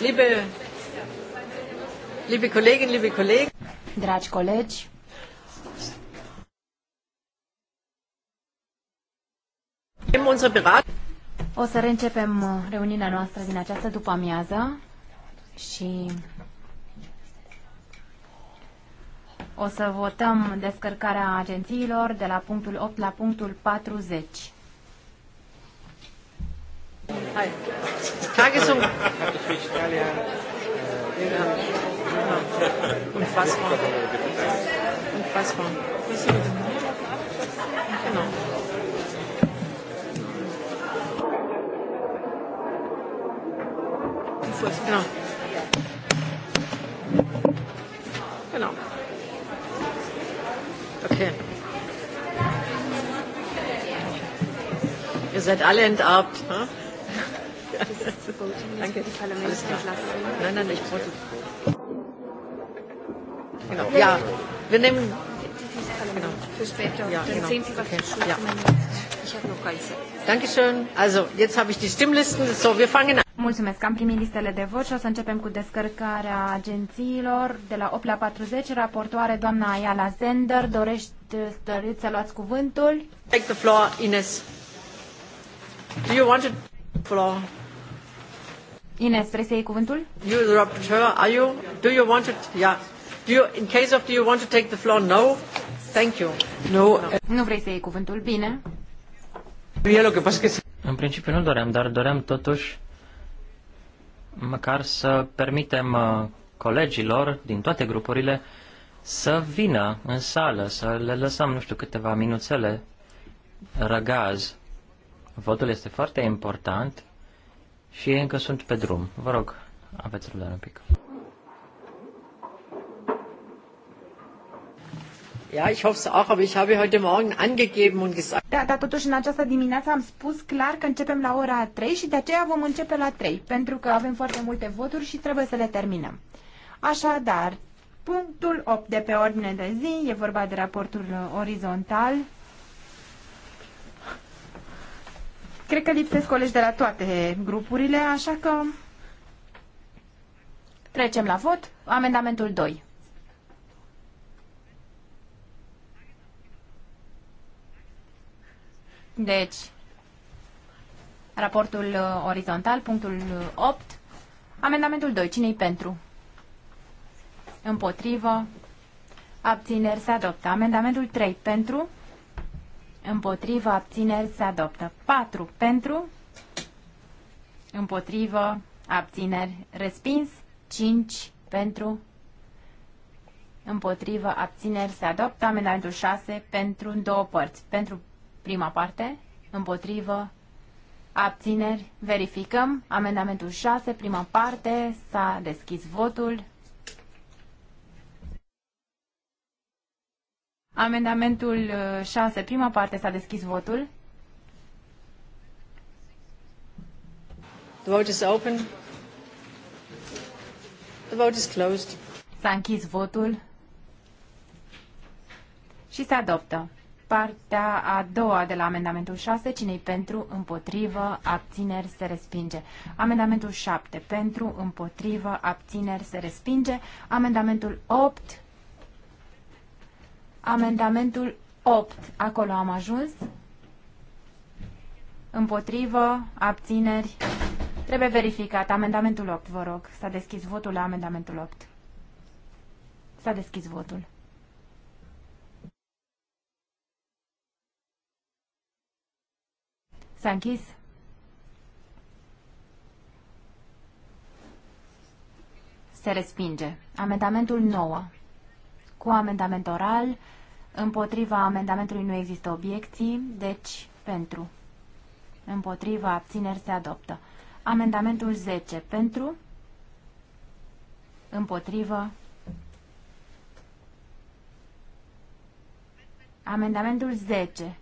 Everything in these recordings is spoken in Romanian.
Liebe, liebe Kolleginnen, liebe Kollegen. Dragi colegi, o să reîncepem uh, reuniunea noastră din această după amiază și o să votăm descărcarea agențiilor de la punctul 8 la punctul 40. Hi. Tagesum. Unfassbar. Unfassbar. Genau. Genau. Genau. Okay. Ihr seid alle entarbt. Ne? Danke. Nein, nein, ich wollte. Genau. Ja, wir nehmen. Genau. Für später. Ja, genau. sehen Sie, was okay. ja. Ich habe noch Geißel. Dankeschön. Also, jetzt habe ich die Stimmlisten. So, wir fangen an. Mulțumesc, am primit listele de vot și o să începem cu descărcarea agențiilor de la 8 la 40. Raportoare doamna Ayala Zender, dorești doriți să luați cuvântul? Take the floor, Ines. Do you want to floor? Ines, vrei să iei cuvântul? You the rapporteur, are you? Do you want to? Yeah. Do you, in case of, do you want to take the floor? No. Thank you. No. Nu vrei să iei cuvântul? Bine. În principiu nu doream, dar doream totuși măcar să permitem uh, colegilor din toate grupurile să vină în sală, să le lăsăm, nu știu, câteva minuțele răgaz. Votul este foarte important și încă sunt pe drum. Vă rog, aveți răbdare un pic. Ja, ich hoffe es auch, aber ich habe heute Morgen angegeben und gesagt. Da, dar totuși în această dimineață am spus clar că începem la ora 3 și de aceea vom începe la 3, pentru că avem foarte multe voturi și trebuie să le terminăm. Așadar, punctul 8 de pe ordine de zi, e vorba de raportul orizontal Cred că lipsesc colegi de la toate grupurile, așa că trecem la vot. Amendamentul 2. Deci, raportul uh, orizontal, punctul 8, uh, amendamentul 2. Cine-i pentru? Împotrivă. Abțineri se adoptă. Amendamentul 3 pentru împotrivă, abțineri, se adoptă. 4 pentru, împotrivă, abțineri, respins. 5 pentru, împotrivă, abțineri, se adoptă. Amendamentul 6 pentru două părți. Pentru prima parte, împotrivă, abțineri, verificăm. Amendamentul 6, prima parte, s-a deschis votul. Amendamentul 6, uh, prima parte, s-a deschis votul. The vote is open. The vote is closed. S-a închis votul și se adoptă. Partea a doua de la amendamentul 6, cine pentru, împotrivă, abțineri, se respinge. Amendamentul 7, pentru, împotrivă, abțineri, se respinge. Amendamentul 8, Amendamentul 8. Acolo am ajuns. Împotrivă, abțineri. Trebuie verificat. Amendamentul 8, vă rog. S-a deschis votul la amendamentul 8. S-a deschis votul. S-a închis. Se respinge. Amendamentul 9 cu amendament oral. Împotriva amendamentului nu există obiecții, deci pentru. Împotriva abțineri se adoptă. Amendamentul 10 pentru. Împotrivă. Amendamentul 10.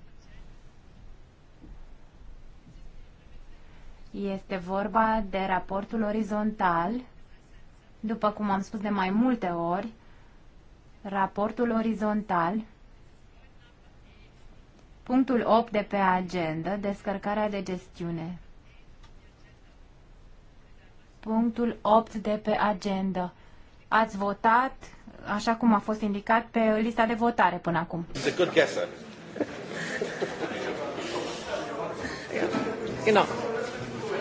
Este vorba de raportul orizontal, după cum am spus de mai multe ori, raportul orizontal, punctul 8 de pe agenda, descărcarea de gestiune. Punctul 8 de pe agenda. Ați votat, așa cum a fost indicat, pe lista de votare până acum. Enough.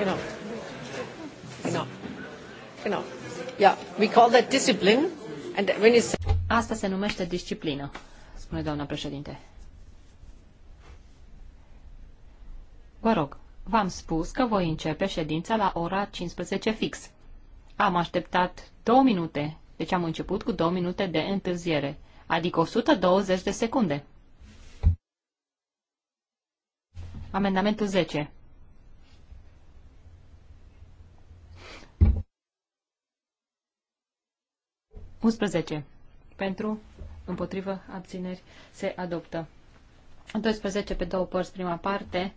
Enough. Enough. Enough. Yeah, we call that discipline. And when it's Asta se numește disciplină, spune doamna președinte. Vă rog, v-am spus că voi începe ședința la ora 15 fix. Am așteptat două minute, deci am început cu două minute de întârziere, adică 120 de secunde. Amendamentul 10. 11. Pentru, împotrivă, abțineri, se adoptă. 12 pe două părți, prima parte,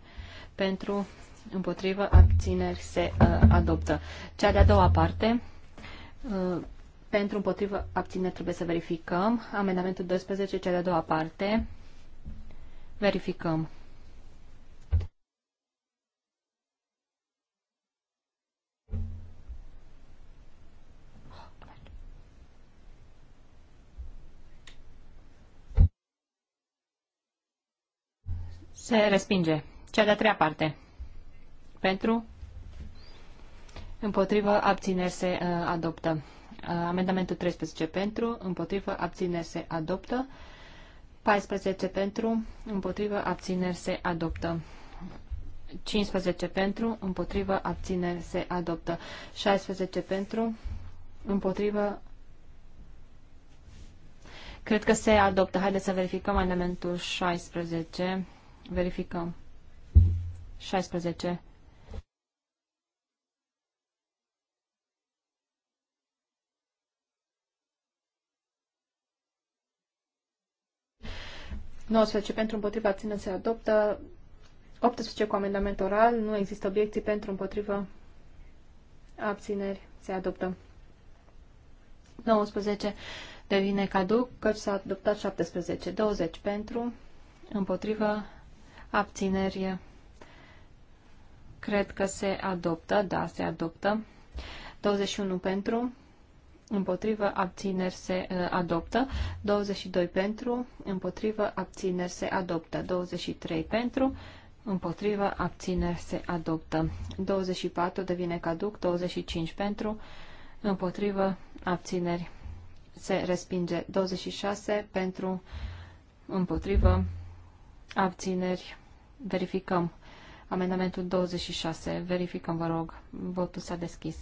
pentru, împotrivă, abțineri, se uh, adoptă. Cea de-a doua parte, uh, pentru, împotrivă, abțineri, trebuie să verificăm. Amendamentul 12, cea de-a doua parte, verificăm. Se respinge. Cea de-a treia parte. Pentru? Împotrivă, abțineri se uh, adoptă. Uh, amendamentul 13 pentru, împotrivă, abțineri se adoptă. 14 pentru, împotrivă, abțineri se adoptă. 15 pentru, împotrivă, abțineri se adoptă. 16 pentru, împotrivă, cred că se adoptă. Haideți să verificăm amendamentul 16. Verificăm. 16. ce pentru împotriva abține se adoptă. 18 cu amendament oral. Nu există obiecții pentru împotriva abțineri se adoptă. 19 devine caduc, căci s-a adoptat 17. 20 pentru, împotrivă, abțineri, cred că se adoptă, da, se adoptă. 21 uh, pentru, împotrivă, abțineri se adoptă. 22 pentru, împotrivă, abțineri se adoptă. 23 pentru, împotrivă, abțineri se adoptă. 24 devine caduc, 25 pentru, împotrivă, abțineri se respinge. 26 pentru, împotrivă, abțineri, verificăm. Amendamentul 26, verificăm, vă rog, votul s-a deschis.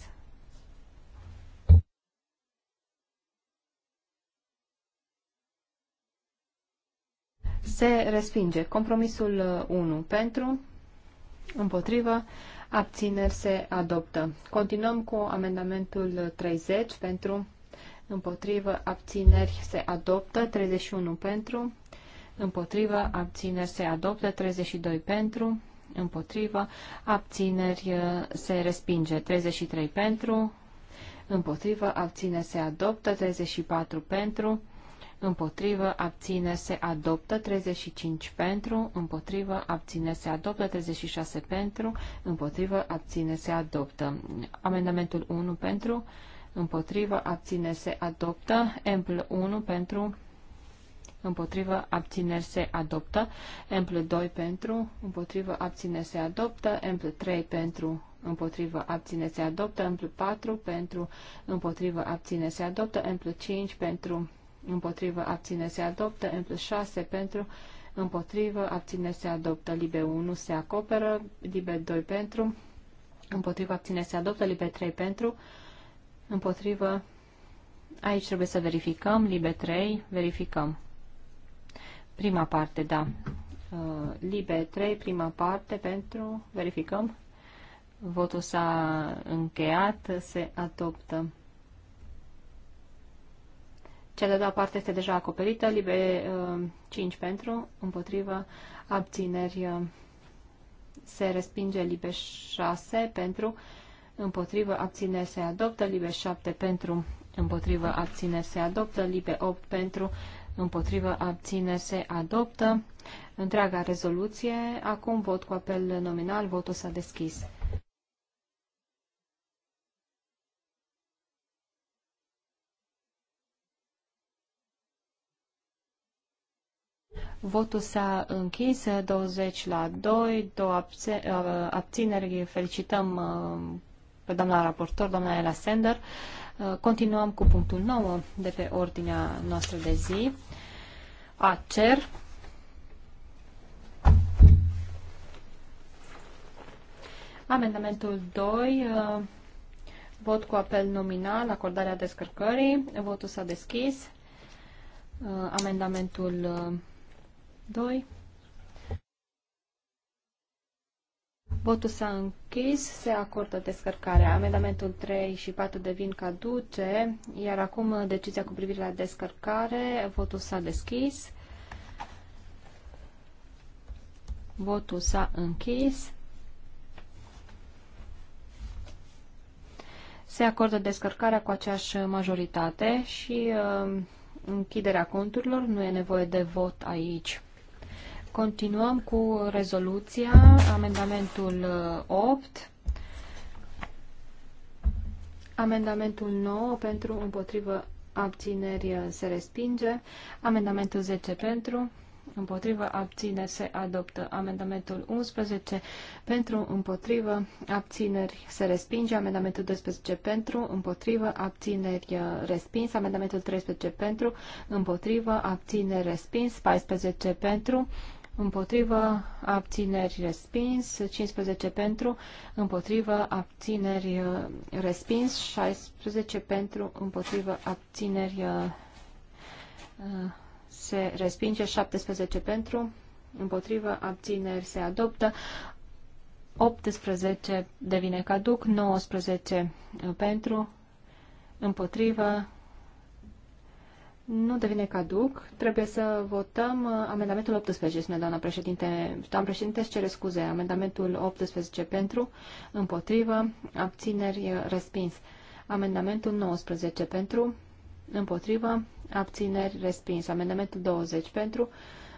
Se respinge. Compromisul 1 uh, pentru, împotrivă, abțineri se adoptă. Continuăm cu amendamentul 30 uh, pentru, împotrivă, abțineri se adoptă, 31 pentru, împotrivă, abțineri se adoptă, 32 pentru, împotrivă, abțineri uh, se respinge, 33 pentru, împotrivă, abțineri se adoptă, 34 pentru, împotrivă, abține, se adoptă, 35 pentru, împotrivă, abține, se adoptă, 36 pentru, împotrivă, abține, se adoptă. Amendamentul 1 pentru, împotrivă, abține, se adoptă, empl 1 pentru, împotrivă, abțineri se adoptă, M plus 2 pentru, împotrivă, abțineri se adoptă, M plus 3 pentru, împotrivă, abțineri se adoptă, M plus 4 pentru, împotrivă, abțineri se adoptă, M plus 5 pentru, împotrivă, abțineri se adoptă, M plus 6 pentru, împotrivă, abțineri se adoptă, libe 1 se acoperă, libe 2 pentru, împotrivă, abțineri se adoptă, libe 3 pentru, împotrivă, aici trebuie să verificăm, libe 3, verificăm. Prima parte, da. Uh, libe 3, prima parte, pentru, verificăm. Votul s-a încheiat, se adoptă. Cea de doua parte este deja acoperită, libe 5 uh, pentru, împotrivă, abțineri uh, se respinge, libe 6 pentru, împotrivă, abțineri se adoptă, libe 7 pentru, împotrivă, abțineri se adoptă, libe 8 pentru, împotrivă, abțineri, se adoptă. Întreaga rezoluție. Acum vot cu apel nominal. Votul s-a deschis. Votul s-a închis, 20 la 2, două uh, abțineri. Felicităm uh, pe doamna raportor, doamna Ela Sender. Uh, continuăm cu punctul 9 de pe ordinea noastră de zi. ACER. Amendamentul 2. Uh, vot cu apel nominal, acordarea descărcării. Votul s-a deschis. Uh, amendamentul 2. Votul s-a închis, se acordă descărcarea. Amendamentul 3 și 4 devin caduce, iar acum uh, decizia cu privire la descărcare, votul s-a deschis. Votul s-a închis. Se acordă descărcarea cu aceeași majoritate și uh, închiderea conturilor. Nu e nevoie de vot aici. Continuăm cu rezoluția, amendamentul 8, uh, amendamentul 9 uh, pentru împotrivă abțineri se respinge, amendamentul 10 pentru împotrivă abțineri uh, se adoptă, amendamentul 11 pentru împotrivă abțineri se respinge, amendamentul 12 pentru împotrivă abțineri respins, amendamentul 13 pentru împotrivă abțineri respins, 14 pentru împotrivă, abțineri respins, 15 pentru, împotrivă, abțineri uh, respins, 16 pentru, împotrivă, abțineri uh, uh, se respinge, 17 pentru, împotrivă, abțineri se adoptă, 18 devine caduc, 19 pentru, împotrivă, nu devine caduc. Trebuie să votăm uh, amendamentul 18, spune doamna președinte. Doamna președinte, îți cere scuze. Amendamentul 18 uh, pentru, împotrivă, abțineri, respins. Amendamentul 19 pentru, împotrivă, abțineri, respins. Amendamentul 20 pentru,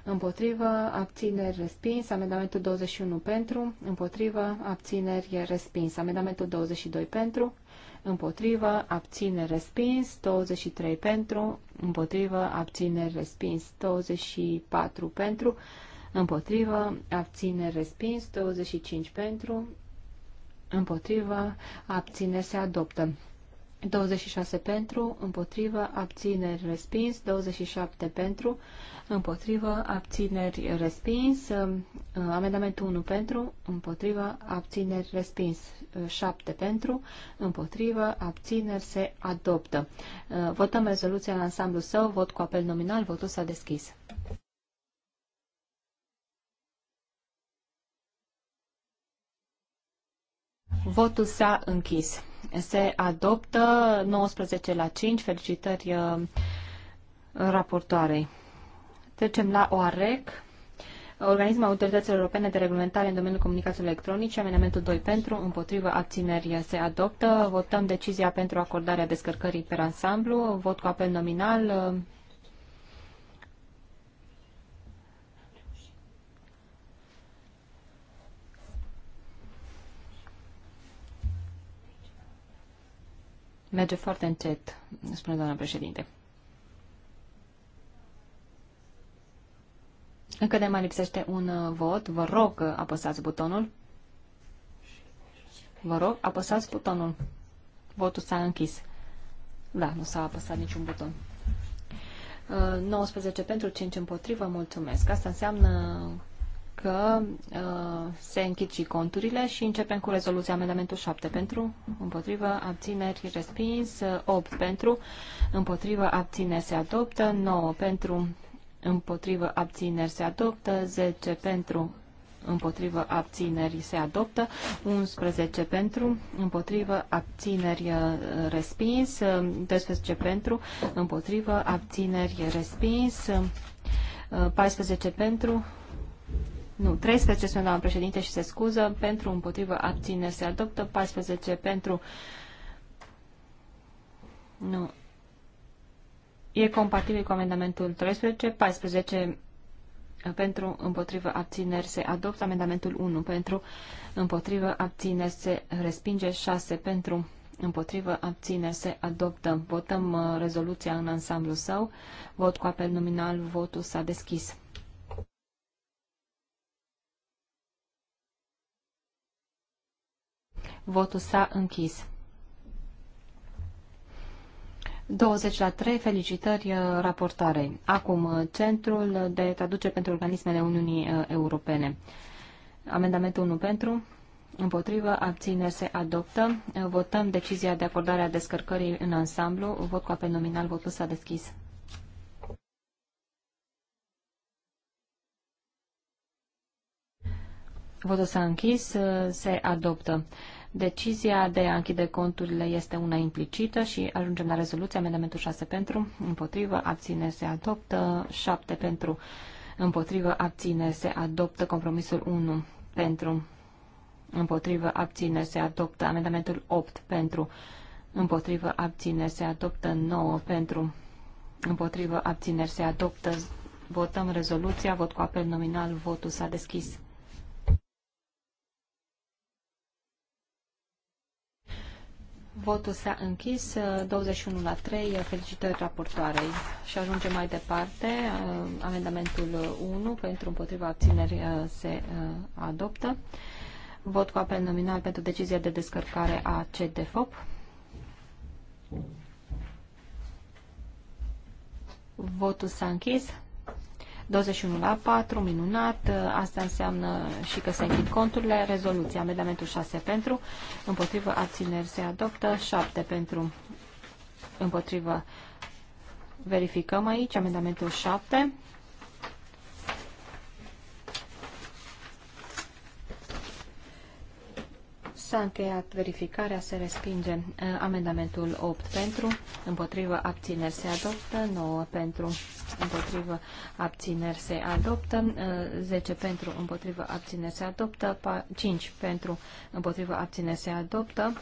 împotrivă, abțineri, respins. Amendamentul 21 pentru, împotrivă, abțineri, respins. Amendamentul 22 pentru, împotrivă, abține, respins, 23 pentru, împotrivă, abține, respins, 24 pentru, împotrivă, abține, respins, 25 pentru, împotrivă, abține, se adoptă. 26 pentru, împotrivă, abțineri respins, 27 pentru, împotrivă, abțineri respins, uh, amendamentul 1 pentru, împotrivă, abțineri respins, 7 uh, pentru, împotrivă, abțineri se adoptă. Uh, votăm rezoluția în ansamblu său, vot cu apel nominal, votul s-a deschis. Votul s-a închis se adoptă 19 la 5. Felicitări uh, raportoarei. Trecem la OAREC. Organismul Autorităților Europene de Reglementare în domeniul comunicațiilor electronice, amendamentul 2 pentru, împotrivă, abțineri uh, se adoptă. Votăm decizia pentru acordarea descărcării pe ansamblu. Vot cu apel nominal. Uh, Merge foarte încet, spune doamna președinte. Încă ne mai lipsește un uh, vot. Vă rog, uh, apăsați butonul. Vă rog, apăsați butonul. Votul s-a închis. Da, nu s-a apăsat niciun buton. 19 uh, pentru, 5 împotrivă, mulțumesc. Asta înseamnă că uh, se închid și conturile și începem cu rezoluția amendamentul 7 pentru, împotrivă, abțineri, respins, 8 pentru, împotrivă, abțineri, se adoptă, 9 pentru, împotrivă, abțineri, se adoptă, 10 pentru, împotrivă, abțineri, se adoptă, 11 uh, pentru, împotrivă, abțineri, respins, 12 pentru, împotrivă, abțineri, respins, 14 pentru, nu, 13 sunt doamna președinte și se scuză. Pentru, împotrivă, abține se adoptă. 14 pentru... Nu. E compatibil cu amendamentul 13. 14 pentru, împotrivă, abțineri se adoptă. Amendamentul 1 pentru, împotrivă, abțineri se respinge. 6 pentru, împotrivă, abțineri se adoptă. Votăm uh, rezoluția în ansamblu său. Vot cu apel nominal. Votul s-a deschis. Votul s-a închis. 20 la 3, felicitări uh, raportare. Acum, uh, Centrul de Traducere pentru Organismele Uniunii uh, Europene. Amendamentul 1 pentru, împotrivă, abțineri se adoptă. Votăm decizia de acordare a descărcării în ansamblu. Vot cu apel nominal, votul s-a deschis. Votul s-a închis, se adoptă. Decizia de a închide conturile este una implicită și ajungem la rezoluție. Amendamentul 6 pentru, împotrivă, abține, se adoptă, 7 pentru, împotrivă, abține, se adoptă, compromisul 1 pentru, împotrivă, abține, se adoptă, amendamentul 8 pentru, împotrivă, abține, se adoptă, 9 pentru, împotrivă, abține, se adoptă, votăm rezoluția, vot cu apel nominal, votul s-a deschis. Votul s-a închis, 21 uh, la 3, uh, felicitări raportoarei. Și ajungem mai departe, uh, amendamentul 1 pentru împotriva abțineri se adoptă. Vot cu apel nominal pentru decizia de descărcare a CDFOP. Votul s-a închis. 21 la 4, minunat. Asta înseamnă și că se închid conturile. Rezoluția, amendamentul 6 pentru, împotrivă abțineri se adoptă, 7 pentru, împotrivă verificăm aici, amendamentul 7. S-a încheiat verificarea, se respinge uh, amendamentul 8 pentru, împotrivă abțineri se adoptă, 9 pentru, împotrivă abțineri se adoptă, 10 uh, pentru, împotrivă abțineri se adoptă, 5 pentru, împotrivă abțineri se adoptă,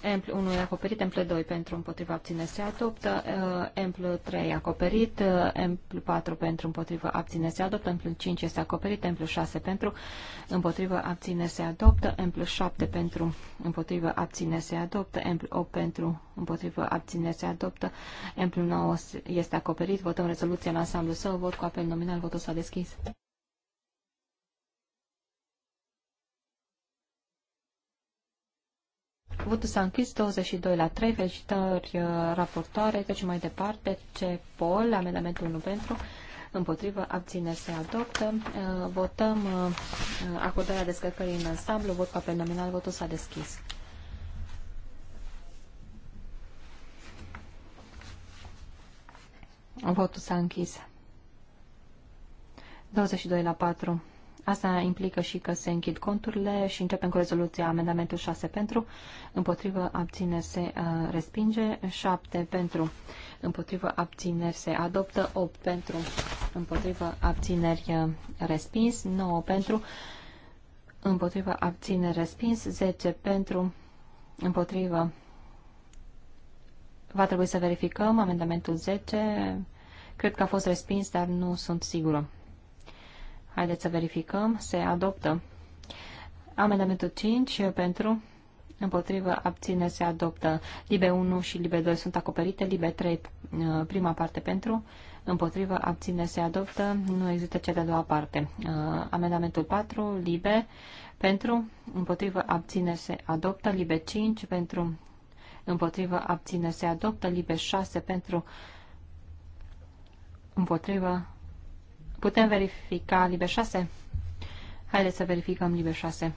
Empl uh, 1 e acoperit, Empl 2 pentru împotriva abține se adoptă, uh, Empl 3 acoperit, Empl uh, 4 pentru împotriva abține se adoptă, Empl 5 este acoperit, Empl 6 pentru împotriva abține se adoptă, Empl 7 pentru împotriva abține se adoptă, Empl 8 pentru împotriva abține se adoptă, Empl 9 este acoperit, votăm rezoluția în ansamblu său, vot cu apel nominal, votul s-a deschis. Votul s-a închis 22 la 3. Felicitări uh, raportoare. Deci mai departe. Ce pol? Amendamentul 1 pentru. Împotrivă, abține, se adoptă. Uh, votăm uh, acordarea descărcării în ansamblu. Vot pe nominal. Votul s-a deschis. Votul s-a închis. 22 la 4. Asta implică și că se închid conturile și începem cu rezoluția amendamentul 6 pentru, împotrivă abțineri se uh, respinge, 7 pentru, împotrivă abțineri se adoptă, 8 uh, pentru, împotrivă abțineri respins, 9 pentru, împotrivă abțineri respins, 10 pentru, împotrivă. Va trebui să verificăm amendamentul 10. Cred că a fost respins, dar nu sunt sigură. Haideți să verificăm. Se adoptă. Amendamentul 5 uh, pentru împotrivă abține se adoptă. Libe 1 și Libe 2 sunt acoperite. Libe 3 uh, prima parte pentru împotrivă abține se adoptă. Nu există cea de-a doua parte. Uh, amendamentul 4 Libe pentru împotrivă abține se adoptă. Libe 5 pentru împotrivă abține se adoptă. Libe 6 pentru împotrivă Putem verifica liber 6? Haideți să verificăm liber 6.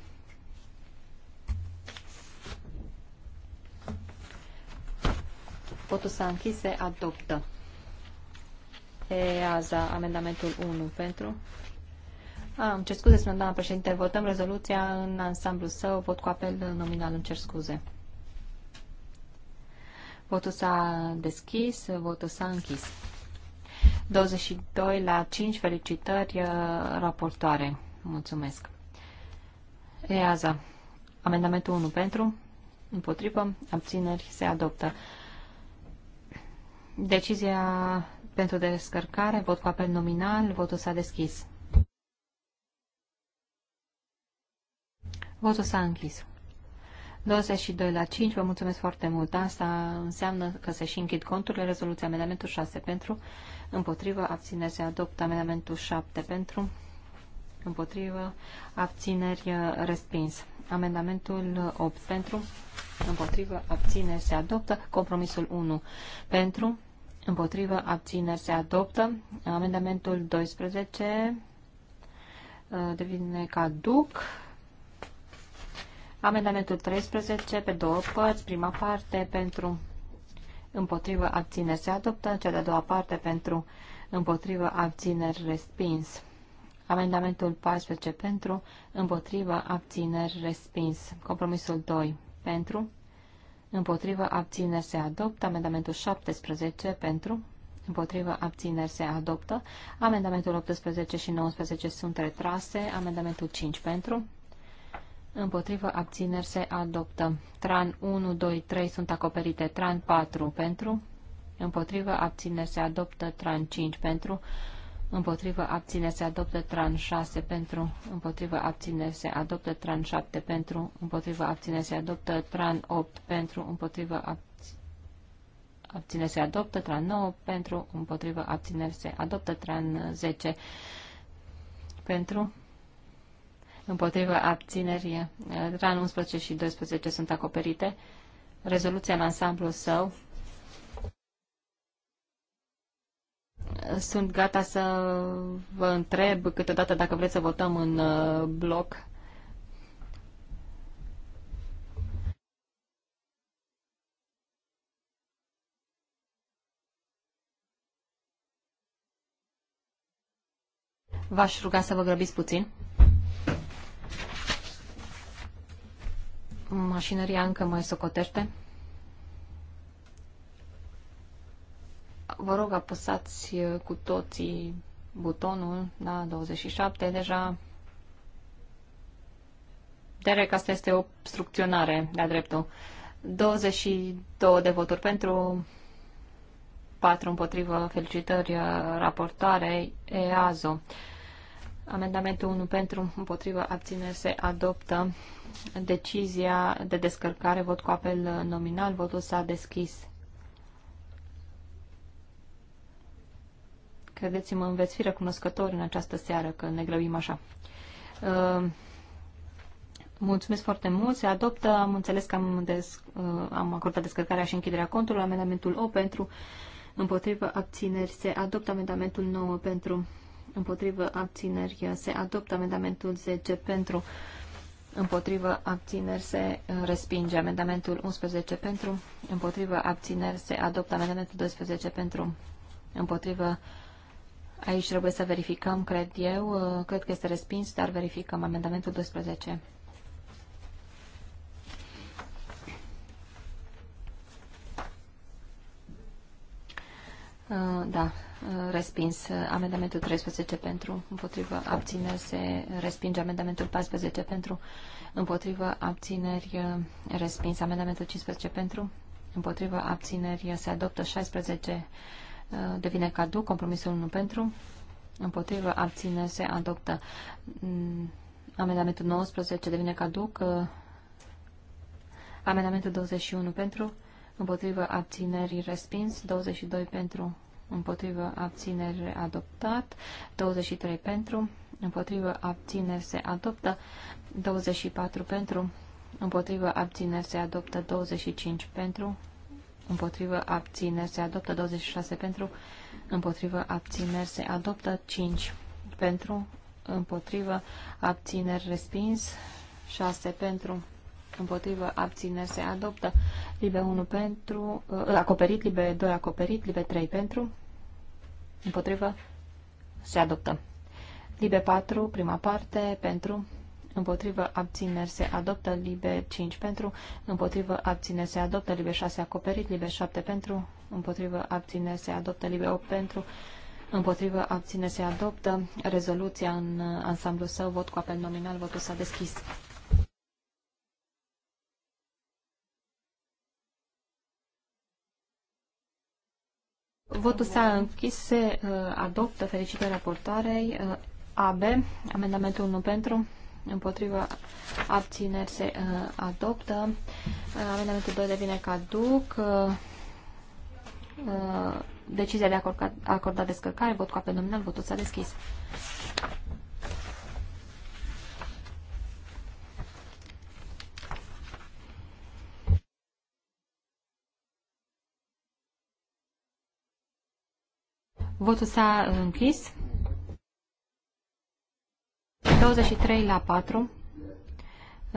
Votul s-a închis, se adoptă. EASA, amendamentul 1 pentru. Am ah, cer scuze, spune doamna președinte, votăm rezoluția în ansamblu său, vot cu apel nominal, îmi cer scuze. Votul s-a deschis, votul s-a închis. 22 la 5. Felicitări uh, raportoare. Mulțumesc. EAZA. Amendamentul 1 pentru, împotrivă, abțineri, se adoptă. Decizia pentru descărcare, vot cu apel nominal, votul s-a deschis. Votul s-a închis. 22 la 5, vă mulțumesc foarte mult. Asta înseamnă că se și închid conturile. Rezoluția amendamentul 6 pentru, împotrivă, abțineri se adoptă. Amendamentul 7 pentru, împotrivă, abțineri uh, respins. Amendamentul 8 uh, pentru, împotrivă, abțineri se adoptă. Compromisul 1 pentru, împotrivă, abțineri se adoptă. Amendamentul 12 uh, devine caduc. Amendamentul 13 pe două părți, prima parte pentru împotrivă abțineri se adoptă, cea de-a doua parte pentru împotrivă abțineri respins. Amendamentul 14 pentru, împotrivă abțineri respins. Compromisul 2 pentru, împotrivă abțineri se adoptă. Amendamentul 17 pentru, împotrivă abțineri se adoptă. Amendamentul 18 și 19 sunt retrase. Amendamentul 5 pentru, Împotrivă abțineri se adoptă. Tran 1, 2, 3 sunt acoperite. Tran 4 pentru. Împotrivă abțineri se adoptă. Tran 5 pentru. Împotrivă abțineri se adoptă tran 6 pentru, împotrivă abțineri se adoptă tran 7 pentru, împotrivă abțineri se adoptă tran 8 pentru, împotrivă abțineri se adoptă tran 9 pentru, împotrivă abțineri se adoptă tran 10 pentru, împotrivă abțineri, RAN 11 și 12 sunt acoperite. Rezoluția în ansamblu său sunt gata să vă întreb câteodată dacă vreți să votăm în uh, bloc. V-aș ruga să vă grăbiți puțin. mașinăria încă mai socotește. Vă rog, apăsați cu toții butonul, da, 27 deja. Derek, asta este obstrucționare, de-a dreptul. 22 de voturi pentru, 4 împotrivă, felicitări raportoarei EAZO. Amendamentul 1 pentru, împotrivă, abțineri se adoptă. Decizia de descărcare, vot cu apel nominal, votul s-a deschis. Credeți-mă, veți fi recunoscători în această seară că ne grăbim așa. Uh, mulțumesc foarte mult. Se adoptă. Am înțeles că am, des, uh, am acordat descărcarea și închiderea contului. Amendamentul 8 pentru împotrivă abțineri. Se adoptă amendamentul 9 pentru împotrivă abțineri se adoptă. Amendamentul 10 pentru împotrivă abțineri se respinge. Amendamentul 11 pentru împotrivă abțineri se adoptă. Amendamentul 12 pentru împotrivă Aici trebuie să verificăm, cred eu. Cred că este respins, dar verificăm amendamentul 12. Da, respins amendamentul 13 pentru, împotrivă, abțineri, se respinge amendamentul 14 pentru, împotrivă, abțineri, respins amendamentul 15 pentru, împotrivă, abțineri, se adoptă 16, uh, devine cadu, compromisul 1 pentru, împotrivă, abțineri, se adoptă mm, amendamentul 19, devine caduc, uh, amendamentul 21 pentru, împotrivă, abțineri, respins, 22 pentru, împotrivă abținere adoptat, 23 pentru, împotrivă abținere se adoptă, 24 pentru, împotrivă abținere se adoptă, 25 pentru, împotrivă abținere se adoptă, 26 pentru, împotrivă abținere se adoptă, 5 pentru, împotrivă abțineri respins, 6 pentru, împotrivă, abțineri se adoptă. Libe 1 pentru, Uh, acoperit, libe 2 acoperit, libe 3 pentru, împotrivă, se adoptă. Libe 4, prima parte, pentru, împotrivă, abțineri se adoptă, libe 5 pentru, împotrivă, abțineri se adoptă, libe 6 acoperit, libe 7 pentru, împotrivă, abțineri se adoptă, libe 8 pentru, Împotrivă abține se adoptă rezoluția în uh, ansamblu său, vot cu apel nominal, votul s-a deschis. Votul s-a închis, se uh, adoptă, felicitări raportoarei. Uh, AB, amendamentul 1 pentru, împotriva abțineri se uh, adoptă. Amendamentul 2 devine caduc. Decizia de a acorda descărcare, vot cu apel nominal, votul s-a deschis. Votul s-a închis. 23 la 4.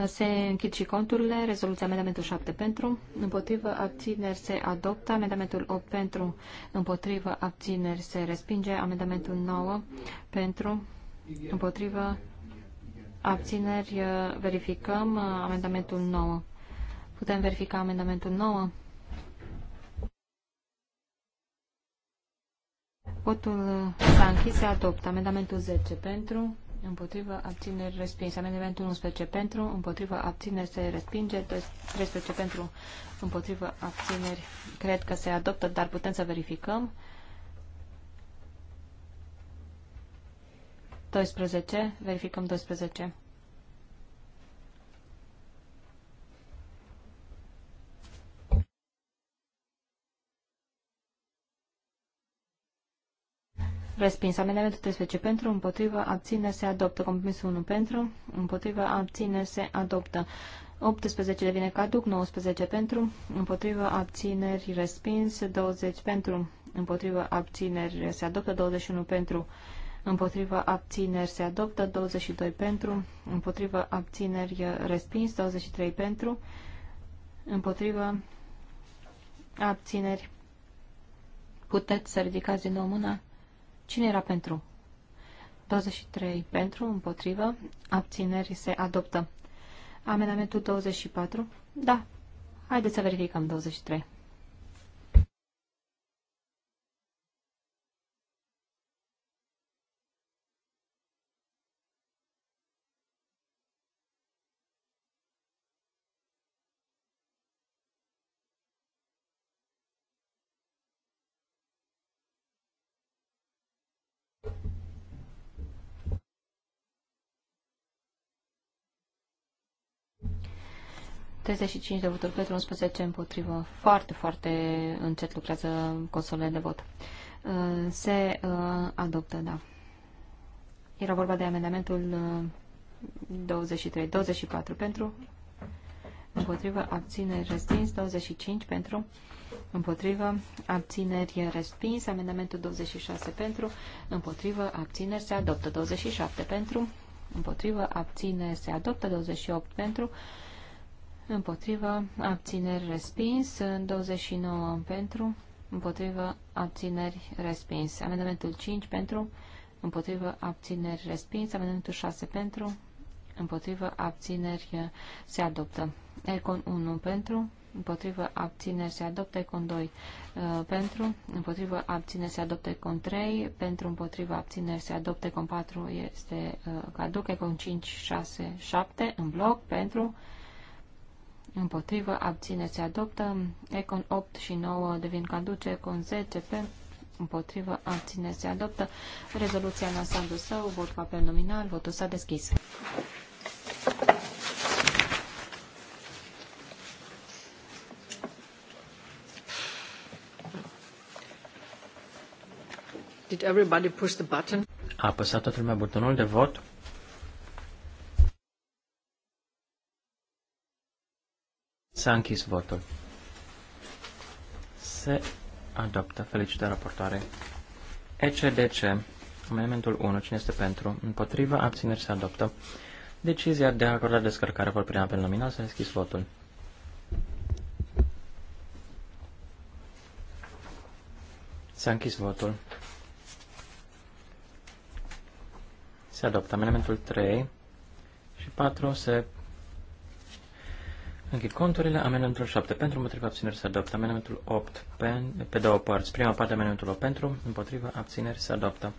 Se închid și conturile. Rezoluția amendamentul 7 pentru. Împotrivă abțineri se adoptă. Amendamentul 8 pentru. Împotrivă abțineri se respinge. Amendamentul 9 pentru. Împotrivă abțineri verificăm amendamentul 9. Putem verifica amendamentul 9? Votul s-a închis, se adoptă. Amendamentul 10 pentru, împotrivă, abțineri, respins. Amendamentul 11 pentru, împotrivă, abțineri, se respinge. 13 pentru, împotrivă, abțineri, cred că se adoptă, dar putem să verificăm. 12, verificăm 12. Respins. Amendamentul 13 pentru, împotrivă, abține, se adoptă. Compromisul 1 pentru, împotrivă, abține, se adoptă. 18 devine caduc, 19 pentru, împotrivă, abțineri, respins, 20 pentru, împotrivă, abțineri, se adoptă, 21 pentru, împotrivă, abțineri, se adoptă, 22 pentru, împotrivă, abțineri, respins, 23 pentru, împotrivă, abțineri. Puteți să ridicați din nou mâna? Cine era pentru? 23 pentru, împotrivă, abținerii se adoptă. Amendamentul 24? Da. Haideți să verificăm 23. 35 de voturi pentru 11 împotrivă. Foarte, foarte încet lucrează consolele de vot. Uh, se uh, adoptă, da. Era vorba de amendamentul 23, uh, 24 pentru, împotrivă, abțineri, respins, 25 pentru, împotrivă, abțineri, respins, amendamentul 26 pentru, împotrivă, abțineri, se adoptă, 27 pentru, împotrivă, abțineri, se adoptă, 28 pentru, împotrivă, abțineri respins, 29 pentru, împotrivă, abțineri respins. Amendamentul 5 pentru, împotrivă, abțineri respins, amendamentul 6 pentru, împotrivă, abțineri se adoptă. Econ 1 pentru, împotrivă, abțineri se adoptă, Econ 2 uh, pentru, împotrivă, abțineri se adoptă, Econ 3 pentru, împotrivă, abțineri se adoptă, Econ 4 este uh, caduc, Econ 5, 6, 7 în bloc pentru, Împotrivă, abțineți, adoptă. Econ 8 și 9 devin caduce. Econ 10 pe împotrivă, abțineți, adoptă. Rezoluția în ansamblu său, vot cu apel nominal, votul s-a deschis. Did everybody push the button? A apăsat toată lumea butonul de vot? S-a închis votul. Se adoptă. Felicitări raportoare. ECDC. Amendamentul 1. Cine este pentru? Împotriva. Abțineri se adoptă. Decizia de a acorda descărcare vor prin apel nominal s-a deschis votul. S-a închis votul. Se adoptă amendamentul 3 și 4 se Închid conturile. Amendamentul 7 pentru, împotriva abțineri se adoptă. Amendamentul 8 pe, pe două părți. Prima parte amendamentul 8 pentru, împotriva abțineri se adoptă.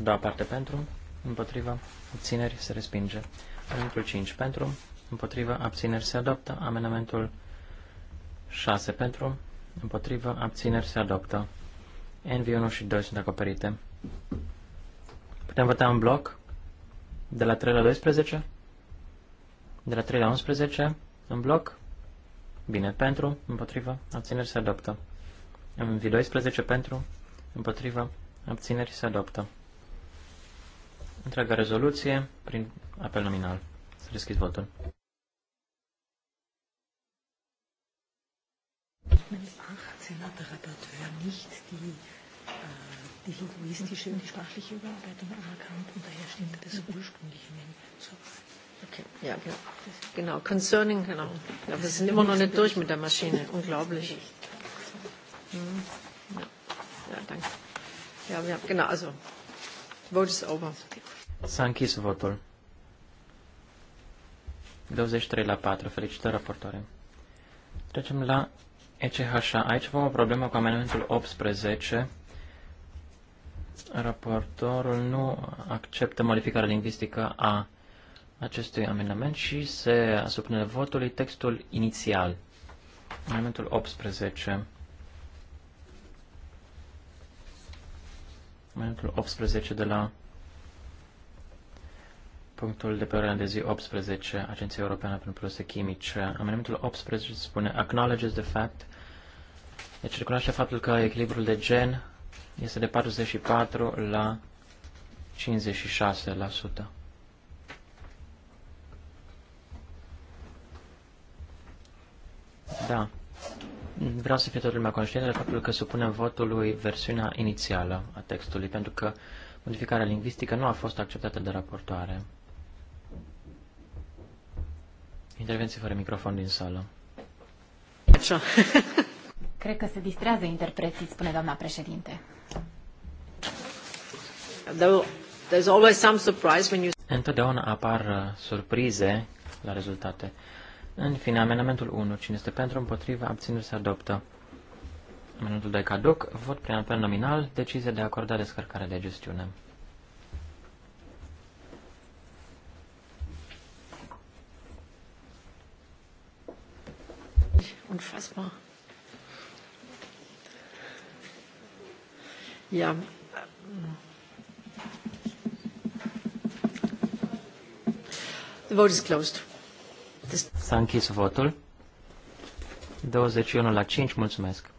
A doua parte pentru, împotriva abțineri se respinge. Amendamentul 5 pentru, împotriva abțineri se adoptă. Amendamentul 6 pentru, împotriva abțineri se adoptă. NV1 și 2 sunt acoperite. Putem vota un bloc de la 3 la 12, de la 3 la 11, în bloc. Bine, pentru, împotrivă, abțineri se adoptă. În v 12 pentru, împotrivă, abțineri se adoptă. Întreaga rezoluție prin apel nominal. Să deschizi votul. die äh, linguistische und die sprachliche Überarbeitung anerkannt und daher stimmt das ursprünglich in den Zugang. Okay, ja, genau. genau. Concerning, genau. Ja, wir sind immer noch nicht durch mit der Maschine. Unglaublich. Hm, ja. ja, danke. Ja, ja, genau, also, vote is over. S-a votul. 23 la 4. Felicitări, raportoare. Trecem la ECHH. Aici vom o problemă cu amendamentul 18. Raportorul nu acceptă modificarea lingvistică a acestui amendament și se supune votului textul inițial, amendamentul 18. Amendamentul 18 de la punctul de pe ordinea de zi 18, Agenția Europeană pentru Produse Chimice. Amendamentul 18 spune acknowledges the fact, deci recunoaște faptul că echilibrul de gen este de 44 la 56%. Da. Vreau să fie toată lumea conștientă de faptul că supunem votului versiunea inițială a textului, pentru că modificarea lingvistică nu a fost acceptată de raportoare. Intervenție fără microfon din sală. Așa. Cred că se distrează interpreții, spune doamna președinte. There's always some surprise when you... Întotdeauna apar uh, surprize la rezultate. În fine, amendamentul 1. Cine este pentru, împotriva, abțineri se adoptă. Amendamentul 2 caduc. Vot prin apel nominal. Decizie de a acorda descărcare de gestiune. Unfassbar. Ja. The vote is closed. S-a închis votul. 21 la 5, mulțumesc.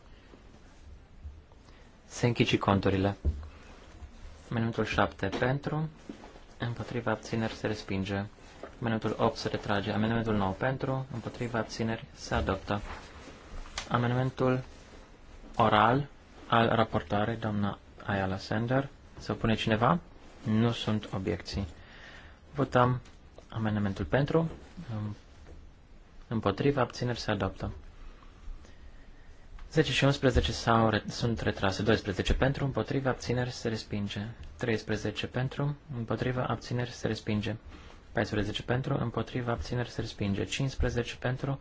Se închid și conturile. Minutul 7 pentru, împotriva abțineri se respinge. Amendamentul 8 se retrage. Amendamentul 9 pentru, împotriva abțineri se adoptă. Amendamentul oral al raportare doamna Ayala Sender. Se opune cineva? Nu sunt obiecții. Votăm amendamentul pentru, Împotriva abțineri se adoptă. 10 și 11 sau re sunt retrase. 12 pentru, împotriva abțineri se respinge. 13 pentru, împotriva abțineri se respinge. 14 pentru, împotriva abțineri se respinge. 15 pentru,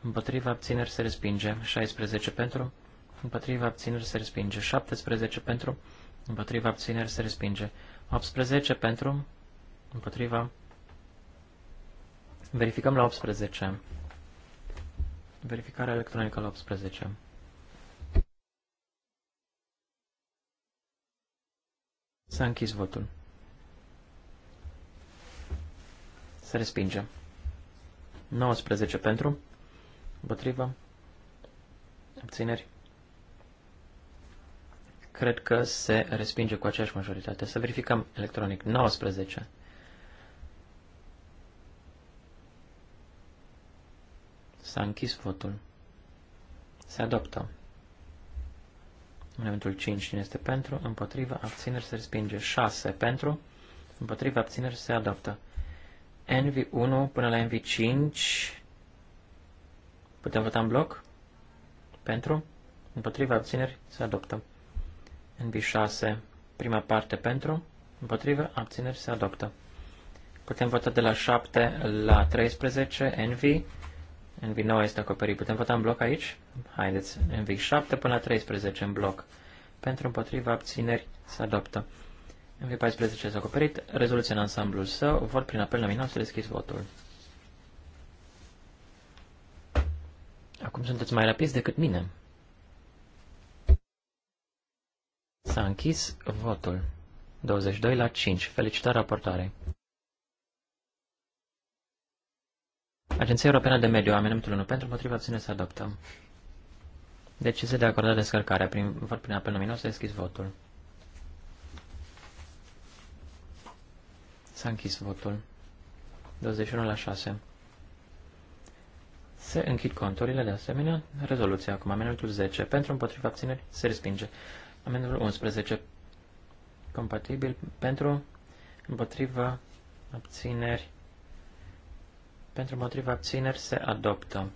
împotriva abțineri se respinge. 16 pentru, împotriva abțineri se respinge. 17 pentru, împotriva abțineri se respinge. 18 pentru, împotriva Verificăm la 18. Verificarea electronică la 18. S-a închis votul. Se respinge. 19 pentru, împotriva, abțineri. Cred că se respinge cu aceeași majoritate. Să verificăm electronic. 19. S-a închis votul. Se adoptă. În momentul 5, cine este pentru, împotriva, abțineri, se respinge. 6, pentru, împotriva, abțineri, se adoptă. NV1 până la NV5, putem vota în bloc? Pentru, împotriva, abțineri, se adoptă. NV6, prima parte pentru, împotriva, abțineri, se adoptă. Putem vota de la 7 la 13, NV, NV9 este acoperit. Putem vota în bloc aici? Haideți, NV7 până la 13 în bloc. Pentru împotriva abțineri se adoptă. NV14 este acoperit. Rezoluția în ansamblul său. Vot prin apel nominal să deschizi votul. Acum sunteți mai rapizi decât mine. S-a închis votul. 22 la 5. Felicitări raportoare. Agenția Europeană de Mediu, amendamentul 1 pentru, împotriva, ține să adoptăm Decizie de a acorda descărcarea. Prin, vot prin apel nominal să a deschis votul. S-a închis votul. 21 la 6. Se închid conturile, de asemenea, rezoluția acum, amendamentul 10, pentru împotriva abțineri, se respinge. Amendamentul 11, compatibil, pentru împotriva abțineri, pentru împotriva abțineri se adoptă.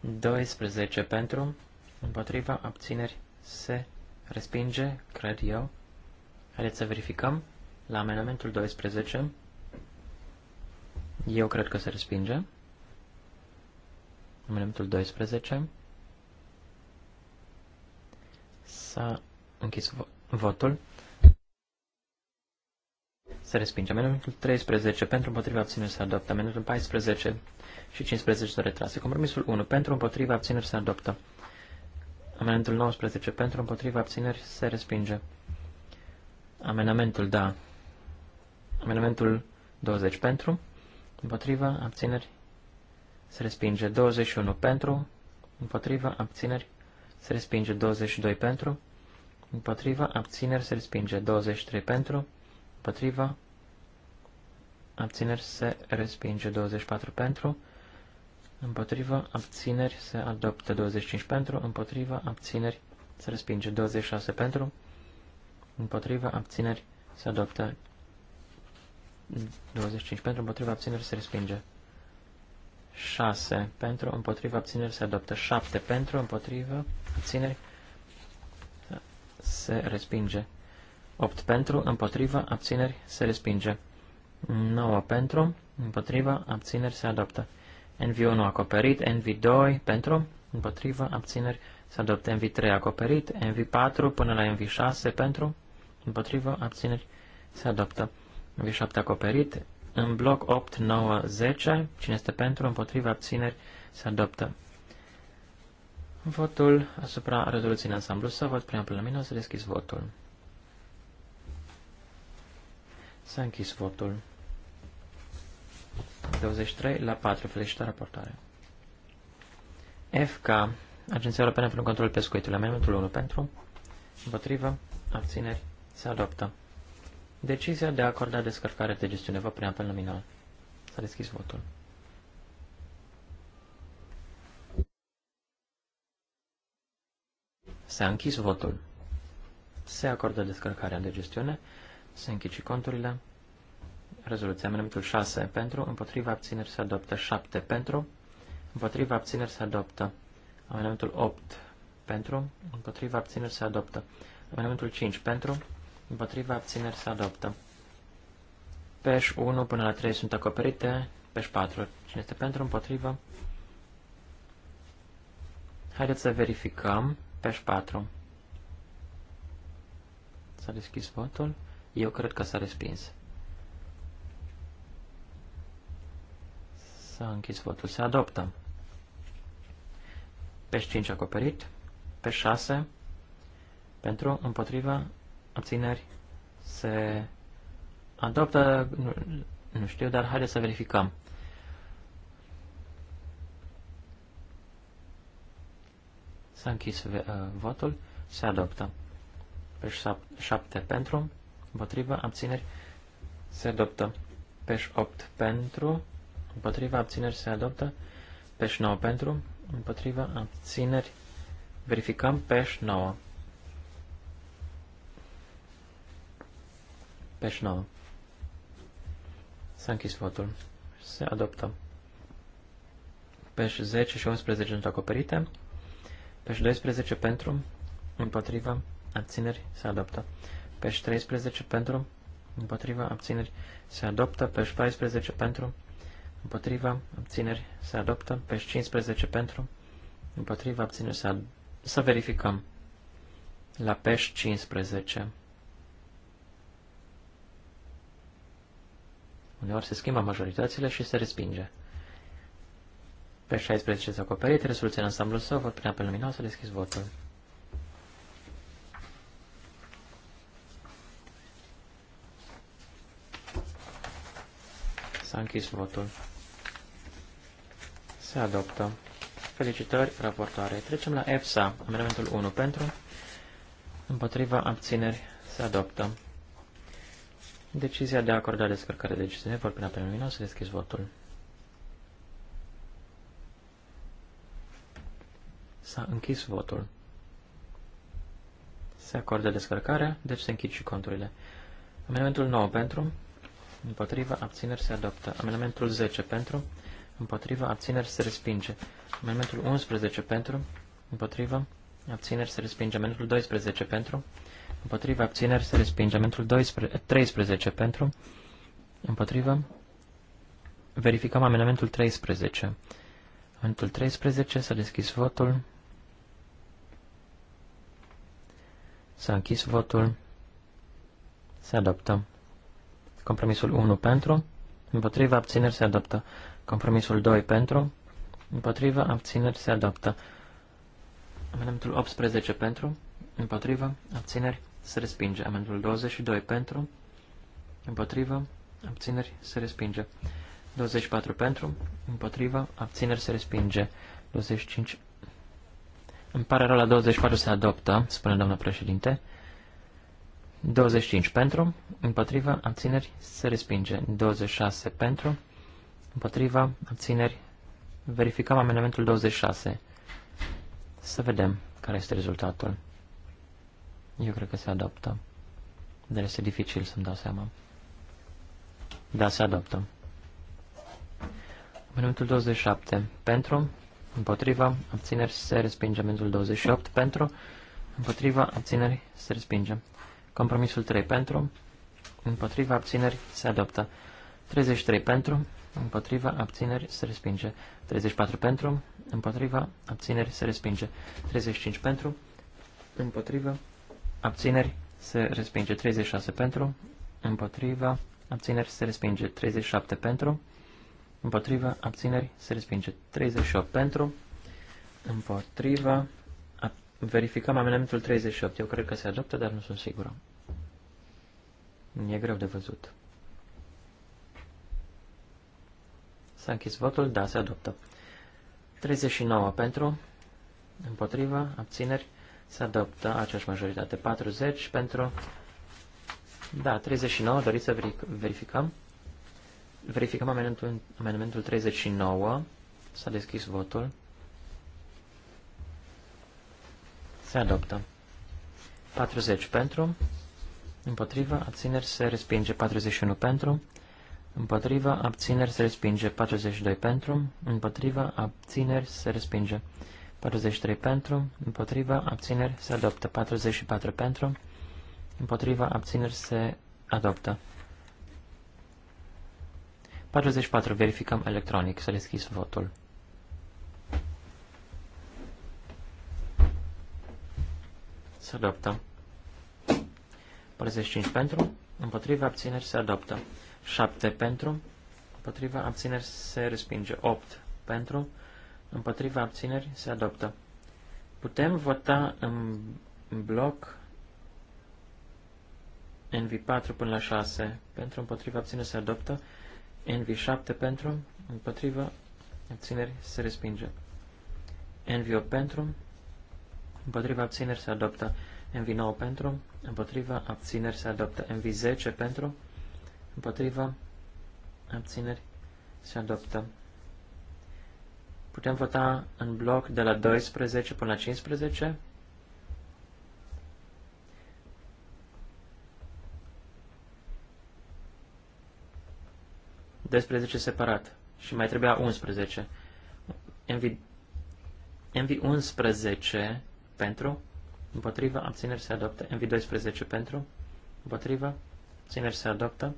12 pentru împotriva abțineri se respinge, cred eu. Haideți să verificăm la amendamentul 12. Eu cred că se respinge. Amendamentul 12. S-a închis votul. Se respinge. Amendamentul 13 pentru împotriva abțineri se adoptă. Amendamentul 14 și 15 sunt retrase. Compromisul 1 pentru împotriva abțineri se adoptă. Amendamentul 19 pentru împotriva abțineri se respinge. Amendamentul da. Amendamentul 20 pentru împotriva abțineri se respinge. 21 pentru împotriva abțineri se respinge. 22 pentru împotriva abțineri se respinge. 23 pentru împotriva, abțineri se respinge 24 pentru, împotriva, abțineri se adoptă 25 pentru, împotriva, abțineri se respinge 26 pentru, împotriva, abțineri se adoptă 25 pentru, împotriva, abțineri se respinge 6 pentru, împotriva, abțineri se adoptă 7 pentru, împotriva, abțineri se respinge 8 pentru, împotriva, abțineri, se respinge. 9 pentru, împotriva, abțineri, se adoptă. NV1 acoperit, NV2 pentru, împotriva, abțineri, se adoptă. NV3 acoperit, NV4 până la NV6 pentru, împotriva, abțineri, se adoptă. NV7 acoperit, în bloc 8, 9, 10, cine este pentru, împotriva, abțineri, se adoptă. Votul asupra rezoluției în ansamblu să văd prima apel la minus, deschis votul. S-a închis votul. 23 la 4. Felicitări raportare. FK, Agenția Europeană pentru Control Pescuitului, amendamentul 1 pentru, împotrivă, abțineri, se adoptă. Decizia de a acorda descărcare de gestiune vă prin apel nominal. S-a deschis votul. S-a închis votul. Se acordă descărcarea de gestiune. Se închid și conturile. Rezoluția amendamentul 6 pentru, împotriva abțineri se adoptă 7 pentru, împotriva abțineri se adoptă amendamentul 8 pentru, împotriva abțineri se adoptă amendamentul 5 pentru, împotriva abțineri se adoptă. Peș 1 până la 3 sunt acoperite, peș 4. Cine este pentru, împotriva? Haideți să verificăm peș 4. S-a deschis votul. Eu cred că s-a respins. S-a închis votul. Se adoptă. Pe 5 acoperit. Pe 6 pentru, împotriva, abțineri se adoptă, nu, nu știu, dar haideți să verificăm. S-a închis uh, votul, se adoptă. Pe 7 pentru, împotriva, abțineri, se adoptă. Peș 8 pentru, împotriva, abțineri, se adoptă. Peș 9 pentru, împotriva, abțineri, verificăm peș 9. Peș 9. S-a închis votul. Se adoptă. Peș 10 și 11 sunt acoperite. Peș 12 pentru, împotriva, abțineri, se adoptă peș 13 pentru, împotriva abțineri se adoptă, peș 14 pentru, împotriva abțineri se adoptă, peș 15 pentru, împotriva abțineri se adoptă. Să verificăm. La peș 15. Uneori se schimbă majoritățile și se respinge. Pe 16 s-a acoperit, rezoluția în ansamblu său, vot prin apel luminos, a deschis votul. S-a închis votul. Se adoptă. Felicitări, raportoare. Trecem la EFSA, amendamentul 1 pentru, împotriva abțineri, se adoptă. Decizia de a acorda descărcare de decizie vor prin apel luminos, să deschis votul. S-a închis votul. Se acordă descărcarea, deci se închid și conturile. Amendamentul 9 pentru, Împotriva abțineri se adoptă. Amendamentul 10 pentru. Împotriva abțineri se respinge. Amendamentul 11 pentru. Împotriva abțineri se respinge. Amendamentul 12 pentru. Împotriva abțineri se respinge. Amendamentul 13 pentru. Împotriva. Verificăm amendamentul 13. Amendamentul 13 s-a deschis votul. S-a închis votul. Se adoptă. Compromisul 1 pentru, împotriva abțineri se adoptă. Compromisul 2 pentru, împotriva abțineri se adoptă. Amendamentul 18 pentru, împotriva abțineri se respinge. Amendamentul 22 pentru, împotriva abțineri se respinge. 24 pentru, împotriva abțineri se respinge. 25 îmi pare rău, la 24 se adoptă, spune doamna președinte. 25 pentru, împotriva, abțineri, se respinge. 26 pentru, împotriva, abțineri, verificăm amendamentul 26. Să vedem care este rezultatul. Eu cred că se adoptă. Dar este dificil să-mi dau seama. Da, se adoptă. Amendamentul 27. Pentru, împotriva, abțineri, se respinge. Amendamentul 28. Pentru, împotriva, abțineri, se respinge. Compromisul 3 pentru, împotriva abțineri se adoptă. 33 pentru, împotriva abțineri se respinge. 34 pentru, împotriva abțineri se respinge. 35 pentru, împotriva abțineri se respinge. 36 pentru, împotriva abțineri se respinge. 37 pentru, împotriva abțineri se respinge. 38 pentru, împotriva Verificăm amendamentul 38. Eu cred că se adoptă, dar nu sunt sigură. E greu de văzut. S-a închis votul, da, se adoptă. 39 pentru, împotriva, abțineri, se adoptă aceeași majoritate. 40 pentru, da, 39, doriți să verificăm? Verificăm amendamentul, amendamentul 39, s-a deschis votul. Se adoptă. 40 pentru, împotriva, abțineri, se respinge 41 pentru, împotriva, abțineri, se respinge 42 pentru, împotriva, abțineri, se respinge 43 pentru, împotriva, abțineri, se adoptă 44 pentru, împotriva, abțineri, se adoptă. 44. Verificăm electronic. să deschis votul. să adoptăm 45 pentru, împotriva abțineri se adoptă. 7 pentru, împotriva abțineri se respinge. 8 pentru, împotriva abțineri se adoptă. Putem vota în bloc NV4 până la 6 pentru, împotriva abțineri se adoptă. NV7 pentru, împotriva abțineri se respinge. NV8 pentru, împotriva abțineri se adoptă. MV9 pentru, împotriva, abțineri se adoptă. MV10 pentru, împotriva, abțineri se adoptă. Putem vota în bloc de la 12 până la 15. Desprezece separat. Și mai trebuia 11. MV, MV11 pentru Împotrivă, abțineri se adoptă. MV12 pentru, Împotrivă, abțineri se adoptă.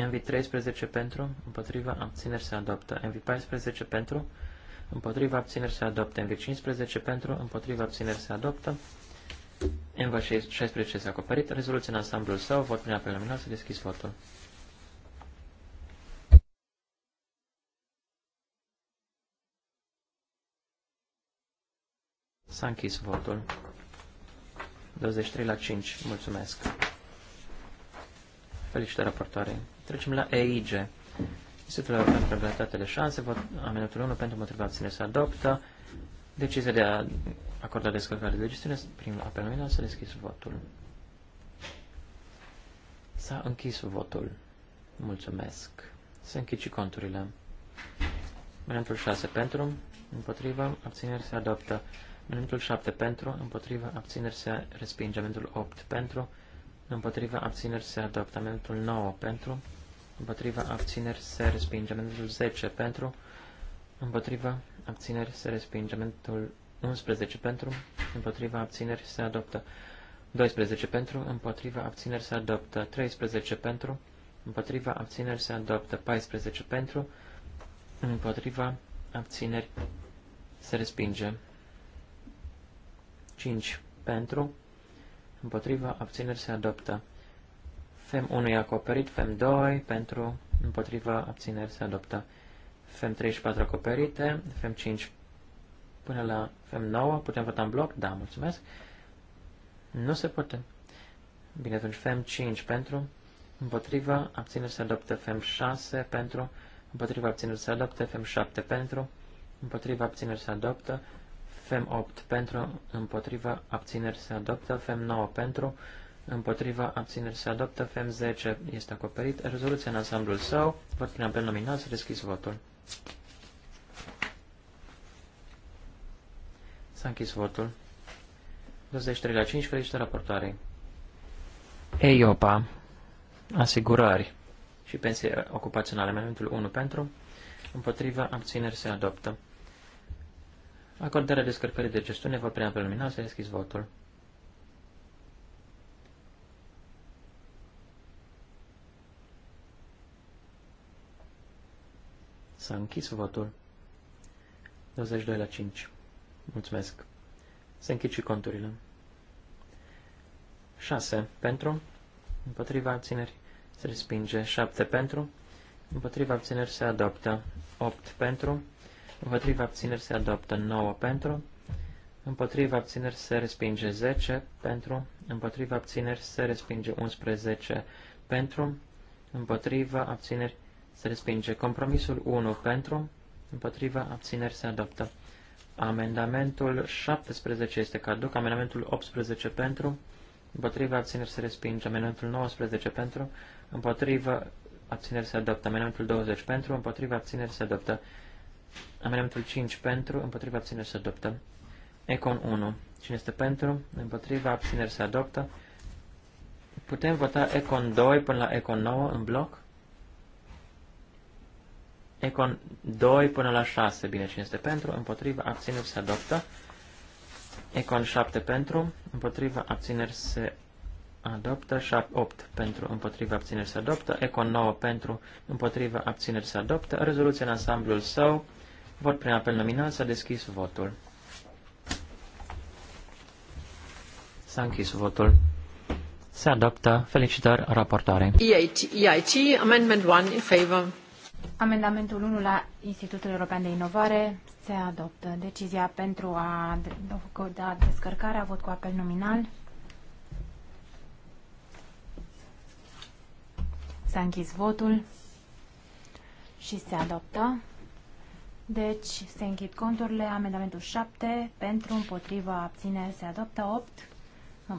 MV13 pentru, Împotrivă, abțineri se adoptă. MV14 pentru, Împotrivă, abțineri se adoptă. MV15 pentru, Împotrivă, abțineri se adoptă. MV16 s-a acoperit. Rezoluția în ansamblul său, vot prin apel nominal, să deschis votul. S-a închis votul. 23 la 5. Mulțumesc. Felicitări raportoare. Trecem la EIG. Institutul European pentru Egalitatele Șanse, vot amendamentul 1 pentru motivul ține se adoptă. Decizia de a acorda descărcare de gestiune prin apel nominal s-a deschis votul. S-a închis votul. Mulțumesc. Se închid și conturile. Amendamentul 6 pentru, împotriva, abțineri se adoptă. Amendamentul 7 pentru, împotriva abțineri se respinge. Amendamentul 8 pentru, împotriva abțineri se adoptă. Amendamentul 9 pentru, împotriva abțineri se respinge. Amendamentul 10 pentru, împotriva abțineri se respinge. Amendamentul 11 pentru, împotriva abțineri se adoptă. 12 pentru, împotriva abțineri se adoptă. 13 pentru, împotriva abțineri se adoptă. 14 pentru, împotriva abțineri se respinge. 5 pentru, împotriva, abțineri se adoptă. Fem 1 e acoperit, Fem 2 pentru, împotriva, abțineri se adoptă. Fem 3 și 4 acoperite, Fem 5 până la Fem 9, putem vota în bloc? Da, mulțumesc. Nu se poate. Bine, atunci Fem 5 pentru, împotriva, abțineri se adoptă. Fem 6 pentru, împotriva, abțineri se adoptă. Fem 7 pentru, împotriva, abțineri se adoptă. Fem 8 pentru, împotriva, abțineri se adoptă. Fem 9 pentru, împotriva, abțineri se adoptă. Fem 10 este acoperit. Rezoluția în ansamblul său. Vot prin apel nominal. să deschis votul. S-a închis votul. 23 la 5. felicită raportoarei. EIOPA. Asigurări și pensii ocupaționale. Amendamentul 1 pentru. Împotriva abțineri se adoptă. Acordarea descărcării de gestiune, va prea prelumina să deschizi votul. S-a închis votul. 22 la 5. Mulțumesc. Se închid și conturile. 6 pentru, împotriva abțineri, se respinge. 7 pentru, împotriva abțineri se adoptă. 8 pentru, împotriva abțineri se adoptă 9 pentru, împotriva abțineri se respinge 10 pentru, împotriva abțineri se respinge 11 pentru, împotriva abțineri se respinge compromisul 1 pentru, împotriva abțineri se adoptă. Amendamentul 17 este caduc, amendamentul 18 pentru, împotriva abțineri se respinge, amendamentul 19 pentru, împotriva abțineri se adoptă, amendamentul 20 pentru, împotriva abțineri se adoptă. Amendamentul 5 pentru, împotriva abțineri se adoptă. Econ 1. Cine este pentru, împotriva abțineri se adoptă. Putem vota Econ 2 până la Econ 9 în bloc. Econ 2 până la 6. Bine, cine este pentru, împotriva abțineri se adoptă. Econ 7 pentru, împotriva abțineri se adoptă, 7, 8 pentru, împotriva abțineri se adoptă, Econ 9 pentru, împotriva abțineri se adoptă, rezoluția în ansamblul său, Vot prin apel nominal s-a deschis votul. S-a închis votul. Se adoptă. Felicitări raportoare. EIT, EIT Amendment 1 in favor. Amendamentul 1 la Institutul European de Inovare se adoptă. Decizia pentru a da descărcarea, vot cu apel nominal. S-a închis votul și se adoptă. Deci se închid conturile. Amendamentul 7 pentru împotriva abțineri se adoptă. 8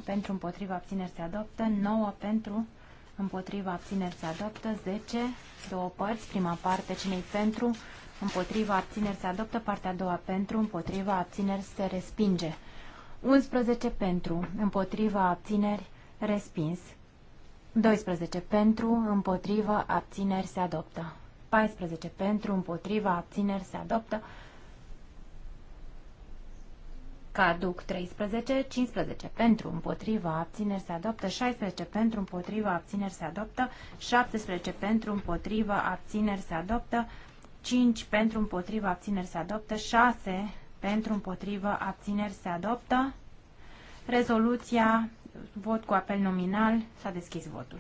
pentru împotriva abțineri se adoptă. 9 pentru împotriva abțineri se adoptă. 10 două părți. Prima parte cinei pentru împotriva abțineri se adoptă. Partea a doua pentru împotriva abțineri se respinge. 11 pentru împotriva abțineri respins. 12 pentru împotriva abțineri se adoptă. 14 pentru, împotriva, abțineri se adoptă. Caduc 13, 15 pentru, împotriva, abțineri se adoptă, 16 pentru, împotriva, abțineri se adoptă, 17 pentru, împotriva, abțineri se adoptă, 5 pentru, împotriva, abțineri se adoptă, 6 pentru, împotriva, abțineri se adoptă. Rezoluția, vot cu apel nominal, s-a deschis votul.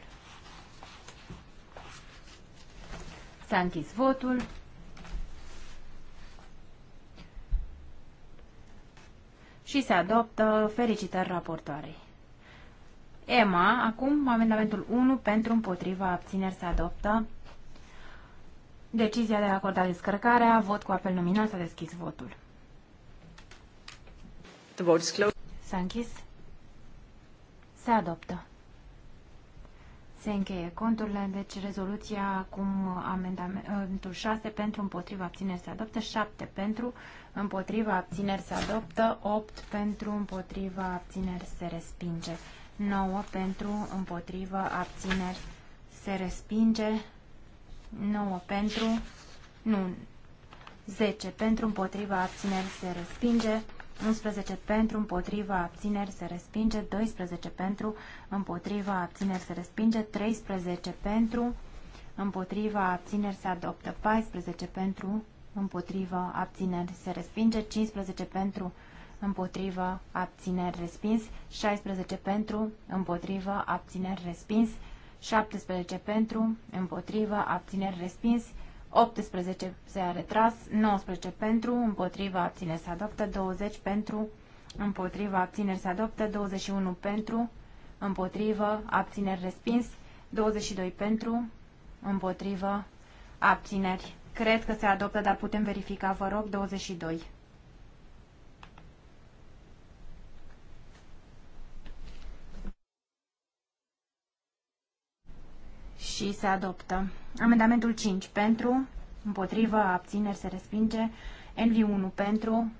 S-a închis votul. Și se adoptă. Felicitări raportoarei. Emma, acum amendamentul 1 pentru împotriva abțineri se adoptă. Decizia de a acorda descărcarea, vot cu apel nominal, s-a deschis votul. The vote is closed. S-a închis. Se adoptă se încheie conturile, deci rezoluția acum amendamentul 6 pentru împotriva abțineri se adoptă, 7 pentru împotriva abțineri se adoptă, 8 pentru împotriva abțineri se respinge, 9 pentru împotriva abțineri se respinge, 9 pentru, nu, 10 pentru împotriva abțineri se respinge, 11 pentru, împotriva, abțineri, se respinge, 12 pentru, împotriva, abțineri se respinge, 13 pentru, împotriva, abțineri se adoptă, 14 pentru, împotriva, abțineri se respinge, 15 pentru, împotriva, abțineri respins, 16 pentru, împotriva, abțineri respins, 17 pentru, împotriva, abțineri respins, 18 se a retras, 19 pentru, împotriva, abțineri se adoptă, 20 pentru, împotriva, abțineri se adoptă, 21 pentru, împotrivă, abțineri respins, 22 pentru, împotrivă, abțineri. Cred că se adoptă, dar putem verifica, vă rog, 22. Și se adoptă. Amendamentul 5 pentru, împotrivă, abțineri se respinge, NV1 pentru,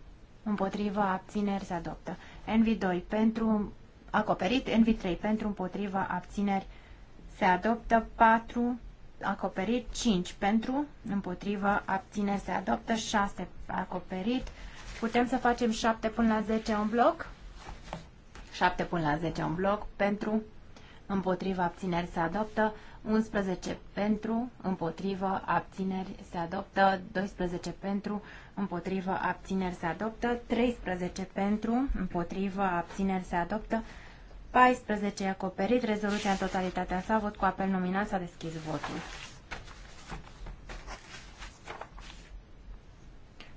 împotrivă, abțineri se adoptă. NV2 pentru, acoperit, NV3 pentru, împotriva, abțineri se adoptă, 4 acoperit, 5 pentru, împotriva, abțineri se adoptă, 6 acoperit. Putem să facem 7 până la 10 în bloc? 7 până la 10 în bloc pentru, împotriva abțineri se adoptă, 11 pentru, împotriva abțineri se adoptă, 12 pentru, împotriva abțineri se adoptă, 13 pentru, împotriva abțineri se adoptă, 14 acoperit, rezoluția în totalitatea sa, vot cu apel nominal, s-a deschis votul.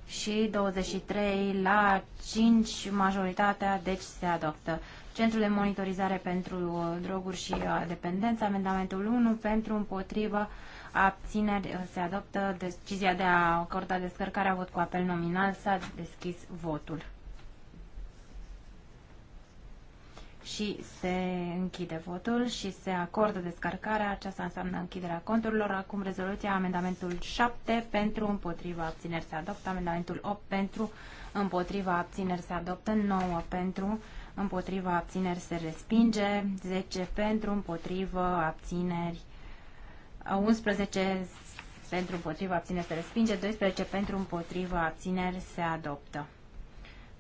Și 23 la 5, majoritatea, deci se adoptă. Centrul de monitorizare pentru uh, droguri și uh, dependență, amendamentul 1 pentru împotrivă abțineri uh, se adoptă decizia de a acorda descărcarea vot cu apel nominal. S-a deschis votul. și se închide votul și se acordă descărcarea. Aceasta înseamnă închiderea conturilor. Acum rezoluția amendamentul 7 pentru împotriva abțineri se adoptă, amendamentul 8 pentru împotriva abțineri se adoptă, 9 pentru împotriva abțineri se respinge, 10 pentru, împotrivă, abțineri, 11 pentru, împotriva, abțineri se respinge, 12 pentru, împotriva, abțineri se adoptă.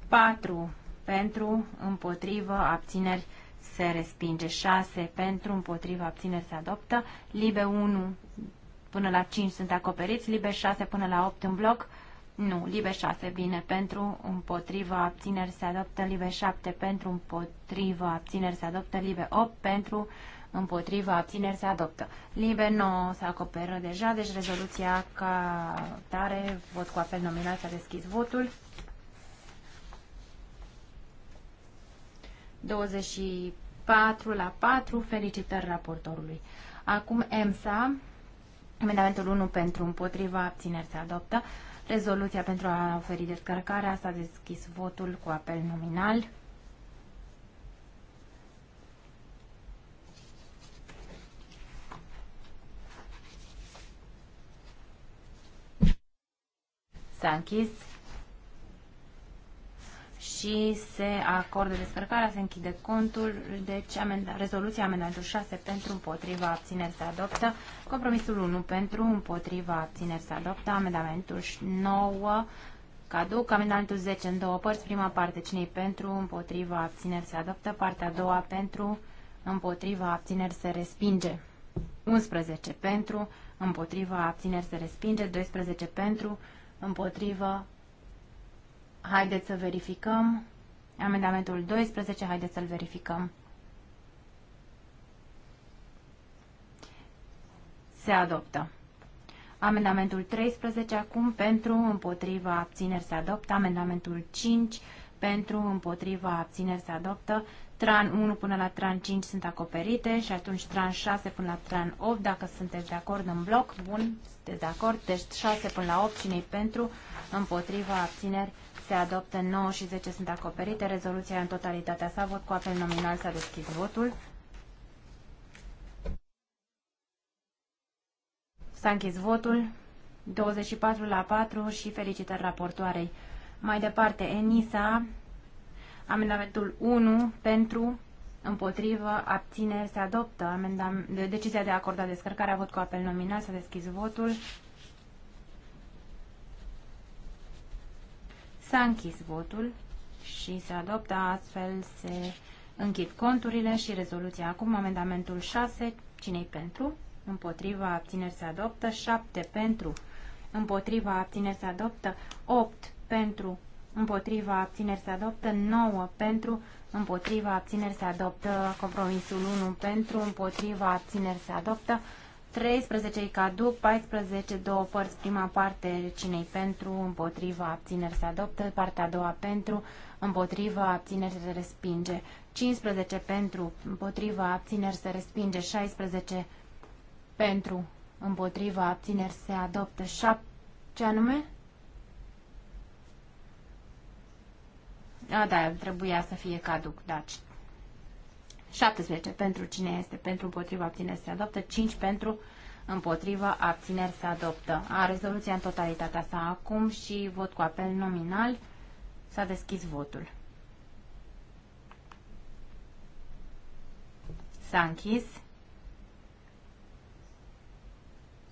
4 pentru, împotrivă, abțineri se respinge, 6 pentru, împotriva, abțineri se adoptă, libe 1 până la 5 sunt acoperiți, libe 6 până la 8 în bloc, nu, libe 6, vine pentru, împotriva, abțineri se adoptă, libe 7, pentru, împotriva, abțineri se adoptă, libe 8, pentru, împotriva, abțineri se adoptă. Libe 9 se acoperă deja, deci rezoluția ca tare, vot cu apel nominal, s-a deschis votul. 24 la 4, felicitări raportorului. Acum EMSA, amendamentul 1 pentru, împotriva, abțineri se adoptă. Rezoluția pentru a oferi descărcarea s-a deschis votul cu apel nominal. S-a închis și se acordă descărcarea, se închide contul, deci amenda, rezoluția amendamentul 6 pentru împotriva abțineri se adoptă, compromisul 1 pentru împotriva abțineri se adoptă, amendamentul 9 caduc, amendamentul 10 în două părți, prima parte cinei pentru împotriva abțineri se adoptă, partea a doua pentru împotriva abțineri se respinge. 11 pentru, împotriva abțineri se respinge, 12 pentru, împotriva Haideți să verificăm. Amendamentul 12, haideți să-l verificăm. Se adoptă. Amendamentul 13 acum pentru împotriva abțineri se adoptă. Amendamentul 5 pentru împotriva abțineri se adoptă. Tran 1 până la tran 5 sunt acoperite și atunci tran 6 până la tran 8 dacă sunteți de acord în bloc. Bun, sunteți de acord. Deci 6 până la 8 cine pentru împotriva abțineri se adoptă, 9 și 10 sunt acoperite, rezoluția în totalitatea sa, vot cu apel nominal s-a deschis votul. S-a închis votul, 24 la 4 și felicitări raportoarei. Mai departe, ENISA, amendamentul 1 pentru, împotrivă, abțineri, se adoptă amendam, decizia de a acorda descărcarea, vot cu apel nominal, s-a deschis votul. S-a închis votul și se adoptă astfel se închid conturile și rezoluția. Acum amendamentul 6, cine pentru? Împotriva abțineri se adoptă 7 pentru. Împotriva abțineri se adoptă 8 pentru. Împotriva abțineri se adoptă 9 pentru. Împotriva abțineri se adoptă compromisul 1 pentru. Împotriva abțineri se adoptă 13 îi caduc, 14 două părți, prima parte cinei pentru, împotriva, abțineri se adoptă, partea a doua pentru, împotriva, abțineri se respinge, 15 pentru, împotriva, abțineri se respinge, 16 pentru, împotriva, abțineri se adoptă, 7, ce anume? A, da, trebuia să fie caduc, da, 17 pentru cine este pentru împotriva abțineri se adoptă, 5 pentru împotriva abțineri se adoptă. A rezoluția în totalitatea sa acum și vot cu apel nominal s-a deschis votul. S-a închis.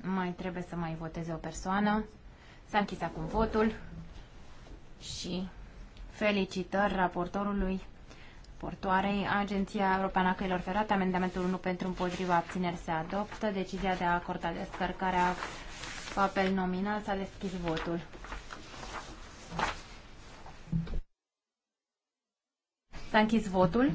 Mai trebuie să mai voteze o persoană. S-a închis acum votul și felicitări raportorului Portoarei, Agenția Europeană a Căilor Ferate, amendamentul 1 pentru împotriva abțineri se adoptă. Decizia de a acorda descărcarea cu apel nominal s-a deschis votul. S-a închis votul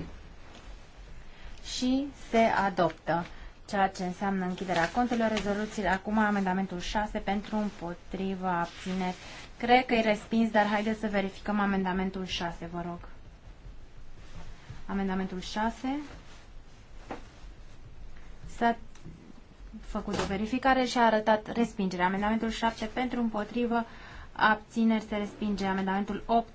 și se adoptă ceea ce înseamnă închiderea contelor, rezoluțiile, acum amendamentul 6 pentru împotriva abțineri. Cred că e respins, dar haideți să verificăm amendamentul 6, vă rog. Amendamentul 6. S-a făcut o verificare și a arătat respingere. Amendamentul 7 pentru împotrivă, abțineri se respinge. Amendamentul 8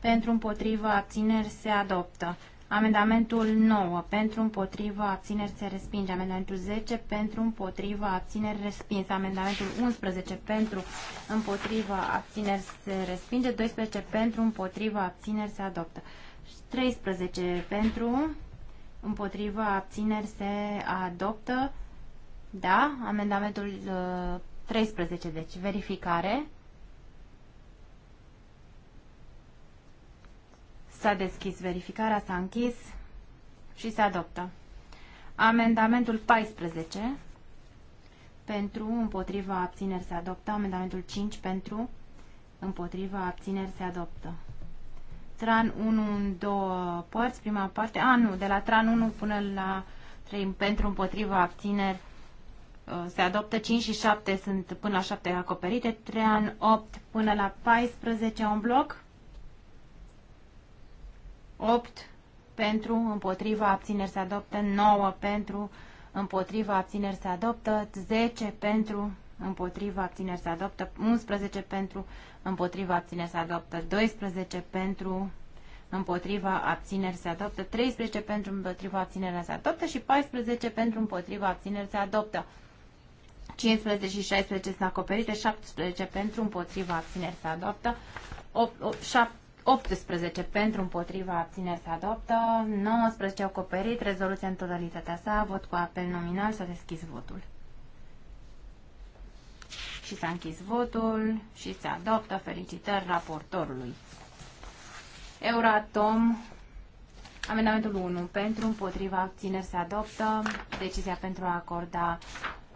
pentru împotrivă, abțineri se adoptă. Amendamentul 9 pentru împotrivă, abțineri se respinge. Amendamentul 10 pentru împotrivă, abțineri respins. Amendamentul 11 pentru împotrivă, abțineri se respinge. 12 pentru împotrivă, abțineri se adoptă. 13 pentru, împotrivă, abțineri se adoptă. Da, amendamentul 13, uh, deci verificare. S-a deschis verificarea, s-a închis și se adoptă. Amendamentul 14 pentru, împotriva, abțineri se adoptă. Amendamentul 5 pentru, împotriva, abțineri se adoptă. Tran 1 în două părți, prima parte, a nu, de la Tran 1 până la 3 uh, pentru împotriva abțineri se adoptă 5 și 7 sunt până la 7 acoperite, Tran 8 până la 14 un bloc, 8 pentru împotriva abțineri se adoptă, 9 pentru împotriva abțineri se adoptă, 10 pentru împotriva abțineri se adoptă, 11 pentru, împotriva abțineri se adoptă, 12 pentru, împotriva abțineri se adoptă, 13 pentru împotriva abțineri se adoptă și 14 pentru împotriva abțineri se adoptă. 15 și 16 sunt acoperite, 17 pentru împotriva abțineri se adoptă, 7, 18 pentru împotriva abțineri se adoptă, 19 acoperit, rezoluția în totalitatea sa, vot cu apel nominal, s-a deschis votul și s-a închis votul și se adoptă. Felicitări raportorului. Euratom, amendamentul 1, pentru, împotriva, abțineri se adoptă. Decizia pentru a acorda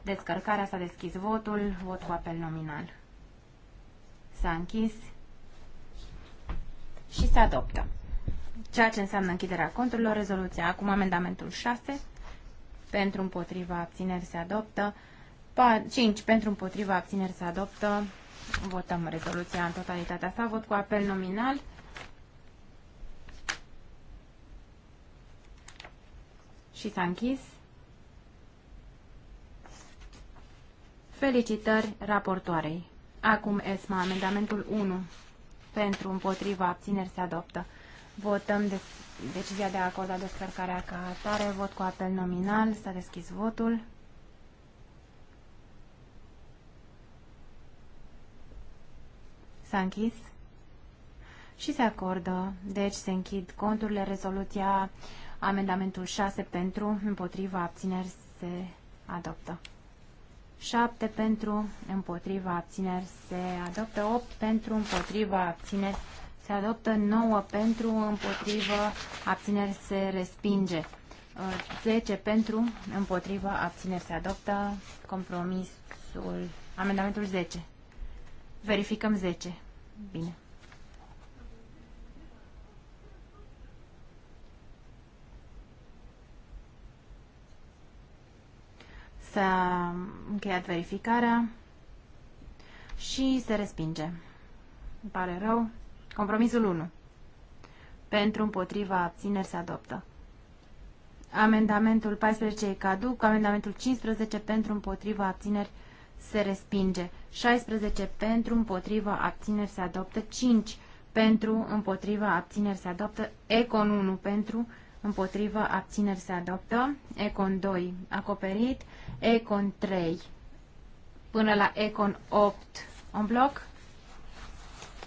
descărcarea s-a deschis votul, vot cu apel nominal. S-a închis și se adoptă. Ceea ce înseamnă închiderea conturilor, rezoluția. Acum amendamentul 6, pentru, împotriva, abțineri se adoptă. 5 pentru împotriva abțineri se adoptă. Votăm rezoluția în totalitatea sa. Vot cu apel nominal. Și s-a închis. Felicitări raportoarei. Acum ESMA, amendamentul 1 pentru împotriva abțineri se adoptă. Votăm de decizia de a acorda descărcarea ca atare. Vot cu apel nominal. S-a deschis votul. s-a închis și se acordă. Deci se închid conturile, rezoluția, amendamentul 6 pentru, împotriva, abțineri se adoptă. 7 pentru, împotriva, abțineri se adoptă. 8 pentru, împotriva, abțineri se adoptă. 9 pentru, împotriva, abțineri se respinge. 10 uh, pentru, împotriva, abțineri se adoptă. Compromisul, amendamentul 10. Verificăm 10. Bine. S-a încheiat verificarea și se respinge. Îmi pare rău. Compromisul 1. Pentru împotriva abțineri se adoptă. Amendamentul 14 e caduc, amendamentul 15 pentru împotriva abțineri se respinge. 16 pentru, împotriva, abțineri se adoptă. 5 pentru, împotriva, abțineri se adoptă. Econ 1 pentru, împotriva, abțineri se adoptă. Econ 2 acoperit. Econ 3 până la Econ 8 în bloc.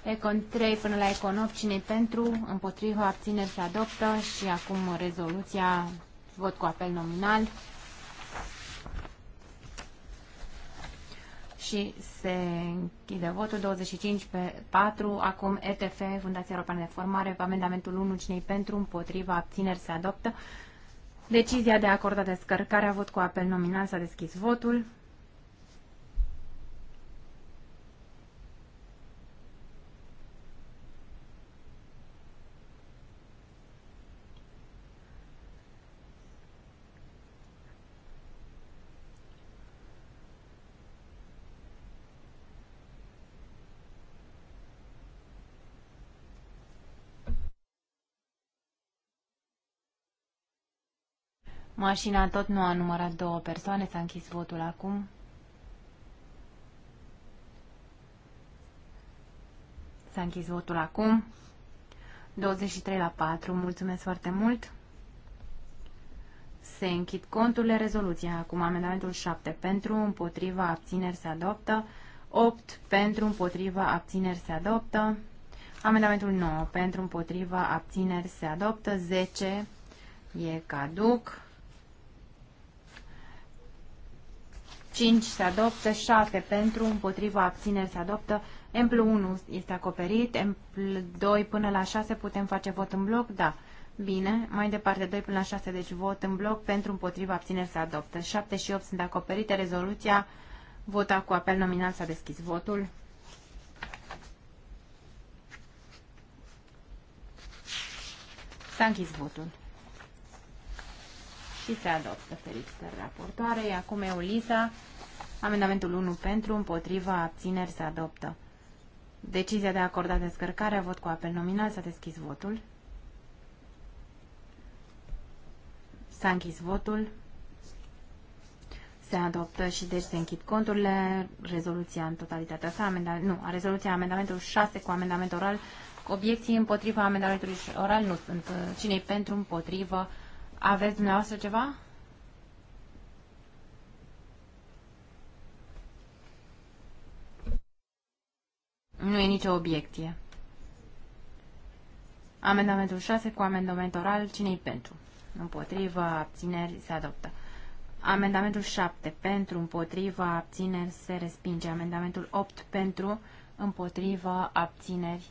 Econ 3 până la Econ 8, cine pentru, împotriva, abțineri se adoptă și acum rezoluția, vot cu apel nominal. și se închide votul 25 pe 4. Acum ETF, Fundația Europeană de Formare, amendamentul 1, cinei pentru, împotriva, abțineri se adoptă. Decizia de a acorda descărcare a avut cu apel nominal, s-a deschis votul. Mașina tot nu a numărat două persoane, s-a închis votul acum. S-a închis votul acum. 23 la 4, mulțumesc foarte mult. Se închid conturile, rezoluția acum, amendamentul 7 pentru, împotriva, abțineri se adoptă, 8 pentru, împotriva, abțineri se adoptă, amendamentul 9 pentru, împotriva, abțineri se adoptă, 10 e caduc, 5 se adoptă, 6 pentru, împotriva abțineri se adoptă, Emplu 1 este acoperit, Emplu 2 până la 6 putem face vot în bloc? Da. Bine, mai departe 2 până la 6, deci vot în bloc pentru împotriva abțineri se adoptă. 7 și 8 sunt acoperite, rezoluția vota cu apel nominal s-a deschis votul. S-a închis votul și se adoptă. Felicitări raportoare. Acum Eulisa, amendamentul 1 pentru, împotriva, abțineri, se adoptă. Decizia de a acorda descărcare, vot cu apel nominal, s-a deschis votul. S-a închis votul. Se adoptă și deci se închid conturile. Rezoluția în totalitatea sa, amenda, nu, rezoluția amendamentul 6 cu amendament oral. Obiecții împotriva amendamentului oral nu sunt. Cine pentru, împotrivă, aveți dumneavoastră ceva? Nu e nicio obiecție. Amendamentul 6 cu amendament oral. Cine-i pentru? Împotrivă, abțineri, se adoptă. Amendamentul 7 pentru, împotrivă, abțineri, se respinge. Amendamentul 8 pentru, împotrivă, abțineri.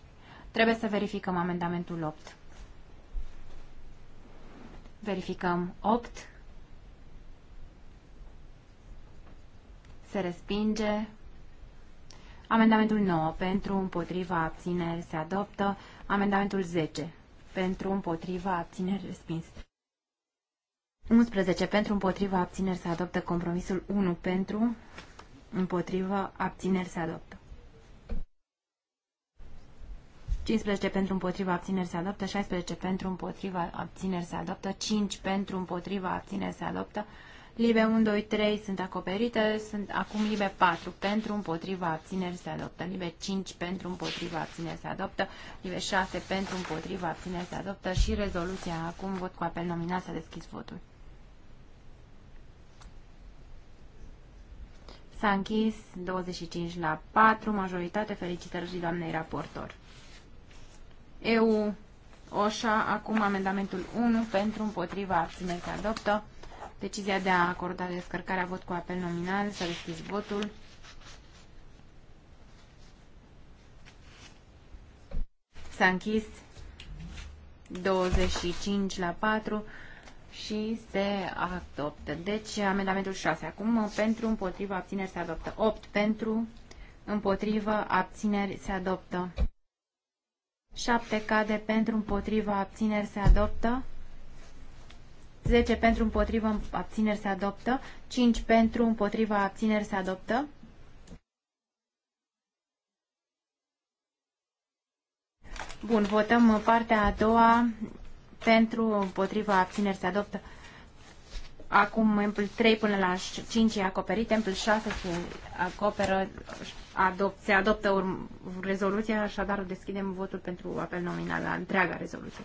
Trebuie să verificăm amendamentul 8. Verificăm 8. Se respinge. Amendamentul 9 pentru împotriva abțineri se adoptă. Amendamentul 10 pentru împotriva abțineri respins. 11 pentru împotriva abțineri se adoptă. Compromisul 1 pentru împotriva abțineri se adoptă. 15 pentru împotriva abțineri se adoptă, 16 pentru împotriva abțineri se adoptă, 5 pentru împotriva abțineri se adoptă, libe 1, 2, 3 sunt acoperite, sunt acum libe 4 pentru împotriva abțineri se adoptă, libe 5 pentru împotriva abțineri se adoptă, libe 6 pentru împotriva abțineri se adoptă și rezoluția acum vot cu apel nominal s-a deschis votul. S-a închis 25 la 4, majoritate, felicitări și doamnei raportor. EU OSHA, acum amendamentul 1 pentru împotriva abțineri se adoptă. Decizia de a acorda descărcarea vot cu apel nominal, să deschizi votul. S-a închis 25 la 4 și se adoptă. Deci, amendamentul 6. Acum, pentru, împotriva, abțineri se adoptă. 8. Pentru, împotriva, abțineri se adoptă. 7 cade pentru împotriva abțineri se adoptă. 10 pentru împotriva abțineri se adoptă. 5 pentru împotriva abțineri se adoptă. Bun, votăm partea a doua pentru împotriva abțineri se adoptă. Acum Empl 3 până la 5 e acoperit, Empl 6 se acoperă, adopt, se adoptă urm, rezoluția, așadar deschidem votul pentru apel nominal la întreaga rezoluție.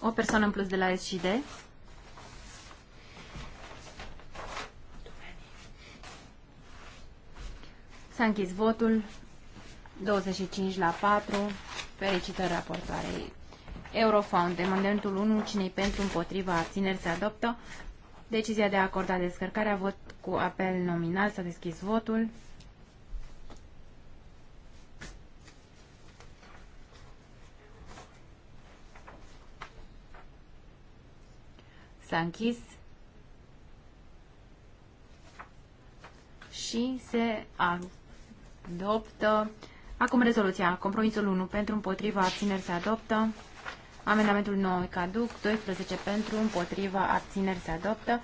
O persoană în plus de la SJD. S-a închis votul. 25 la 4, Fericită raportoarei. Eurofound, Demandantul 1, cine pentru, împotriva, abțineri, se adoptă. Decizia de a acorda descărcarea, vot cu apel nominal, s-a deschis votul. S-a închis și se adoptă Acum rezoluția. Compromisul 1 pentru împotriva abțineri se adoptă. Amendamentul 9 caduc, 12 pentru împotriva abțineri se adoptă,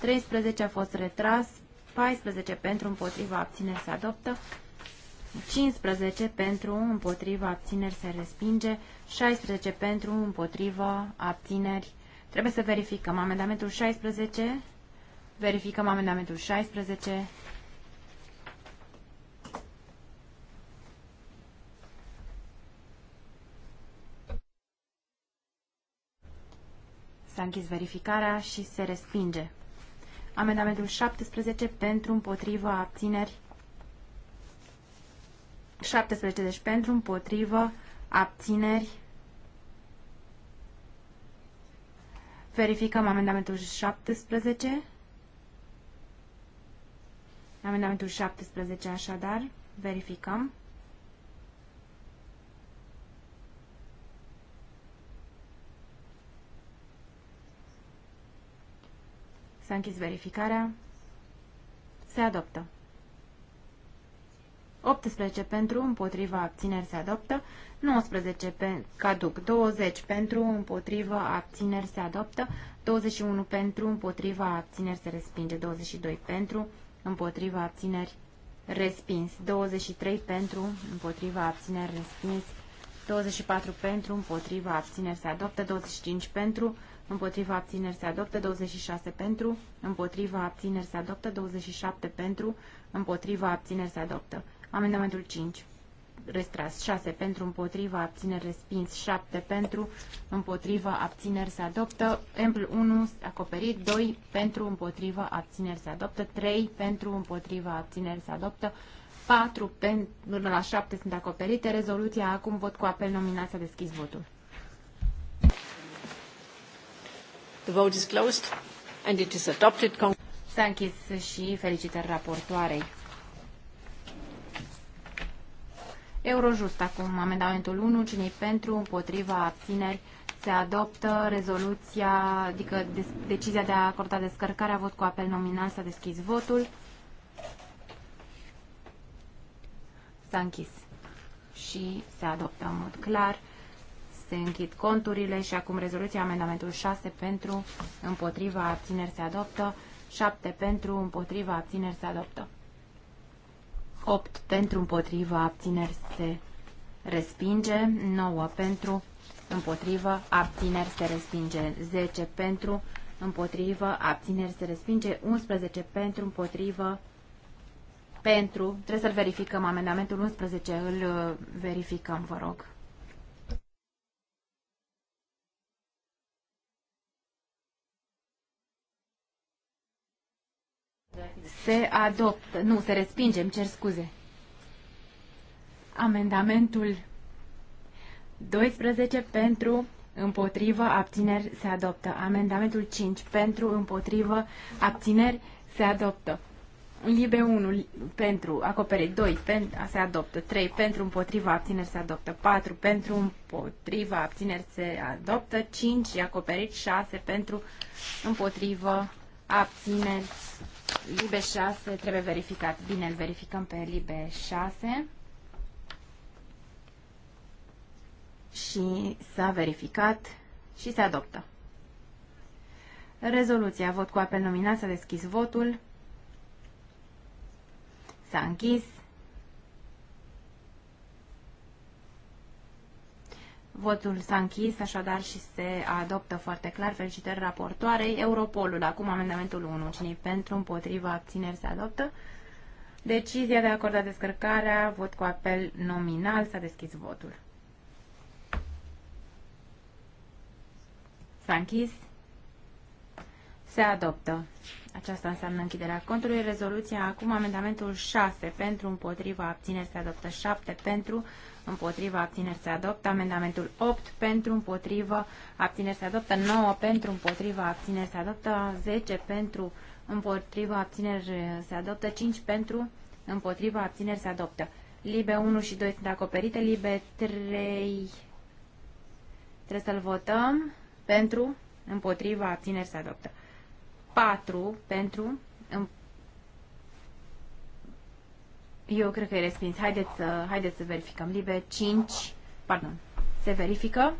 13 a fost retras, 14 pentru împotriva abțineri se adoptă, 15 pentru împotriva abțineri se respinge, 16 pentru împotriva abțineri. Trebuie să verificăm amendamentul 16. Verificăm amendamentul 16. S-a închis verificarea și se respinge. Amendamentul 17 pentru împotrivă abțineri. 17 deci pentru împotrivă abțineri. Verificăm amendamentul 17. Amendamentul 17 așadar. Verificăm. S-a închis verificarea. Se adoptă. 18 pentru, împotriva, abțineri se adoptă. 19 pe, caduc. 20 pentru, împotriva, abțineri se adoptă. 21 pentru, împotriva, abțineri se respinge. 22 pentru, împotriva, abțineri respins. 23 pentru, împotriva, abțineri respins. 24 pentru, împotriva, abțineri se adoptă, 25 pentru, împotriva, abțineri se adoptă, 26 pentru, împotriva, abțineri se adoptă, 27 pentru, împotriva, abțineri se adoptă. Amendamentul 5 restras 6 pentru împotriva, abțineri respins 7 pentru împotriva, abțineri se adoptă, Ample 1 acoperit 2 pentru împotriva, abțineri se adoptă, 3 pentru împotriva, abțineri se adoptă, 4 până la 7 sunt acoperite. Rezoluția acum vot cu apel nominal să deschis votul. The vote is closed and it is adopted. S-a închis și felicitări raportoarei. Eurojust acum, amendamentul 1, cine pentru, împotriva, abțineri, se adoptă rezoluția, adică decizia de a acorda descărcarea, vot cu apel nominal, s-a deschis votul. S-a închis. Și se adoptă în mod clar. Se închid conturile și acum rezoluția amendamentul 6 pentru împotriva abțineri se adoptă. 7 pentru împotriva abțineri se adoptă. 8 pentru împotriva abțineri se respinge. 9 pentru împotriva abțineri se respinge, 10 pentru, împotriva abțineri se respinge, 11 pentru, împotrivă, pentru, trebuie să-l verificăm, amendamentul 11, îl uh, verificăm, vă rog. Se adoptă, nu, se respinge, îmi cer scuze. Amendamentul 12 pentru, împotrivă, abțineri, se adoptă. Amendamentul 5 pentru, împotrivă, abțineri, se adoptă. Libe 1 pentru acoperi, 2 pen, se adoptă 3 pentru împotriva abțineri se adoptă 4 pentru împotriva abțineri se adoptă 5 acoperit 6 pentru împotriva abțineri Libe 6 trebuie verificat. Bine, îl verificăm pe Libe 6 și s-a verificat și se adoptă. Rezoluția. Vot cu apel nominal. S-a deschis votul. S-a închis. Votul s-a închis, așadar, și se adoptă foarte clar. Felicitări raportoarei. Europolul, acum amendamentul 1. Cine pentru, împotriva, abțineri, se adoptă. Decizia de a acorda descărcarea, vot cu apel nominal, s-a deschis votul. S-a închis. Se adoptă. Aceasta înseamnă închiderea contului. Rezoluția acum, amendamentul 6 pentru împotriva abțineri se adoptă 7 pentru împotriva abțineri se adoptă, amendamentul 8 pentru împotriva abțineri se adoptă 9 pentru împotriva abțineri se adoptă 10 pentru împotriva abțineri se adoptă 5 pentru împotriva abțineri se adoptă. Libe 1 și 2 sunt acoperite, libe 3 trebuie să-l votăm pentru împotriva abțineri se adoptă. 4 pentru... Eu cred că e respins. Haideți să, haideți să verificăm. Libe 5... Pardon. Se verifică.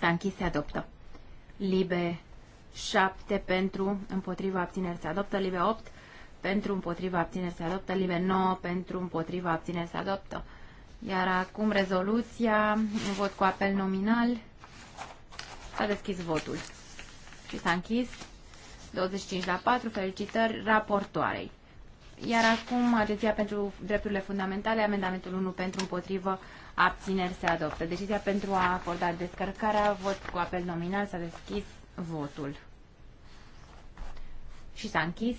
S-a închis, se adoptă. Libe 7 pentru împotriva abțineri se adoptă, libe 8 pentru împotriva abțineri se adoptă, libe 9 pentru împotriva abțineri se adoptă, iar acum rezoluția, vot cu apel nominal. S-a deschis votul și s-a închis. 25 la 4, felicitări raportoarei. Iar acum Agenția pentru Drepturile Fundamentale, amendamentul 1 pentru împotrivă, abțineri se adoptă. Decizia pentru a acorda descărcarea, vot cu apel nominal, s-a deschis votul. Și s-a închis.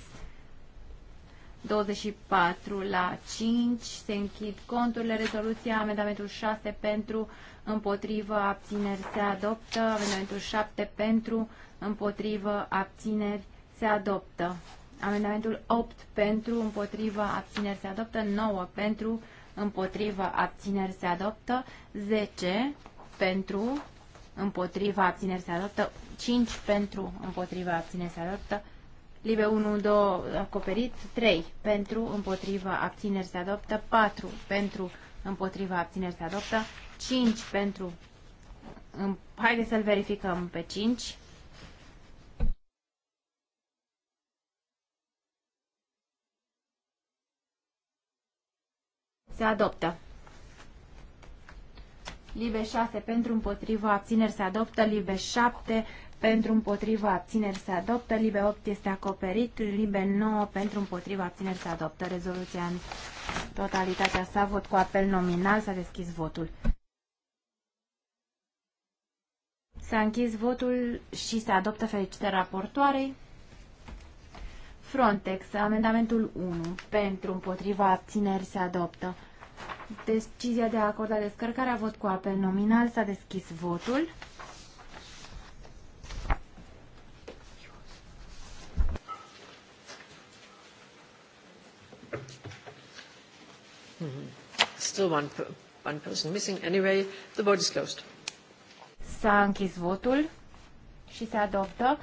24 la 5. Se închid conturile. Rezoluția amendamentul 6 pentru împotrivă abțineri se adoptă. Amendamentul 7 pentru împotrivă abțineri se adoptă. Amendamentul 8 pentru împotrivă abțineri se adoptă. 9 pentru împotrivă abțineri se adoptă. 10 pentru împotriva abțineri se adoptă, 5 pentru împotriva abțineri se adoptă, Libe 1, 2 acoperit, 3 pentru, împotriva, abțineri se adoptă, 4 pentru, împotriva, abțineri se adoptă, 5 pentru, haideți să-l verificăm pe 5. Se adoptă. Libe 6 pentru împotriva, abțineri se adoptă, Libe 7 pentru împotriva abțineri se adoptă, libe 8 este acoperit, libe 9 pentru împotriva abțineri se adoptă. Rezoluția în totalitatea sa, vot cu apel nominal, s-a deschis votul. S-a închis votul și se adoptă felicitări raportoarei. Frontex, amendamentul 1, pentru împotriva abțineri se adoptă. Decizia de a acorda descărcarea, vot cu apel nominal, s-a deschis votul. Mm -hmm. Still one, one person missing. Anyway, the vote is closed. S-a închis votul și se adoptă.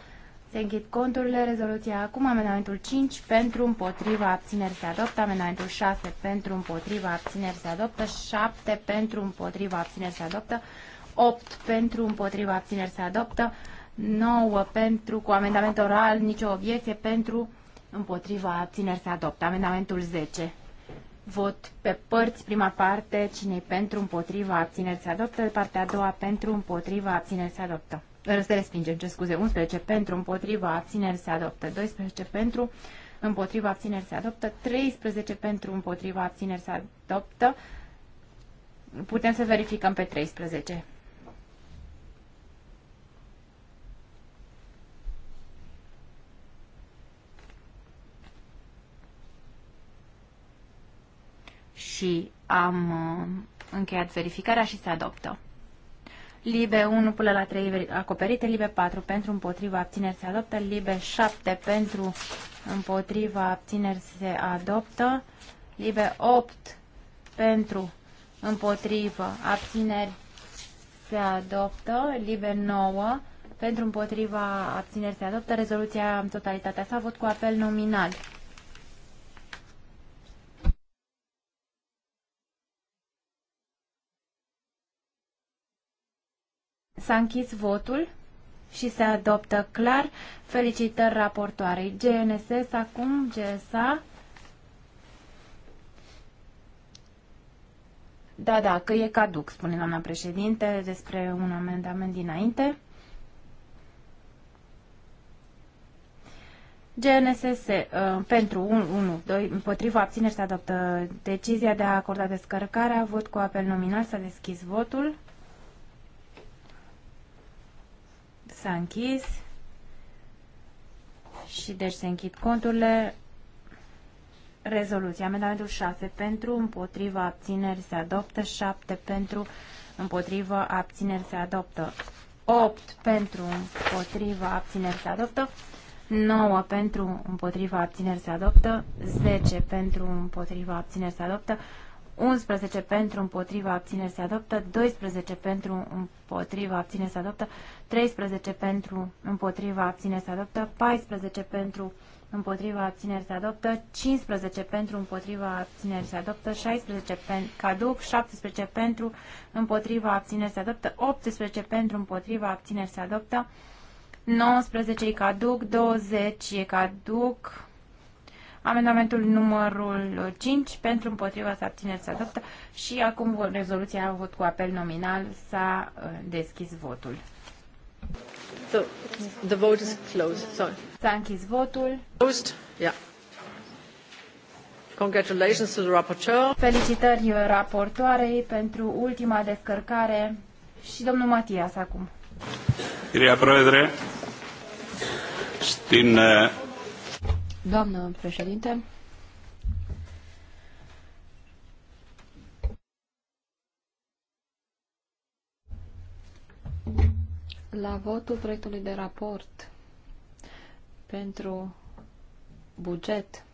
Se închid conturile. Rezoluția acum. Amendamentul 5 pentru împotriva abțineri se adoptă. Amendamentul 6 pentru împotriva abțineri se adoptă. 7 pentru împotriva abțineri se adoptă. 8 pentru împotriva abțineri se adoptă. 9 pentru cu amendament oral, nicio obiecție pentru împotriva abțineri se adoptă. Amendamentul 10 Vot pe părți, prima parte, cine pentru, împotriva, abțineri se adoptă, partea a doua pentru, împotriva, abțineri se adoptă. Să respingem, ce scuze, 11 pentru, împotriva, abțineri se adoptă, 12 pentru, împotriva, abțineri se adoptă, 13 pentru, împotriva, abțineri se adoptă. Putem să verificăm pe 13. și am uh, încheiat verificarea și se adoptă. Libe 1 până la 3 acoperite, Libe 4 pentru împotriva abțineri se adoptă, Libe 7 pentru împotriva abțineri se adoptă, Libe 8 pentru împotriva abțineri se adoptă, Libe 9 pentru împotriva abțineri se adoptă, rezoluția în totalitatea s-a avut cu apel nominal. S-a închis votul și se adoptă clar. Felicitări raportoarei. GNSS acum, GSA. Da, da, că e caduc, spune doamna președinte, despre un amendament dinainte. GNSS uh, pentru 1, 2, împotriva abțineri se adoptă decizia de a acorda descărcarea, vot cu apel nominal, s-a deschis votul. S-a închis. Și deci se închid conturile. Rezoluția. Amendamentul 6 pentru, împotriva abțineri se adoptă, 7 pentru, împotriva abțineri se adoptă, 8 pentru, împotriva abțineri se adoptă, 9 pentru, împotriva abțineri se adoptă, 10 pentru, împotriva abțineri se adoptă, 11 pentru împotriva abțineri se adoptă, 12 pentru împotriva abțineri se adoptă, 13 pentru împotriva abțineri se adoptă, 14 pentru împotriva abțineri se adoptă, 15 pentru împotriva abțineri se adoptă, 16 pentru caduc, 17 pentru împotriva abțineri se adoptă, 18 pentru împotriva abțineri se adoptă, 19 e caduc, 20 e caduc, Amendamentul numărul 5 pentru împotriva să abțineți să adoptă și acum rezoluția a avut cu apel nominal s-a uh, deschis votul. So, the vote is closed. Sorry. S-a închis votul. Closed. Yeah. Congratulations to the rapporteur. Felicitări uh, raportoarei pentru ultima descărcare și domnul Matias acum. Κυρία Πρόεδρε, στην Doamnă președinte, la votul proiectului de raport pentru buget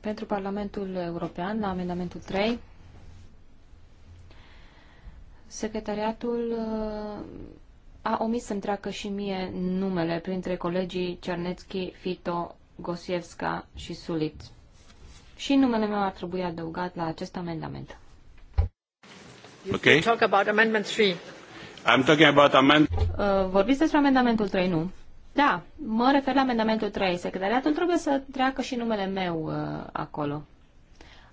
pentru Parlamentul European, la amendamentul 3, Secretariatul a omis să-mi treacă și mie numele printre colegii Cernetski, Fito, Gosievska și Sulit. Și numele meu ar trebui adăugat la acest amendament. Okay. Talk about amendment 3. I'm talking about amend uh, vorbiți despre amendamentul 3, nu? Da, mă refer la amendamentul 3. Secretariatul trebuie să treacă și numele meu uh, acolo.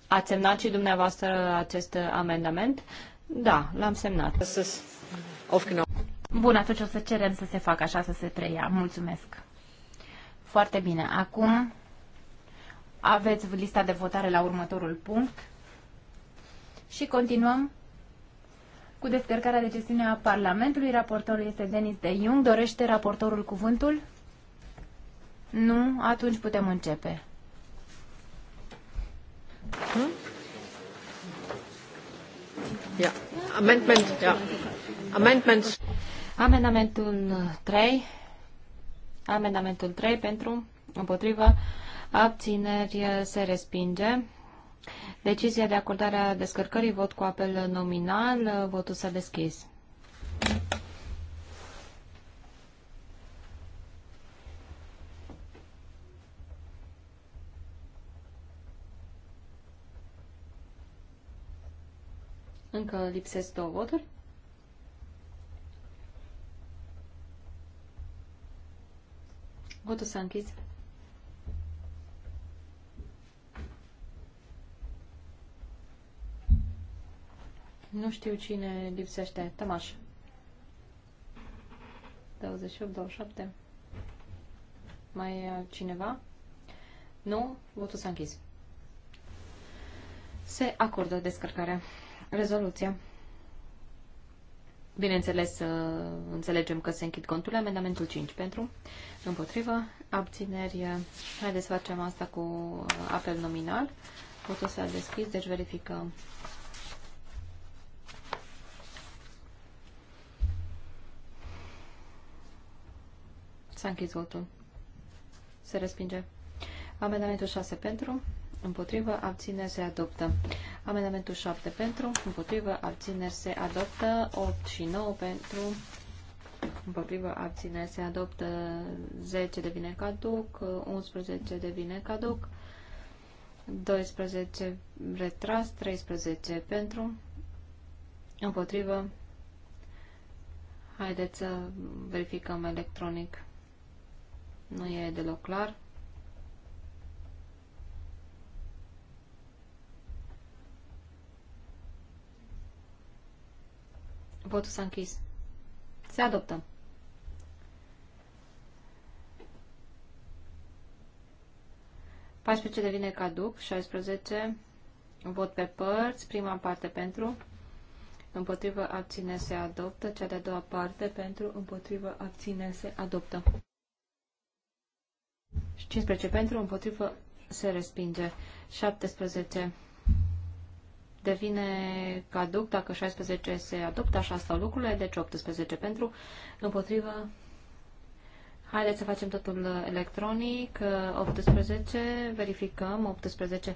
Ați semnat și dumneavoastră acest amendament? Da, l-am semnat. mm-hmm. Bun, atunci o să cerem să se facă așa, să se treia. Mulțumesc. Foarte bine. Acum aveți lista de votare la următorul punct și continuăm cu descărcarea de gestiune a Parlamentului. Raportorul este Denis de Jung. Dorește raportorul cuvântul? Nu? Atunci putem începe. Hmm? Yeah. Amendment. Yeah. Amendment. Amendamentul 3. Amendamentul 3 pentru, împotrivă, abțineri eh, se respinge. Decizia de acordare a descărcării, vot cu apel nominal, eh, votul s-a deschis. Încă lipsesc două voturi. Votul să închizi. Nu știu cine lipsește. Tamaș. 28, 27. Mai e cineva? Nu? Votul s-a închis. Se acordă descărcarea. Rezoluția. Bineînțeles, înțelegem că se închid conturile. Amendamentul 5 pentru, împotrivă, abțineri. Haideți să facem asta cu apel nominal. Votul s-a deschis, deci verificăm. S-a închis votul. Se respinge. Amendamentul 6 pentru, împotrivă, abține, se adoptă. Amendamentul 7 pentru, împotrivă, abțineri se adoptă. 8 și 9 pentru, împotrivă, abțineri se adoptă. 10 devine caduc, 11 devine caduc, 12 retras, 13 pentru, împotrivă. Haideți să verificăm electronic. Nu e deloc clar. Votul s-a închis. Se adoptă. pe ce devine caduc. 16. Vot pe părți. Prima parte pentru. Împotrivă abține se adoptă. Cea de-a doua parte pentru. Împotrivă abține se adoptă. 15 pentru. Împotrivă se respinge. 17 devine caduc dacă 16 se adoptă, așa stau lucrurile, deci 18 pentru, împotrivă. Haideți să facem totul electronic, 18, verificăm, 18.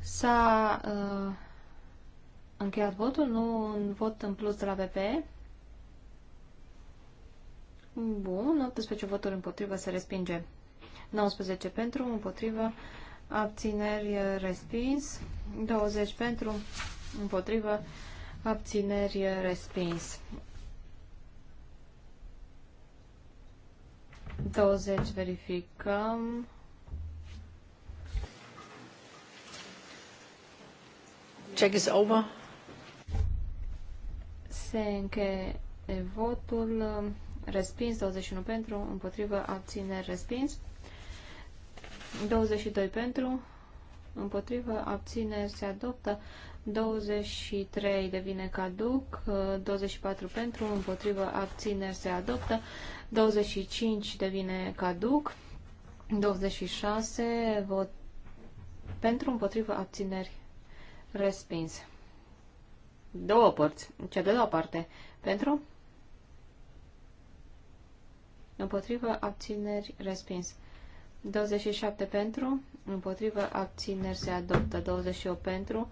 S-a uh, încheiat votul, nu un vot în plus de la PP. Bun, 18 voturi împotrivă se respinge. 19 pentru, împotrivă, abțineri respins. 20 pentru, împotrivă, abțineri respins. 20 verificăm. Check is over. Se încheie votul. Respins 21 pentru, împotrivă, abțineri, respins. 22 pentru, împotrivă, abțineri, se adoptă. 23 devine caduc, 24 pentru, împotrivă, abțineri, se adoptă. 25 devine caduc, 26 vot pentru, împotrivă, abțineri, respins două părți, ce de două parte, pentru, împotrivă, abțineri, respins. 27 pentru, împotrivă, abțineri se adoptă. 28 pentru,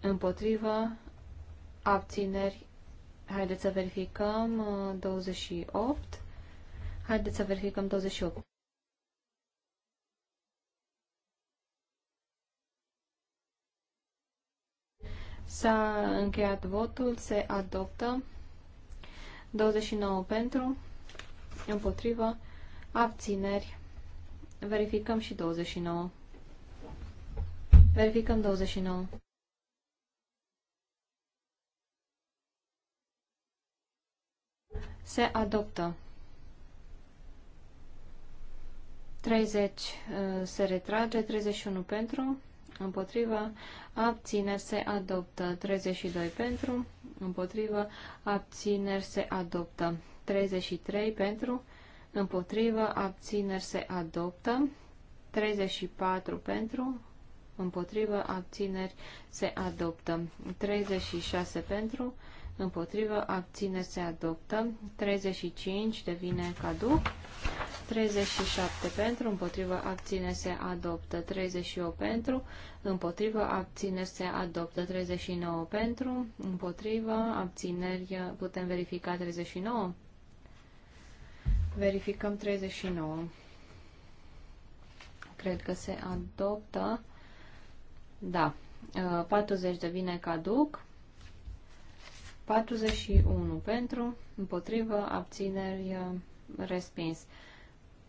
împotrivă, abțineri. Haideți să verificăm 28. Uh, Haideți să verificăm 28. S-a încheiat votul, se adoptă. 29 pentru, împotrivă, abțineri. Verificăm și 29. Verificăm 29. Se adoptă. 30 uh, se retrage, 31 pentru, împotriva, abțineri se adoptă. 32 pentru, împotriva, abțineri se adoptă. 33 pentru, împotriva, abțineri se adoptă. 34 pentru, împotriva, abțineri se adoptă. 36 pentru, împotrivă, abține, se adoptă, 35 devine caduc, 37 pentru, împotrivă, abține, se adoptă, 38 pentru, împotrivă, abține, se adoptă, 39 pentru, împotrivă, abțineri, putem verifica 39? Verificăm 39. Cred că se adoptă, da, 40 devine caduc, 41 pentru, împotrivă, abțineri, respins.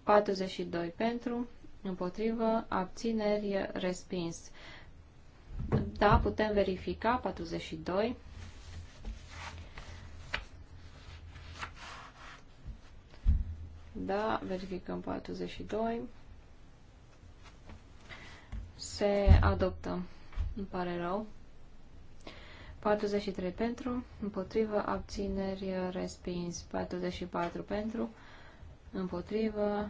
42 pentru, împotrivă, abțineri, respins. Da, putem verifica, 42. Da, verificăm 42. Se adoptă. Îmi pare rău. 43 pentru, împotrivă, abțineri, respins. 44 pentru, împotrivă.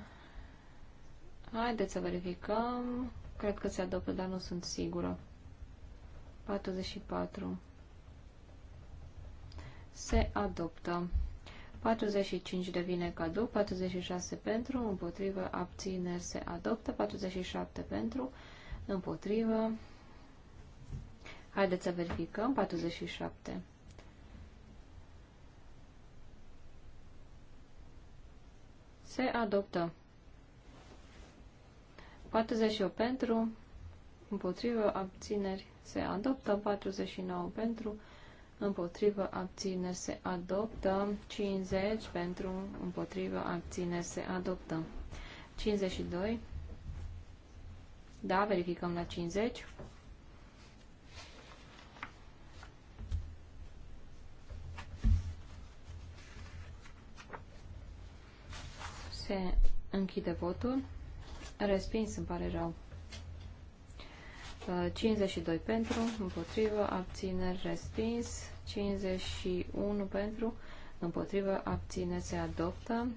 Haideți să verificăm. Cred că se adoptă, dar nu sunt sigură. 44. Se adoptă. 45 devine cadou, 46 pentru, împotrivă, abțineri se adoptă, 47 pentru, împotrivă, Haideți să verificăm. 47. Se adoptă. 48 pentru, împotrivă, abțineri, se adoptă. 49 pentru, împotrivă, abțineri, se adoptă. 50 pentru, împotrivă, abțineri, se adoptă. 52. Da, verificăm la 50. 50. Se închide votul. Respins, îmi pare rău. 52 uh, pentru, împotrivă, abțineri, respins. 51 pentru, împotrivă, abțineri, se adoptă.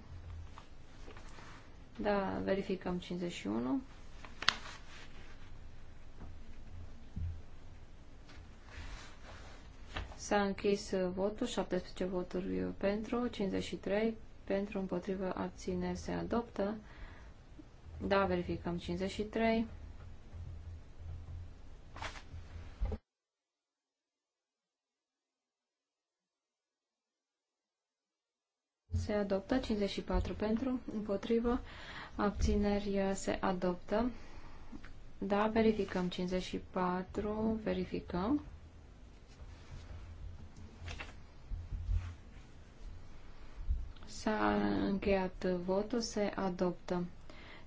Da, verificăm 51. S-a închis votul, 17 voturi pentru, 53 pentru împotrivă abține se adoptă. Da, verificăm 53. Se adoptă 54 pentru, împotrivă, abțineri se adoptă. Da, verificăm 54, da, verificăm. S-a încheiat votul, se adoptă.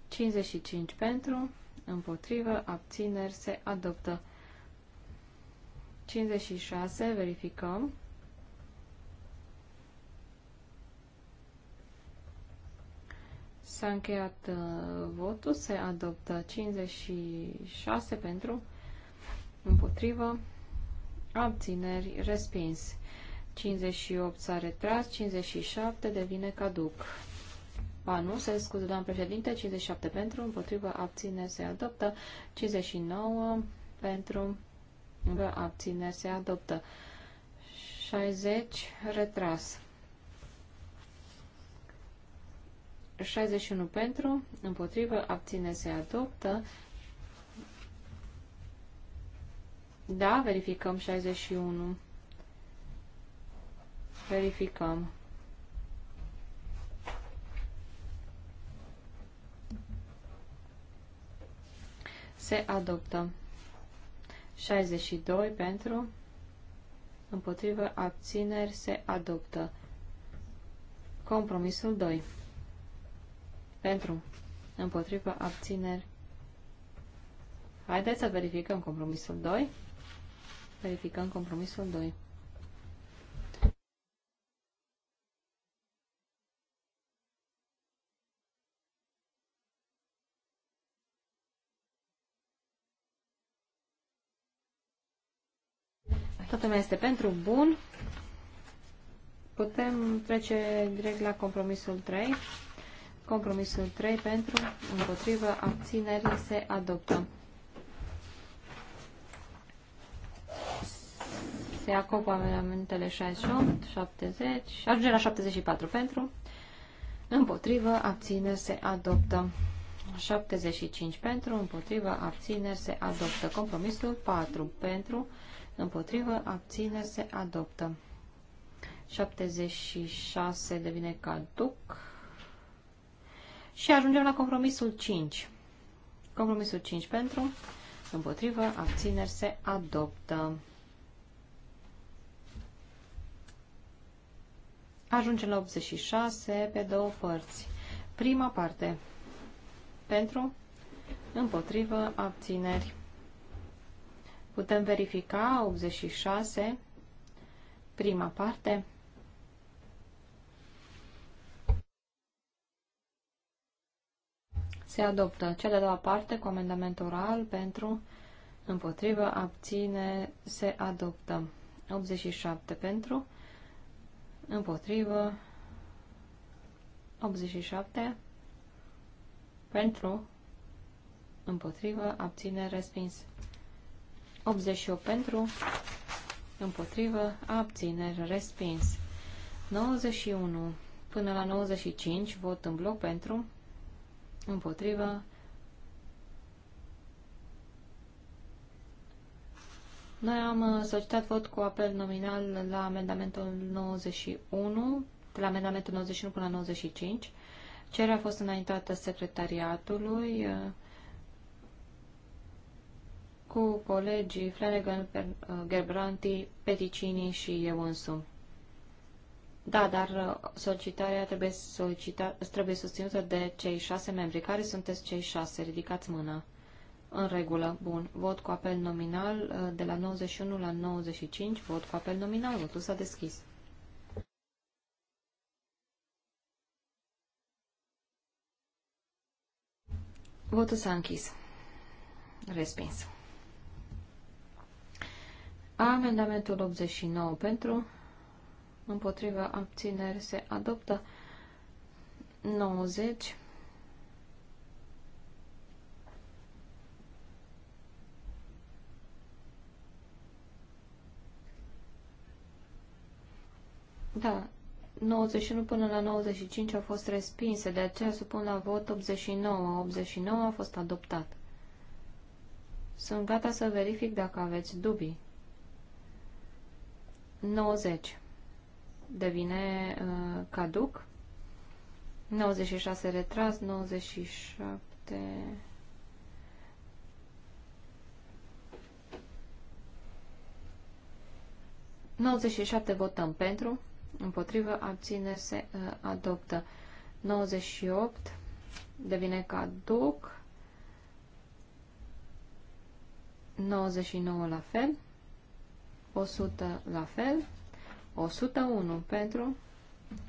55 pentru, împotrivă, abțineri, se adoptă. 56, verificăm. S-a încheiat uh, votul, se adoptă 56 pentru, împotrivă, abțineri, respins. 58 s-a retras, 57 devine caduc. Ba nu, se scuze, doamnă președinte, 57 pentru, împotrivă, abține, se adoptă, 59 pentru, împotrivă, abține, se adoptă, 60 retras, 61 pentru, împotrivă, abține, se adoptă, da, verificăm 61. Verificăm. Se adoptă. 62 pentru, împotrivă, abțineri, se adoptă. Compromisul 2. Pentru, împotrivă, abțineri. Haideți să verificăm compromisul 2. Verificăm compromisul 2. Toată lumea este pentru. Bun. Putem trece direct la compromisul 3. Compromisul 3 pentru, împotrivă, abțineri se adoptă. Se acopă amendamentele 68, 70, ajunge la 74 pentru, împotrivă, abțineri se adoptă. 75 pentru, împotrivă, abțineri se adoptă. Compromisul 4 pentru, împotrivă, abțineri se adoptă. 76 devine caduc. Și ajungem la compromisul 5. Compromisul 5 pentru, împotrivă, abțineri se adoptă. Ajungem la 86 pe două părți. Prima parte pentru, împotrivă, abțineri Putem verifica 86, prima parte. Se adoptă cea de doua parte cu amendament oral pentru, împotrivă, abține, se adoptă. 87 pentru, împotrivă, 87 pentru, împotrivă, abține, respins. 88 pentru, împotrivă, abțineri, respins. 91 până la 95, vot în bloc pentru, împotrivă, Noi am uh, solicitat vot cu apel nominal la amendamentul 91, de la amendamentul 91 până la 95. Cererea a fost înaintată secretariatului. Uh, cu colegii Flanagan, uh, Gerbranti, Peticini și eu însumi. Da, dar uh, solicitarea trebuie, solicita, trebuie susținută de cei șase membri. Care sunteți cei șase? Ridicați mâna. În regulă. Bun. Vot cu apel nominal uh, de la 91 la 95. Vot cu apel nominal. Votul s-a deschis. Votul s-a închis. Respins. Amendamentul 89 pentru, împotriva abțineri se adoptă 90. Da, 91 până la 95 au fost respinse, de aceea supun la vot 89. 89 a fost adoptat. Sunt gata să verific dacă aveți dubii. 90 devine uh, caduc. 96 retras, 97... ...97 votăm pentru, împotrivă, abține, se uh, adoptă. 98 devine caduc. 99 la fel. 100 la fel, 101 pentru,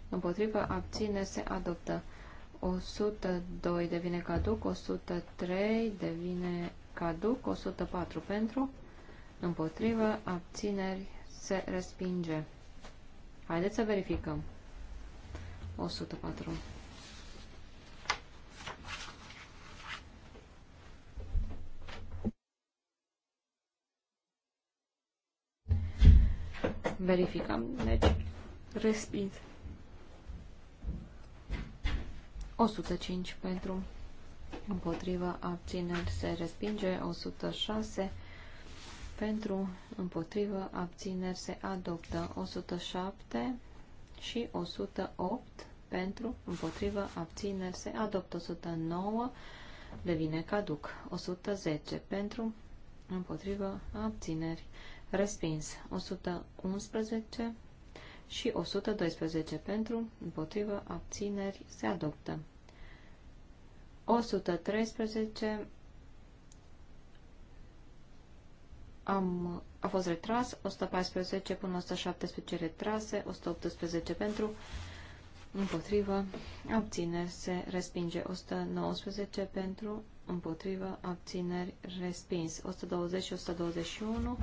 împotrivă, abține, se adoptă. 102 devine caduc, 103 devine caduc, 104 pentru, împotrivă, abțineri, se respinge. Haideți să verificăm. 104. verificăm. Deci, resping 105 pentru împotriva abțineri se respinge, 106 pentru împotriva abțineri se adoptă, 107 și 108 pentru împotriva abțineri se adoptă, 109 devine caduc, 110 pentru împotriva abțineri respins 111 și 112 pentru, împotrivă, abțineri, se adoptă. 113 am, a fost retras, 114 până 117 retrase, 118 pentru, împotrivă, abțineri, se respinge, 119 pentru, împotrivă, abțineri, respins, 120 și 121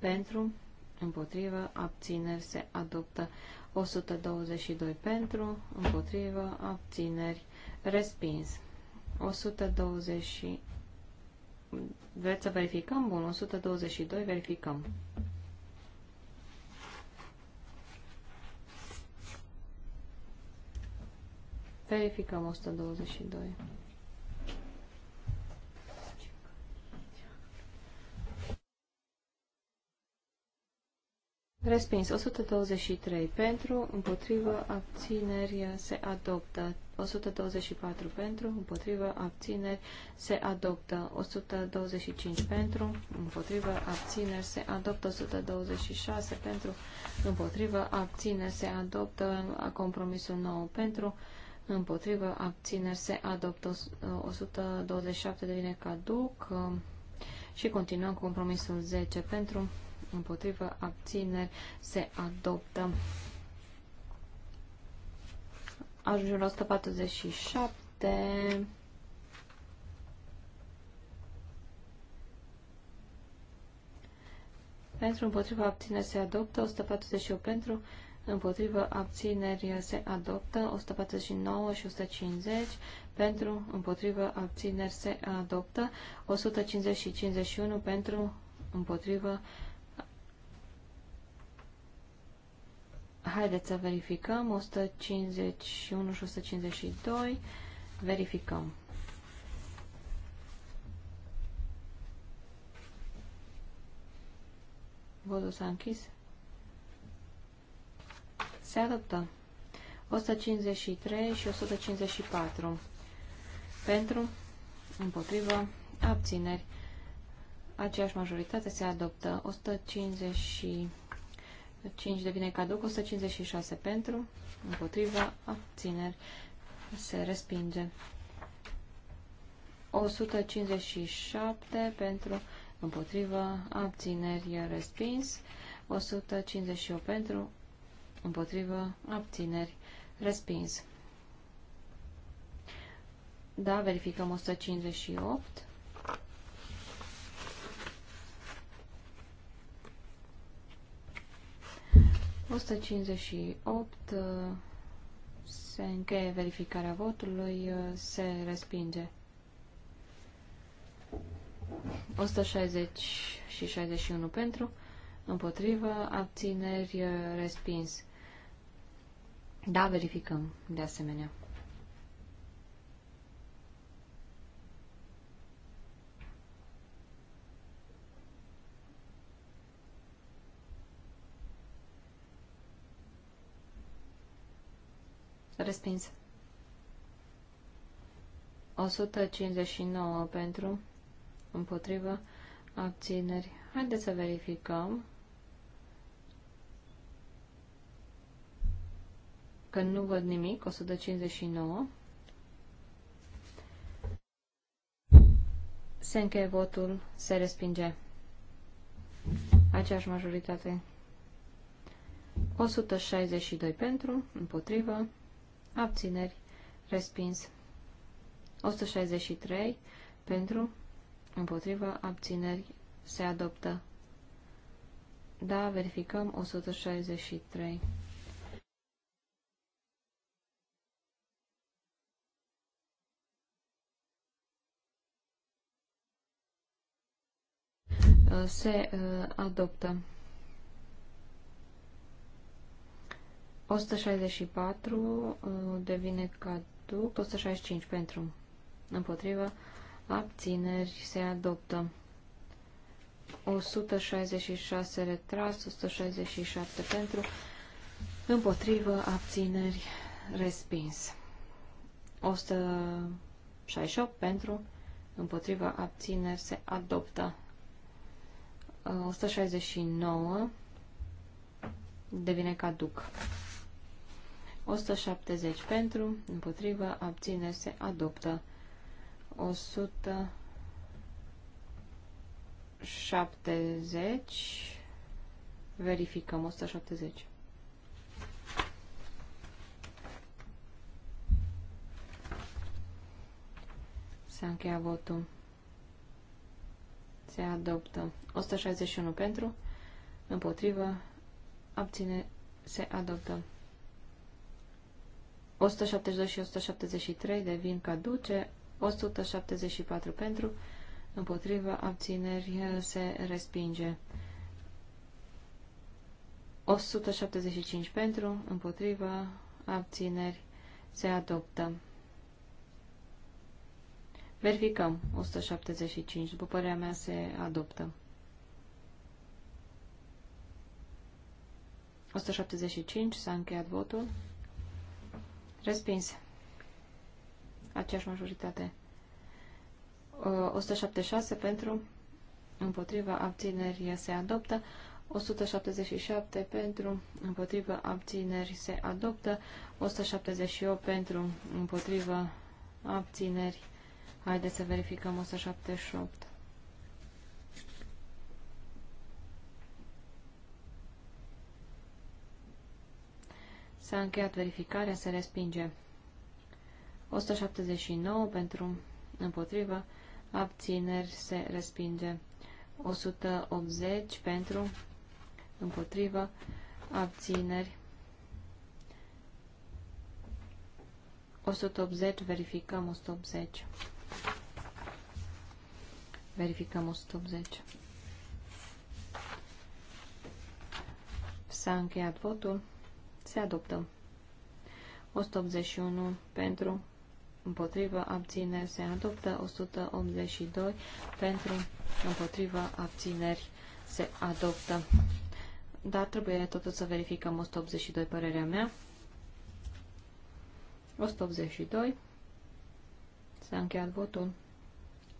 pentru, împotrivă, abțineri se adoptă. 122 pentru, împotrivă, abțineri, respins. 120 Vreți să verificăm? Bun, 122 verificăm. Verificăm 122. Respins. 123 pentru, împotrivă, abțineri, se adoptă. 124 pentru, împotrivă, abțineri, se adoptă. 125 pentru, împotrivă, abțineri, se adoptă. 126 pentru, împotrivă, abțineri, se adoptă. Compromisul nou pentru, împotrivă, abțineri, se adoptă. 127 devine caduc. Și continuăm cu compromisul 10 pentru, împotrivă, abțineri, se adoptă. Ajungem la 147. Pentru împotriva abțineri se adoptă 148 pentru împotriva abțineri se adoptă 149 și 150 pentru împotriva abțineri se adoptă 150 și 51 pentru împotriva Haideți să verificăm. 151 și 152. Verificăm. Vodul s-a închis. Se adoptă. 153 și 154. Pentru, împotrivă, abțineri. Aceeași majoritate se adoptă. 150 5 devine caduc, 156 pentru, împotriva, abțineri, se respinge. 157 pentru, împotriva, abțineri, respins. 158 pentru, împotriva, abțineri, respins. Da, verificăm 158. 158 uh, se încheie verificarea votului, uh, se respinge. 160 și 61 pentru, împotrivă, abțineri, uh, respins. Da, verificăm de asemenea. Respins. 159 pentru, împotrivă, abțineri. Haideți să verificăm că nu văd nimic, 159. Se încheie votul, se respinge. Aceeași majoritate. 162 pentru, împotrivă, abțineri, respins. 163 pentru, împotrivă, abțineri, se adoptă. Da, verificăm 163. Se uh, adoptă. 164 uh, devine caduc, 165 pentru, împotrivă, abțineri, se adoptă. 166 retras, 167 pentru, împotrivă, abțineri, respins. 168 pentru, împotrivă, abțineri, se adoptă. 169 uh, devine caduc. 170 pentru, împotrivă, abține, se adoptă. 170, verificăm, 170. S-a încheiat votul. Se adoptă. 161 pentru, împotrivă, abține, se adoptă. 172 și 173 devin caduce, 174 pentru, împotriva abțineri se respinge. 175 pentru, împotriva abțineri se adoptă. Verificăm 175, după părerea mea se adoptă. 175, s-a încheiat votul. Respins. Aceeași majoritate. 176 uh, pentru, împotriva abțineri se adoptă. 177 pentru, împotriva abțineri se adoptă. 178 pentru, împotriva abțineri. Haideți să verificăm 178. S-a încheiat verificarea, se respinge. 179 pentru împotrivă, abțineri se respinge. 180 pentru împotrivă, abțineri. 180, verificăm 180. Verificăm 180. S-a încheiat votul. Se adoptă. 181 pentru, împotrivă, abțineri. Se adoptă. 182 pentru, împotrivă, abțineri. Se adoptă. Dar trebuie totuși să verificăm 182 părerea mea. 182. S-a încheiat votul.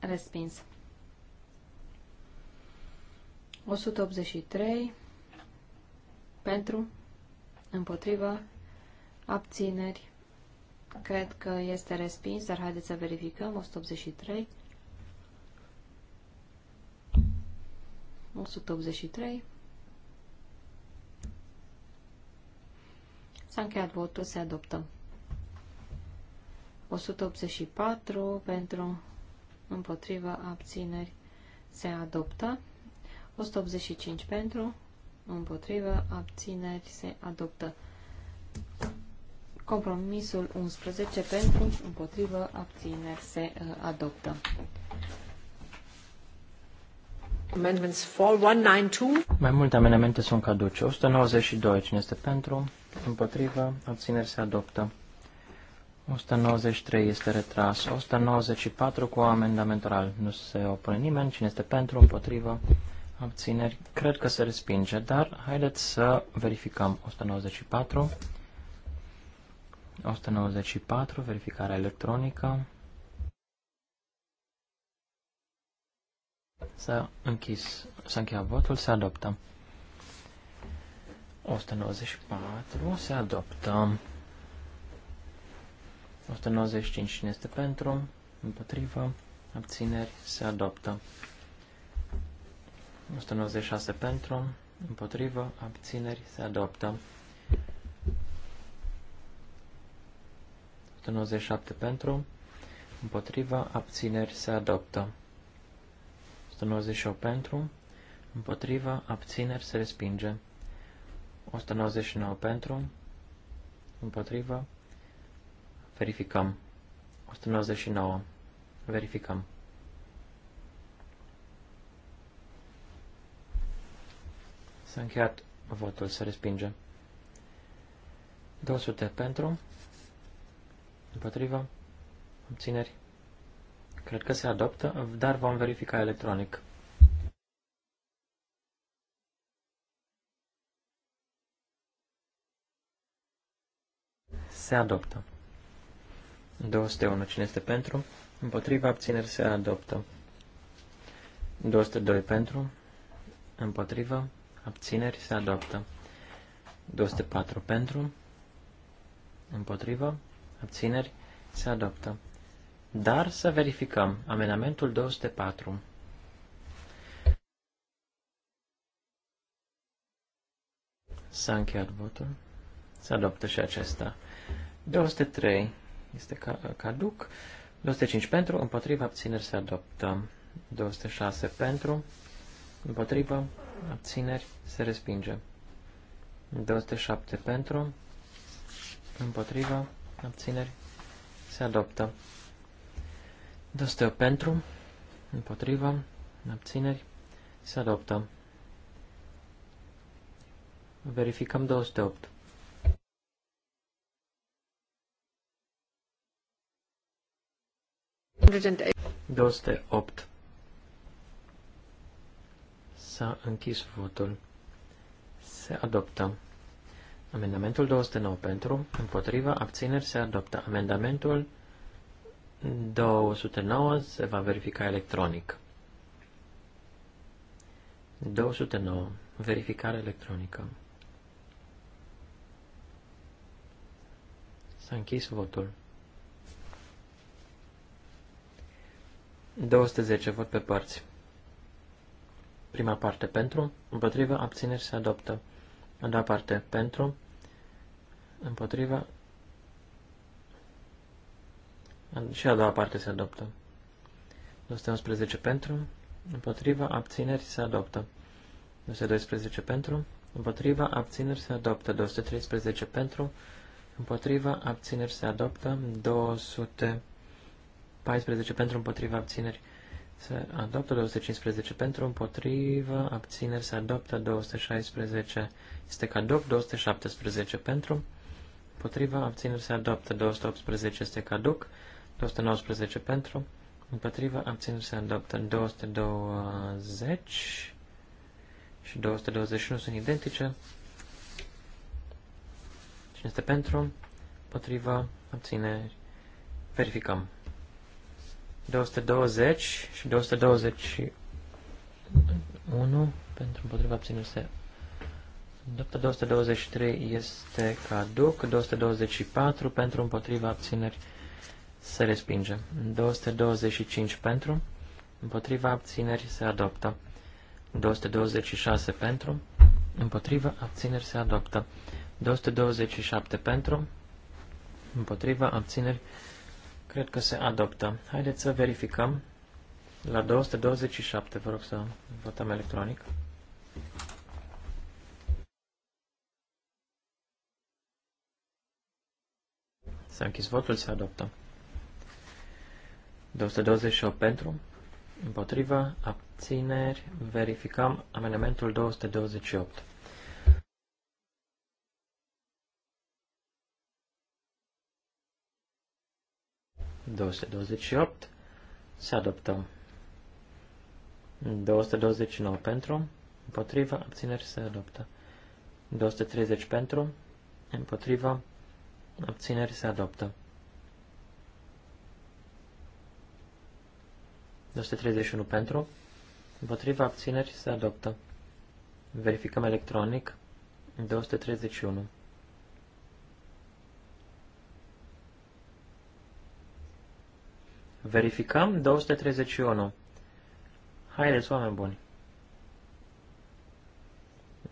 Respins. 183 pentru, împotrivă, abțineri, cred că este respins, dar haideți să verificăm, 183, 183, s-a încheiat votul, se adoptă. 184 pentru împotrivă abțineri se adoptă, 185 pentru împotrivă, abțineri, se adoptă. Compromisul 11 pentru, împotrivă, abțineri, se uh, adoptă. Amendments 4192. Mai multe amendamente sunt caduce. 192. Cine este pentru? Împotrivă. Abțineri se adoptă. 193 este retras. 194 cu amendament oral. Nu se opune nimeni. Cine este pentru? Împotrivă abțineri, cred că se respinge, dar haideți să verificăm 194, 194, verificarea electronică, s-a închis, s-a încheiat votul, se adoptă. 194 se adoptă. 195 cine este pentru, împotrivă, abțineri, se adoptă. 196 pentru, împotrivă, abțineri, se adoptă. 197 pentru, împotrivă, abțineri, se adoptă. 198 pentru, împotrivă, abțineri, se respinge. 199 pentru, împotrivă, verificăm. 199, verificăm. S-a încheiat votul, se respinge. 200 pentru, împotriva, obțineri. Cred că se adoptă, dar vom verifica electronic. Se adoptă. 201. Cine este pentru? Împotriva abțineri se adoptă. 202 pentru. Împotriva abțineri, se adoptă. 204 pentru, împotrivă, abțineri, se adoptă. Dar să verificăm amenamentul 204. S-a încheiat votul. Se adoptă și acesta. 203 este caduc. 205 pentru, împotriva, abțineri se adoptă. 206 pentru, împotriva, abțineri, se respinge. 207 pentru, împotriva, abțineri, se adoptă. 208 pentru, împotriva, abțineri, se adoptă. Verificăm 208. opt S-a închis votul. Se adoptă. Amendamentul 209 pentru, împotriva, abțineri, se adoptă. Amendamentul 209 se va verifica electronic. 209. Verificare electronică. S-a închis votul. 210 vot pe părți. Prima parte pentru, împotriva, abțineri se adoptă. A doua parte pentru, împotriva, și a doua parte se adoptă. 211 pentru, împotriva, abțineri se adoptă. 212 pentru, împotriva, abțineri se adoptă. 213 pentru, împotrivă, abțineri se adoptă. 214 pentru, împotriva, abțineri se adoptă 215 pentru, împotrivă, abțineri, se adoptă 216, este caduc, 217 pentru, împotrivă, abțineri, se adoptă 218, este caduc, 219 pentru, împotrivă, abțineri, se adoptă 220 și 221 sunt identice. Cine este pentru, împotrivă, abțineri, verificăm. 220 și 221 pentru împotriva abțineri 223 este caduc. 224 pentru împotriva abțineri se respinge. 225 pentru împotriva abțineri se adoptă. 226 pentru împotriva abțineri se adoptă. 227 pentru împotriva abțineri se Cred că se adoptă. Haideți să verificăm. La 227, vă rog să votăm electronic. S-a închis votul, se adoptă. 228 pentru, împotriva, abțineri, verificăm amendamentul 228. 228 se adoptă. 229 pentru, împotriva, abțineri se adoptă. 230 pentru, împotriva, abțineri se adoptă. 231 pentru, împotriva, abțineri se adoptă. Verificăm electronic. 231. Verificăm 231. Haideți, oameni buni.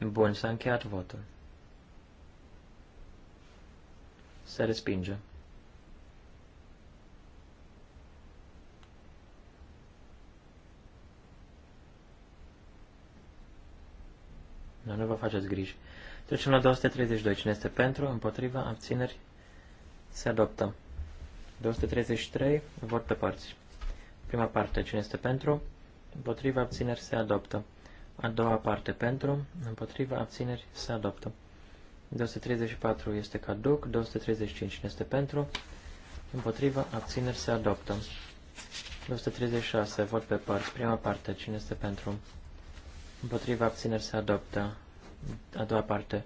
Bun, s-a încheiat votul. Se respinge. Nu, nu vă faceți griji. Trecem la 232. Cine este pentru, împotriva, abțineri, se adoptă. 233, vot pe părți. Prima parte, cine este pentru? Împotriva abțineri se adoptă. A doua parte, pentru? Împotriva abțineri se adoptă. 234 este caduc, 235 cine este pentru? Împotriva abțineri se adoptă. 236, vot pe părți. Prima parte, cine este pentru? Împotriva abțineri se adoptă. A doua parte,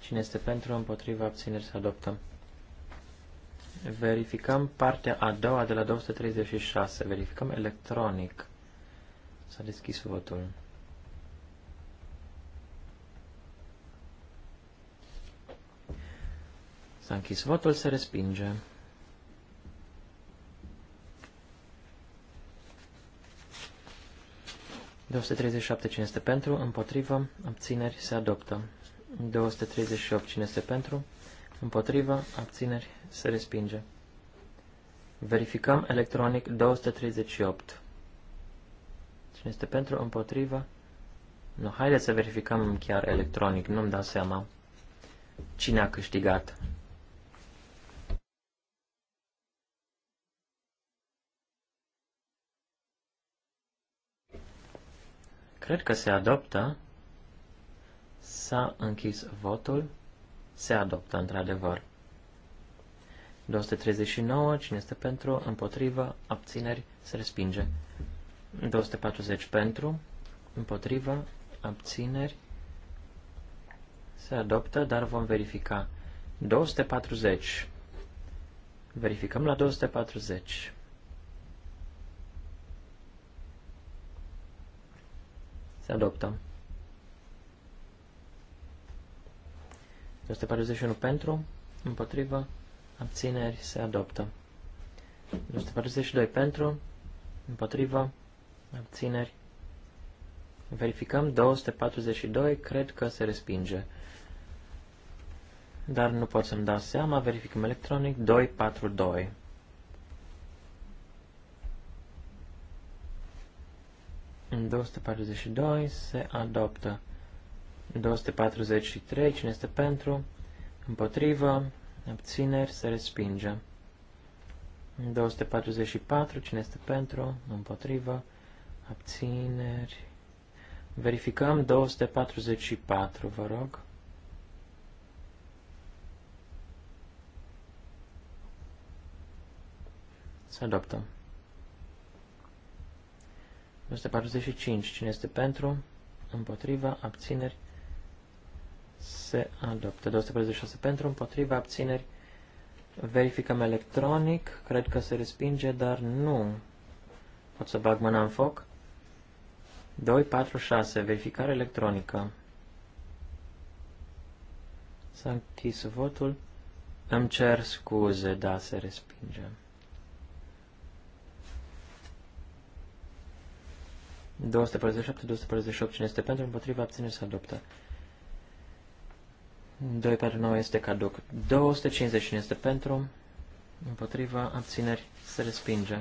cine este pentru? Împotriva abțineri se adoptă. Verificăm partea a doua de la 236. Verificăm electronic. S-a deschis votul. S-a închis votul, se respinge. cine este pentru, împotrivă, abțineri, se adoptă. 238 cine este pentru, Împotriva, abțineri, se respinge. Verificăm electronic 238. Cine este pentru, împotriva? Nu, haideți să verificăm chiar electronic, nu-mi dau seama cine a câștigat. Cred că se adoptă. S-a închis votul se adoptă într-adevăr. 239, cine este pentru, împotriva, abțineri, se respinge. 240 pentru, împotriva, abțineri, se adoptă, dar vom verifica. 240. Verificăm la 240. Se adoptă. 241 pentru, împotrivă, abțineri, se adoptă. 242 pentru, împotrivă, abțineri. Verificăm 242, cred că se respinge. Dar nu pot să-mi dau seama, verificăm electronic 242. În 242 se adoptă. 243. Cine este pentru? Împotrivă. Abțineri. Se respinge. 244. Cine este pentru? Împotrivă. Abțineri. Verificăm 244, vă rog. Se adoptă. 245. Cine este pentru? Împotriva. Abțineri se adoptă. 246 pentru, împotriva, abțineri. Verificăm electronic. Cred că se respinge, dar nu. Pot să bag mâna în foc. 246. Verificare electronică. S-a închis votul. Îmi cer scuze, da, se respinge. 247, 248, cine este pentru, împotriva, abține, se adoptă. 2, 4, 9 este caduc. 250 este pentru, împotriva, abțineri, se respinge.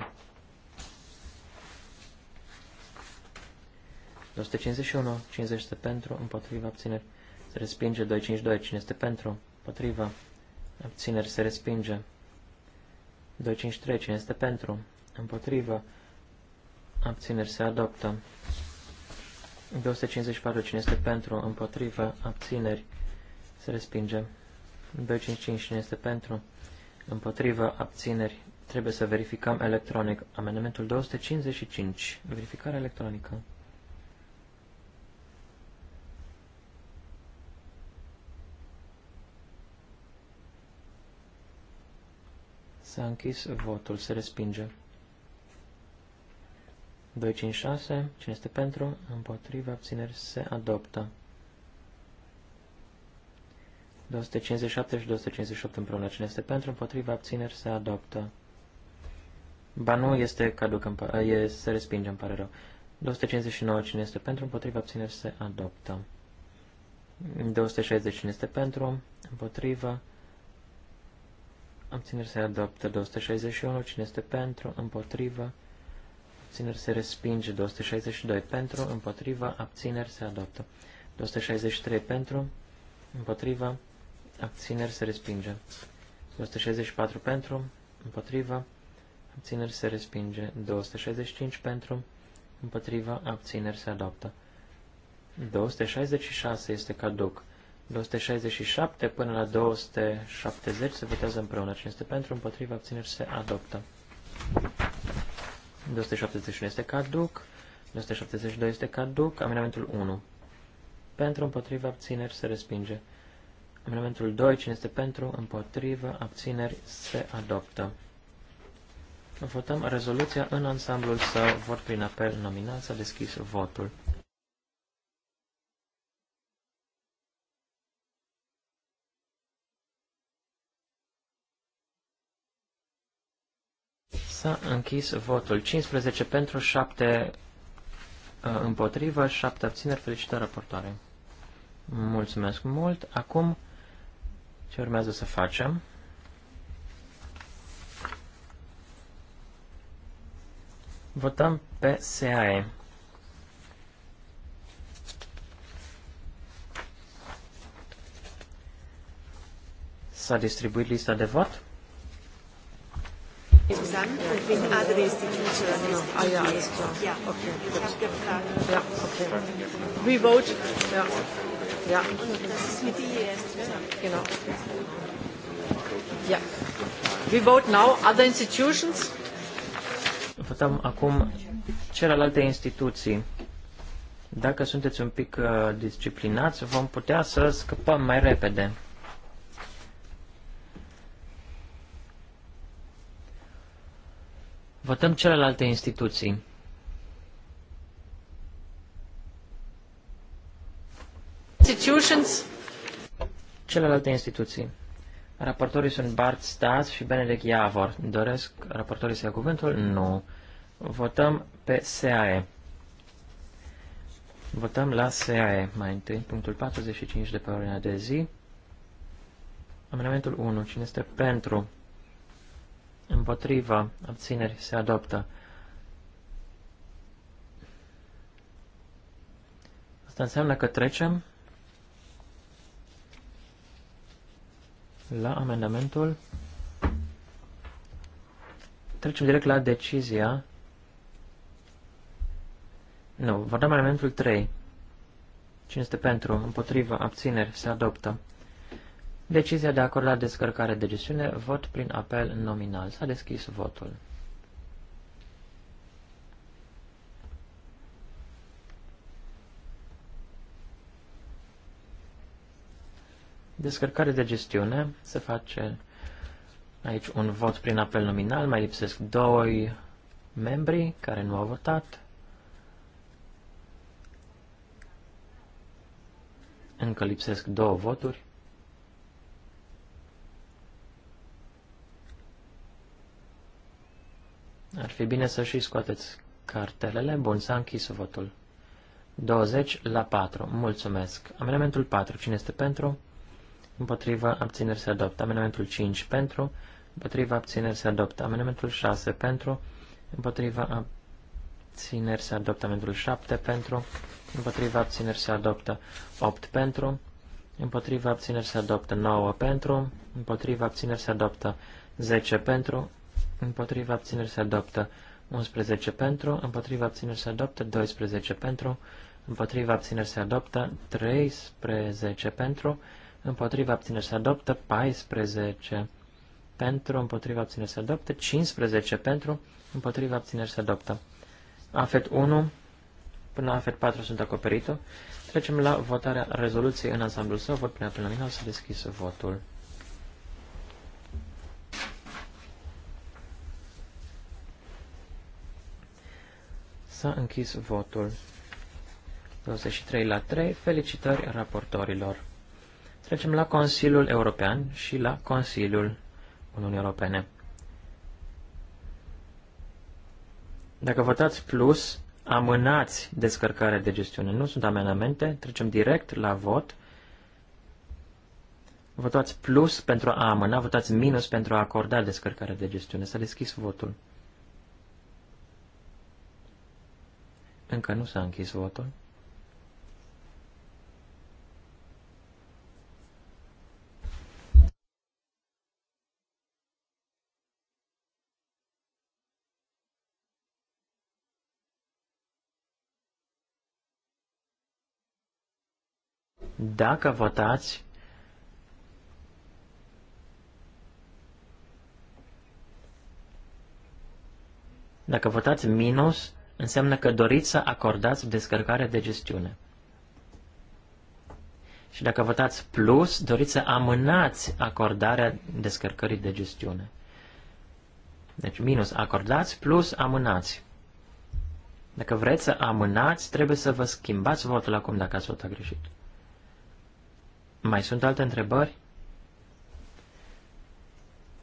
251, 50 este pentru, împotriva, abțineri, se respinge. 252, cine este pentru, împotriva, abțineri, se respinge. 253, cine este pentru, împotriva, abțineri, se adoptă. 254, cine este pentru, împotriva, abțineri, se respinge. 255 nu este pentru? Împotrivă abțineri. Trebuie să verificăm electronic. Amendamentul 255. Verificare electronică. S-a închis votul. Se respinge. 256. Cine este pentru? Împotriva abțineri se adoptă. 257 și 258 împreună. Cine este pentru, împotriva, abțineri, se adoptă. Ba nu, este caduc, îmi, e, se respinge, îmi pare rău. 259, cine este pentru, împotriva, abțineri, se adoptă. 260, cine este pentru, împotriva, abțineri, se adoptă. 261, cine este pentru, împotriva, abțineri, se respinge. 262, pentru, împotriva, abțineri, se adoptă. 263, pentru, împotriva, abțineri se respinge. 264 pentru, împotriva, abțineri se respinge. 265 pentru, împotriva, abțineri se adoptă. 266 este caduc. 267 până la 270 se votează împreună. Cine este pentru, împotriva, abțineri se adoptă. 271 este caduc. 272 este caduc. Amendamentul 1. Pentru, împotriva, abțineri se respinge. Amendamentul 2, cine este pentru, împotrivă, abțineri, se adoptă. Votăm rezoluția în ansamblul său, vot prin apel nominal, s-a deschis votul. S-a închis votul. 15 pentru, 7 uh, împotrivă, 7 abțineri. Felicitări raportoare. Mulțumesc mult. Acum ce urmează să facem? Votăm pe SAE. S-a distribuit lista de vot? Examen und wegen other institutions. Ah ja, alles klar. Ja, okay. Ich Ja. Das ist mit die erste. Genau. Ja. We vote now other institutions. Votăm acum celelalte instituții. Dacă sunteți un pic uh, disciplinați, vom putea să scăpăm mai repede. Votăm celelalte instituții. institutions. Celelalte instituții. Raportorii sunt Bart Stas și Benedict Iavor. Doresc raportorii să ia cuvântul? Nu. Votăm pe SAE. Votăm la SAE mai întâi, punctul 45 de pe ordinea de zi. Amendamentul 1. Cine este pentru? Împotriva. Abțineri. Se adoptă. Asta înseamnă că trecem la amendamentul. Trecem direct la decizia. Nu, votăm amendamentul 3. Cine este pentru, împotrivă, abțineri, se adoptă. Decizia de a acorda descărcare de gestiune, vot prin apel nominal. S-a deschis votul. Descărcare de gestiune se face aici un vot prin apel nominal, mai lipsesc doi membri care nu au votat. Încă lipsesc două voturi. Ar fi bine să și scoateți cartelele. Bun, s-a închis votul. 20 la 4. Mulțumesc. Amendamentul 4. Cine este pentru? împotriva abțineri se adoptă. Amendamentul 5 pentru, împotriva abțineri se adoptă. Amendamentul 6 pentru, împotriva abțineri se adoptă. Amendamentul 7 pentru, împotriva abțineri se adoptă. 8 pentru, împotriva abțineri se adoptă. 9 pentru, împotriva abțineri se adoptă. 10 pentru, împotriva abțineri se adoptă. 11 pentru, împotriva abțineri se adoptă. 12 pentru, împotriva abțineri se adoptă. 13 pentru, împotriva abțineri se adoptă, 14 pentru, împotriva abțineri se adoptă, 15 pentru, împotriva abțineri se adoptă. Afet 1 până afet 4 sunt acoperite. Trecem la votarea rezoluției în ansamblul său. Vot până la nominal să deschis votul. S-a închis votul. 23 la 3. Felicitări raportorilor. Trecem la Consiliul European și la Consiliul Uniunii Europene. Dacă votați plus, amânați descărcarea de gestiune. Nu sunt amenamente, trecem direct la vot. Votați plus pentru a amâna, votați minus pentru a acorda descărcarea de gestiune. S-a deschis votul. Încă nu s-a închis votul. Dacă votați, Dacă votați minus, înseamnă că doriți să acordați descărcare de gestiune. Și dacă votați plus, doriți să amânați acordarea descărcării de gestiune. Deci minus acordați, plus amânați. Dacă vreți să amânați, trebuie să vă schimbați votul acum dacă ați votat greșit. Mai sunt alte întrebări?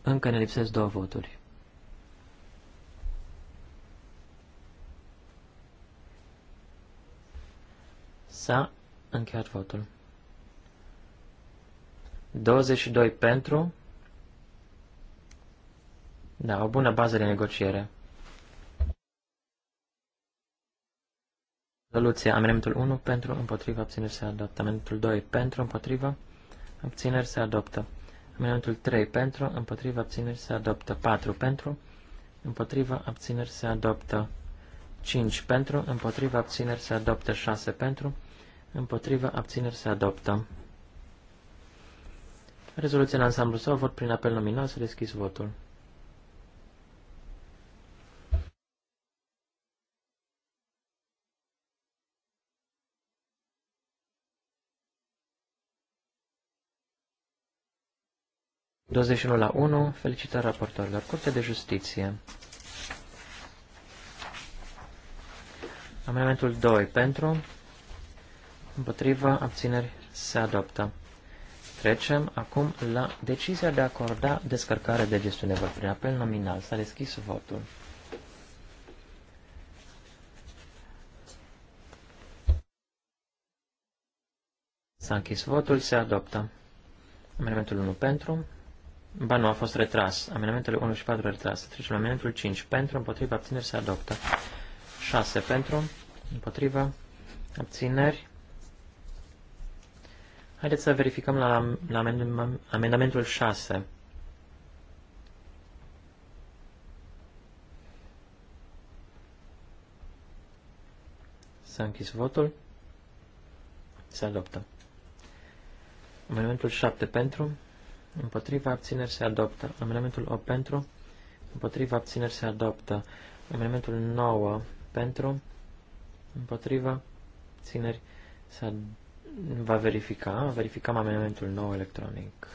Încă ne lipsesc două voturi. S-a încheiat votul. 22 pentru. Da, o bună bază de negociere. Rezoluție. Amendamentul 1 pentru, împotriva, abțineri se adoptă. Amendamentul 2 pentru, împotriva, abțineri se adoptă. Amendamentul 3 pentru, împotriva, abțineri se adoptă. 4 pentru, împotriva, abțineri se adoptă. 5 pentru, împotriva, abțineri se adoptă. 6 pentru, împotriva, abțineri se adoptă. Rezoluția în ansamblu sau vot prin apel nominal să deschis votul. 21 la 1, felicitări raportorilor. Curtea de Justiție. Amendamentul 2. Pentru. Împotriva. Abțineri. Se adoptă. Trecem acum la decizia de a acorda descărcare de gestiune vot prin apel nominal. S-a deschis votul. S-a închis votul, se adoptă. Amendamentul 1 pentru, Ba nu, a fost retras. Amendamentele 1 și 4 retras. Trecem la amendamentul 5. Pentru, împotriva, abțineri se adoptă. 6. Pentru, împotriva, abțineri. Haideți să verificăm la, la amendamentul 6. S-a închis votul. Se adoptă. Amendamentul 7 pentru, Împotriva abțineri se adoptă. Amendamentul 8 pentru. Împotriva abțineri se adoptă. Amendamentul 9 pentru. Împotriva abțineri se ad... va verifica. Verificăm amendamentul 9 electronic.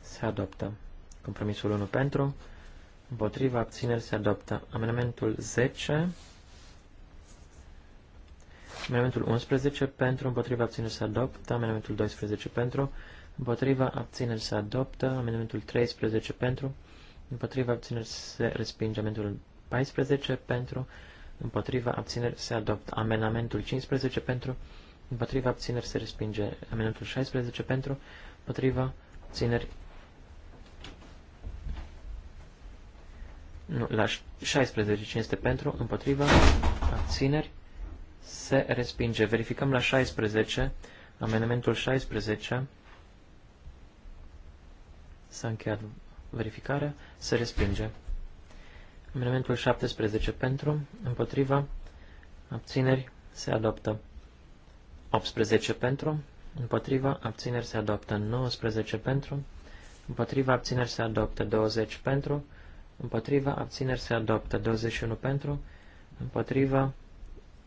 Se adoptă. Compromisul 1 pentru. Împotriva abțineri se adoptă. Amendamentul 10 Amendamentul 11 pentru, împotriva abțineri se adoptă. Amendamentul 12 pentru, împotriva abțineri se adoptă. Amendamentul 13 pentru, împotriva abțineri se respinge. Amendamentul 14 pentru, împotriva abțineri se adoptă. Amendamentul 15 pentru, împotriva abțineri se respinge. Amendamentul 16 pentru, împotriva abțineri nu, la 16, cine este pentru, împotriva, abțineri, se respinge. Verificăm la 16, amendamentul 16. S-a încheiat verificarea, se respinge. Amendamentul 17 pentru, împotriva, abțineri, se adoptă. 18 pentru, împotriva, abțineri, se adoptă. 19 pentru, împotriva, abțineri, se adoptă. 20 pentru, împotriva, abțineri, se adoptă. 21 pentru, împotriva,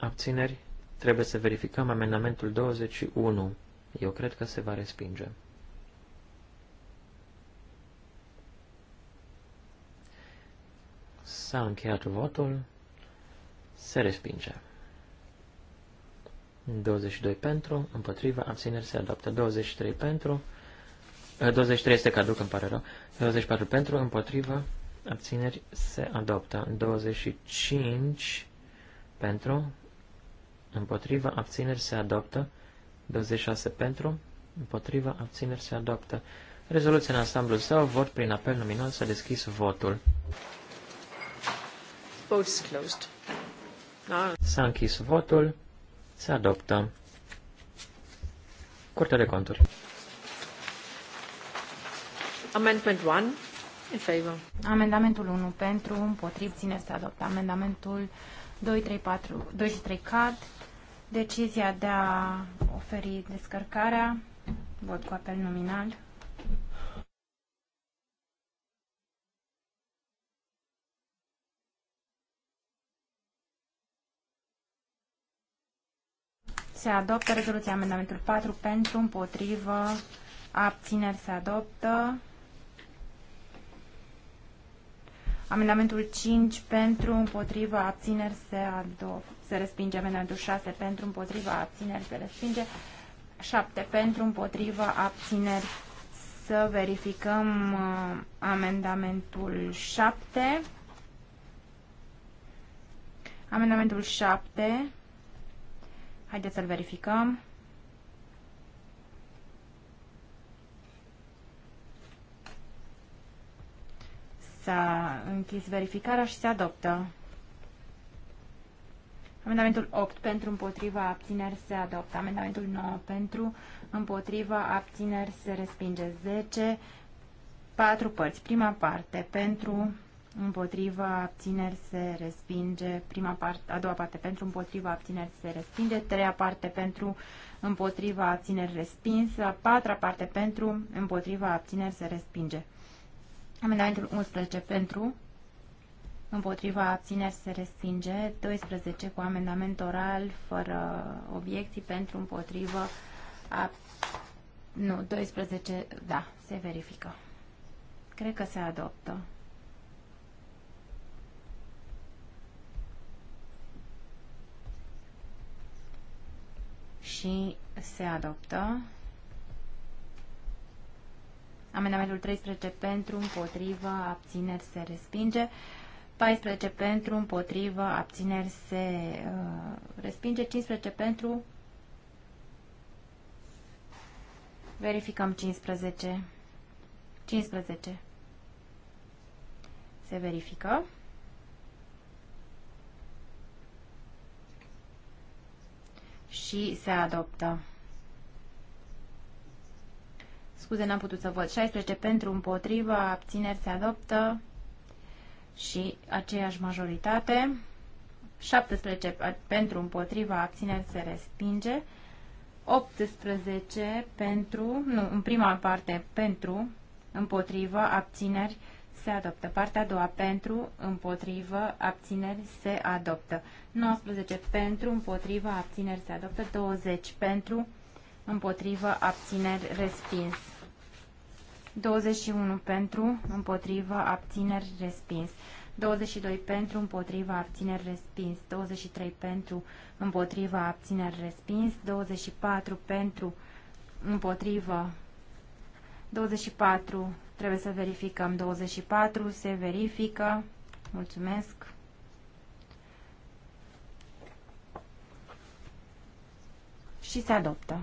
Abțineri? Trebuie să verificăm amendamentul 21. Eu cred că se va respinge. S-a încheiat votul. Se respinge. 22 pentru, împotriva, abțineri se adoptă. 23 pentru, 23 eh, este caduc, îmi pare rău. 24 pentru, împotriva, abțineri se adoptă. 25 pentru, împotriva, abțineri se adoptă. 26 pentru, împotriva, abțineri se adoptă. Rezoluția în ansamblu său, vot prin apel nominal, s-a deschis votul. Ah. S-a închis votul, se adoptă. Curtea de conturi. Amendment 1. In favor. Amendamentul 1 pentru, împotriv, ține să adoptă. Amendamentul 2, 3, 4, 2 și 3 cad, Decizia de a oferi descărcarea, vot cu apel nominal. Se adoptă rezoluția amendamentul 4 pentru, împotrivă, abțineri se adoptă. Amendamentul 5 pentru, împotrivă, abțineri se adoptă se respinge. Amendamentul 6 pentru împotriva abțineri se respinge. 7 pentru împotriva abțineri să verificăm uh, amendamentul 7. Amendamentul 7. Haideți să-l verificăm. S-a închis verificarea și se adoptă. Amendamentul 8 pentru împotriva abțineri se adoptă. Amendamentul 9 pentru împotriva abțineri se respinge. 10, 4 părți. Prima parte pentru împotriva abțineri se respinge. Prima parte, a doua parte pentru împotriva abțineri se respinge. Treia parte pentru împotriva abțineri respinsă. A patra parte pentru împotriva abțineri se respinge. Amendamentul 11 pentru împotriva abțineri se respinge, 12 cu amendament oral fără obiecții pentru împotrivă a nu, 12, da, se verifică. Cred că se adoptă. Și se adoptă. Amendamentul 13 pentru, împotrivă, abțineri se respinge. 14 pentru, împotrivă, abțineri se uh, respinge. 15 pentru. Verificăm 15. 15. Se verifică. Și se adoptă. Scuze, n-am putut să văd. 16 pentru, împotrivă, abțineri se adoptă și aceeași majoritate. 17 pentru împotriva abțineri se respinge. 18 pentru, nu, în prima parte pentru, împotrivă, abțineri se adoptă. Partea a doua pentru, împotrivă, abțineri se adoptă. 19 pentru, împotrivă, abțineri se adoptă. 20 pentru, împotrivă, abțineri respins. 21 pentru, împotrivă, abțineri, respins. 22 pentru, împotrivă, abțineri, respins. 23 pentru, împotrivă, abțineri, respins. 24 pentru, împotrivă, 24, trebuie să verificăm. 24, se verifică. Mulțumesc. Și se adoptă.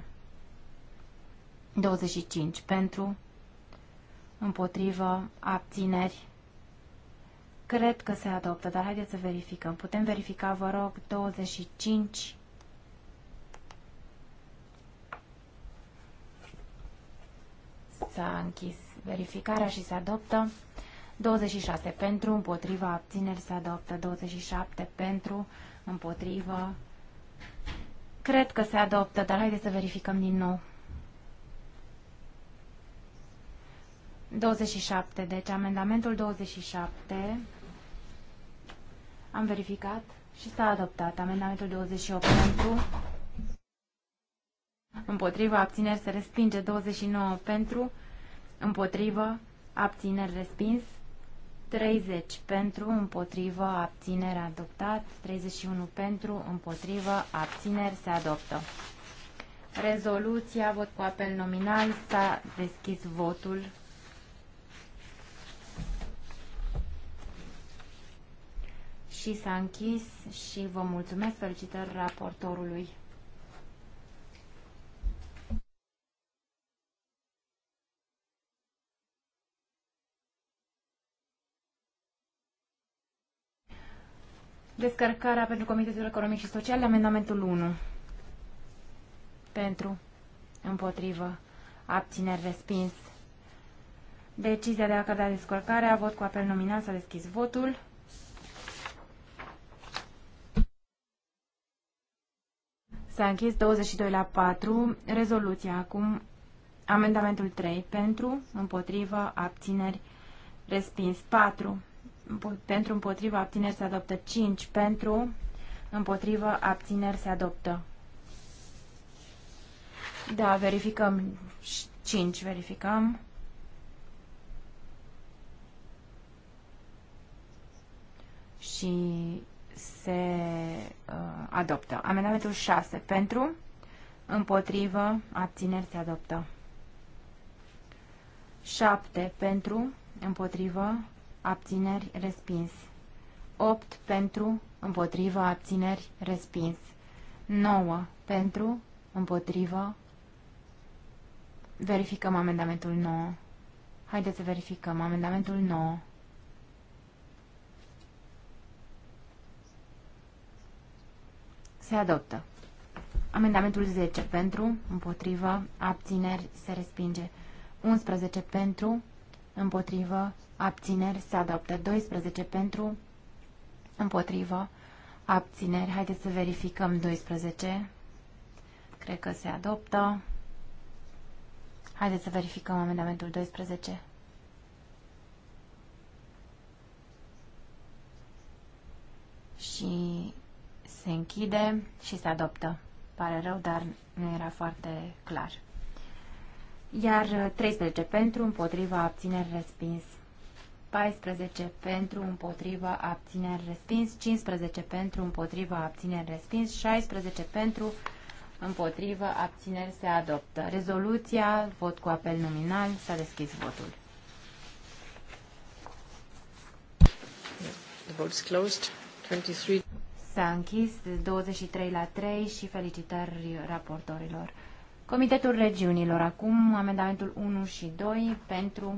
25 pentru, împotrivă, abțineri. Cred că se adoptă, dar haideți să verificăm. Putem verifica, vă rog, 25. S-a închis verificarea și se adoptă. 26 pentru, împotriva, abțineri se adoptă. 27 pentru, împotrivă. Cred că se adoptă, dar haideți să verificăm din nou. 27, deci amendamentul 27 am verificat și s-a adoptat. Amendamentul 28 pentru, împotrivă, abțineri se respinge, 29 pentru, împotrivă, abțineri respins, 30 pentru, împotrivă, abțineri adoptat, 31 pentru, împotrivă, abțineri se adoptă. Rezoluția, vot cu apel nominal, s-a deschis votul și s-a închis și vă mulțumesc. Felicitări raportorului. Descărcarea pentru Comitetul Economic și Social, amendamentul 1. Pentru, împotrivă, abțineri, respins. Decizia de a cădea descărcarea, vot cu apel nominal, s-a deschis votul. S-a închis 22 la 4. Rezoluția acum. Amendamentul 3 pentru, împotrivă, abțineri, respins 4. Pentru, împotrivă, abțineri se adoptă 5. Pentru, împotrivă, abțineri se adoptă. Da, verificăm 5, verificăm. Și se uh, adoptă. Amendamentul 6 pentru, împotrivă, abțineri se adoptă. 7 pentru, împotrivă, abțineri respins. 8 pentru, împotrivă, abțineri respins. 9 pentru, împotrivă. Verificăm amendamentul 9. Haideți să verificăm amendamentul 9. Se adoptă. Amendamentul 10 pentru, împotrivă, abțineri, se respinge. 11 pentru, împotrivă, abțineri, se adoptă. 12 pentru, împotrivă, abțineri. Haideți să verificăm 12. Cred că se adoptă. Haideți să verificăm amendamentul 12. Și se închide și se adoptă. Pare rău, dar nu era foarte clar. Iar 13 uh, pentru, împotriva, abțineri, respins. 14 pentru, împotriva, abțineri, respins. 15 pentru, împotriva, abțineri, respins. 16 pentru, împotriva, abțineri, se adoptă. Rezoluția, vot cu apel nominal, s-a deschis votul. The vote is closed. 23. S-a închis 23 la 3 și felicitări raportorilor. Comitetul regiunilor. Acum amendamentul 1 și 2 pentru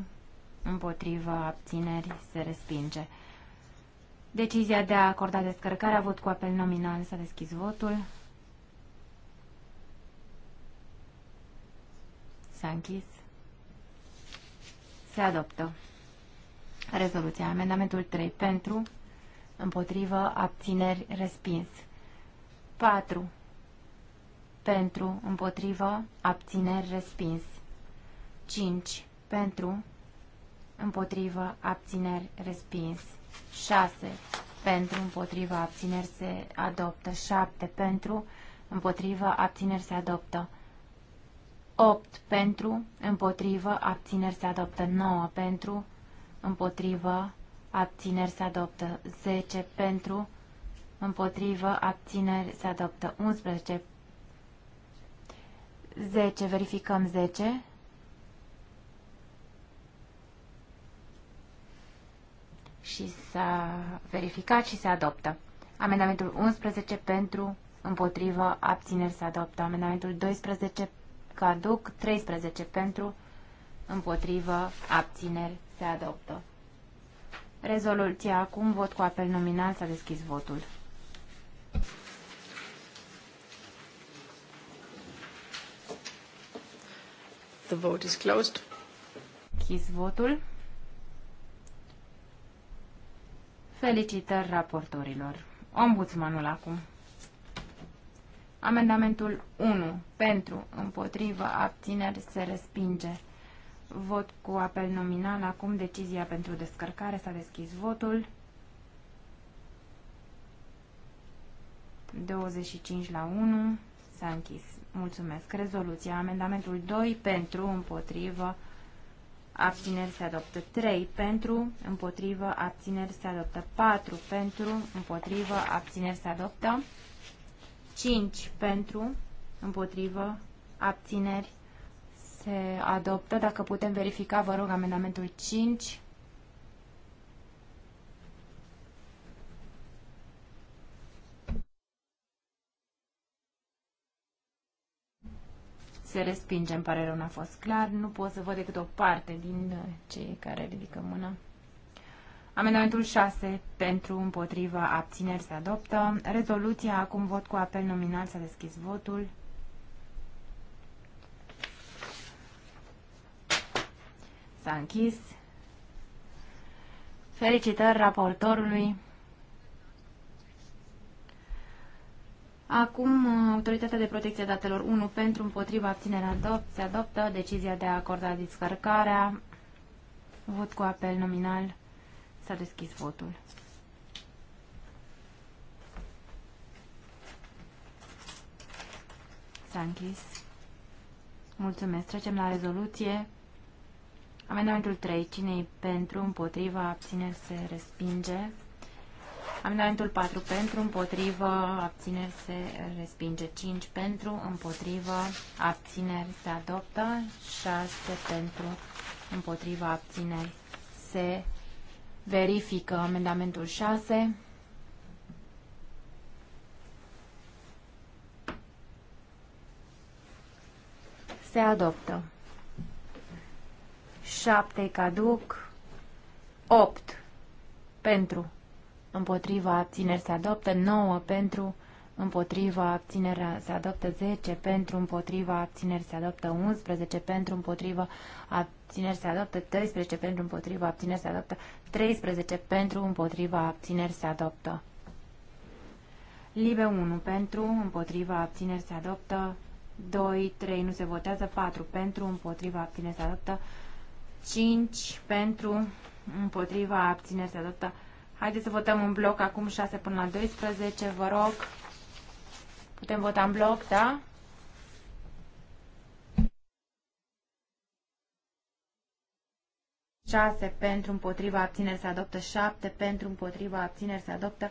împotrivă abțineri se respinge. Decizia de a acorda descărcarea avut cu apel nominal s-a deschis votul. S-a închis. Se adoptă. Rezoluția. Amendamentul 3 pentru împotrivă, abțineri, respins. 4. Pentru, împotrivă, abțineri, respins. 5. Pentru, împotrivă, abțineri, respins. 6. Pentru, împotrivă, abțineri, se adoptă. 7. Pentru, împotrivă, abțineri, se adoptă. 8. Pentru, împotrivă, abțineri, se adoptă. 9. Pentru, împotrivă, abțineri se adoptă 10 pentru, împotrivă, abțineri se adoptă 11. 10, verificăm 10. Și s-a verificat și se adoptă. Amendamentul 11 pentru, împotrivă, abțineri se adoptă. Amendamentul 12 caduc, 13 pentru, împotrivă, abțineri se adoptă. Rezoluția acum, vot cu apel nominal, s-a deschis votul. The vote is closed. Chis votul. Felicitări raportorilor. Ombudsmanul acum. Amendamentul 1. Pentru, împotrivă, abțineri, se respinge. Vot cu apel nominal. Acum decizia pentru descărcare. S-a deschis votul. 25 la 1. S-a închis. Mulțumesc. Rezoluția. Amendamentul 2 pentru, împotrivă, abțineri se adoptă 3 pentru, împotrivă, abțineri se adoptă 4 pentru, împotrivă, abțineri se adoptă 5 pentru, împotrivă, abțineri se adoptă. Dacă putem verifica, vă rog, amendamentul 5. Se respinge, îmi pare rău, n-a fost clar. Nu pot să văd decât o parte din uh, cei care ridică mâna. Amendamentul 6 pentru împotriva abțineri se adoptă. Rezoluția acum vot cu apel nominal s-a deschis votul. s-a închis. Felicitări raportorului. Acum, Autoritatea de Protecție a Datelor 1 pentru împotriva abținerea adopt, se adoptă decizia de a acorda descărcarea. Vot cu apel nominal. S-a deschis votul. S-a închis. Mulțumesc. Trecem la rezoluție. Amendamentul 3. cine e pentru, împotriva, abțineri, se respinge. Amendamentul 4. Pentru, împotriva, abțineri, se respinge. 5. Pentru, împotriva, abțineri, se adoptă. 6. Pentru, împotriva, abțineri, se verifică. Amendamentul 6. Se adoptă. 7 caduc, 8 pentru, împotriva abținerii se adoptă, 9 pentru, împotriva abținerii se adoptă 10, pentru împotriva abținerii se adoptă 11, pentru împotriva abținerii se adoptă 13, pentru împotriva abținerii se adoptă 13, pentru împotriva abținerii se adoptă. Libe 1, pentru împotriva abținerii se adoptă 2, 3 nu se votează, 4 pentru împotriva abținerii se adoptă 5 pentru, împotriva, abțineri se adoptă. Haideți să votăm în bloc acum 6 până la 12, vă rog. Putem vota în bloc, da? șase pentru împotriva abțineri se adoptă, 7 pentru împotriva abțineri se adoptă,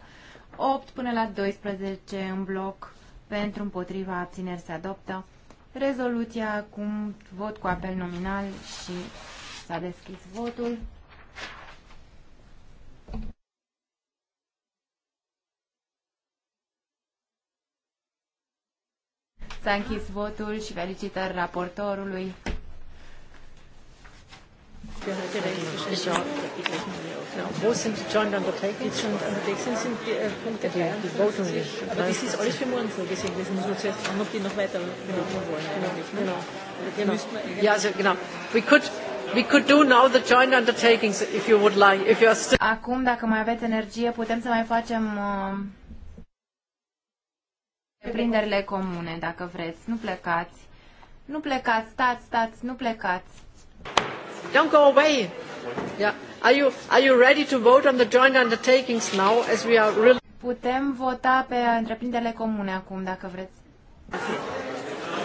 8 până la 12 în bloc pentru împotriva abțineri se adoptă. Rezoluția acum vot cu apel nominal și S-a deschis votul. S-a închis votul și felicitări raportorului. Äh, We could We could do now the joint undertakings if you would like. If still... Acum, dacă mai aveți energie, putem să mai facem uh, întreprinderile uh, comune, dacă vreți. Nu plecați. Nu plecați, stați, stați, nu plecați. Don't go away. Yeah. Are you, are you ready to vote on the joint undertakings now as we are really... Putem vota pe întreprinderile comune acum, dacă vreți.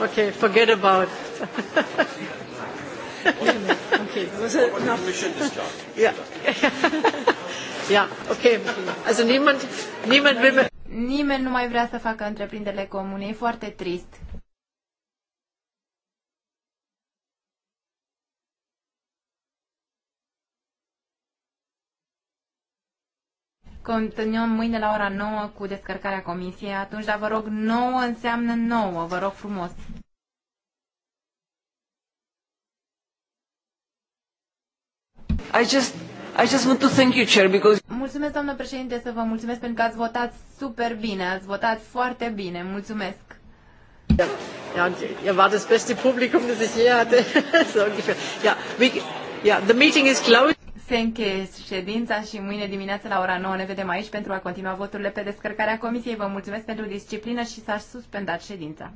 Okay, forget about Nimeni nu mai vrea să facă întreprinderile comune. E foarte trist. Continuăm mâine la ora 9 cu descărcarea comisiei. Atunci, dar vă rog, 9 înseamnă 9. Vă rog frumos. I just, I just want to thank you, Chair, because... Mulțumesc, doamnă președinte, să vă mulțumesc pentru că ați votat super bine, ați votat foarte bine. Mulțumesc. Ja, ja und ihr war das beste Publikum, das ich je hatte. so ungefähr. Ja, we, yeah, the meeting is closed. Se încheie ședința și mâine dimineață la ora 9 ne vedem aici pentru a continua voturile pe descărcarea comisiei. Vă mulțumesc pentru disciplină și s-a suspendat ședința.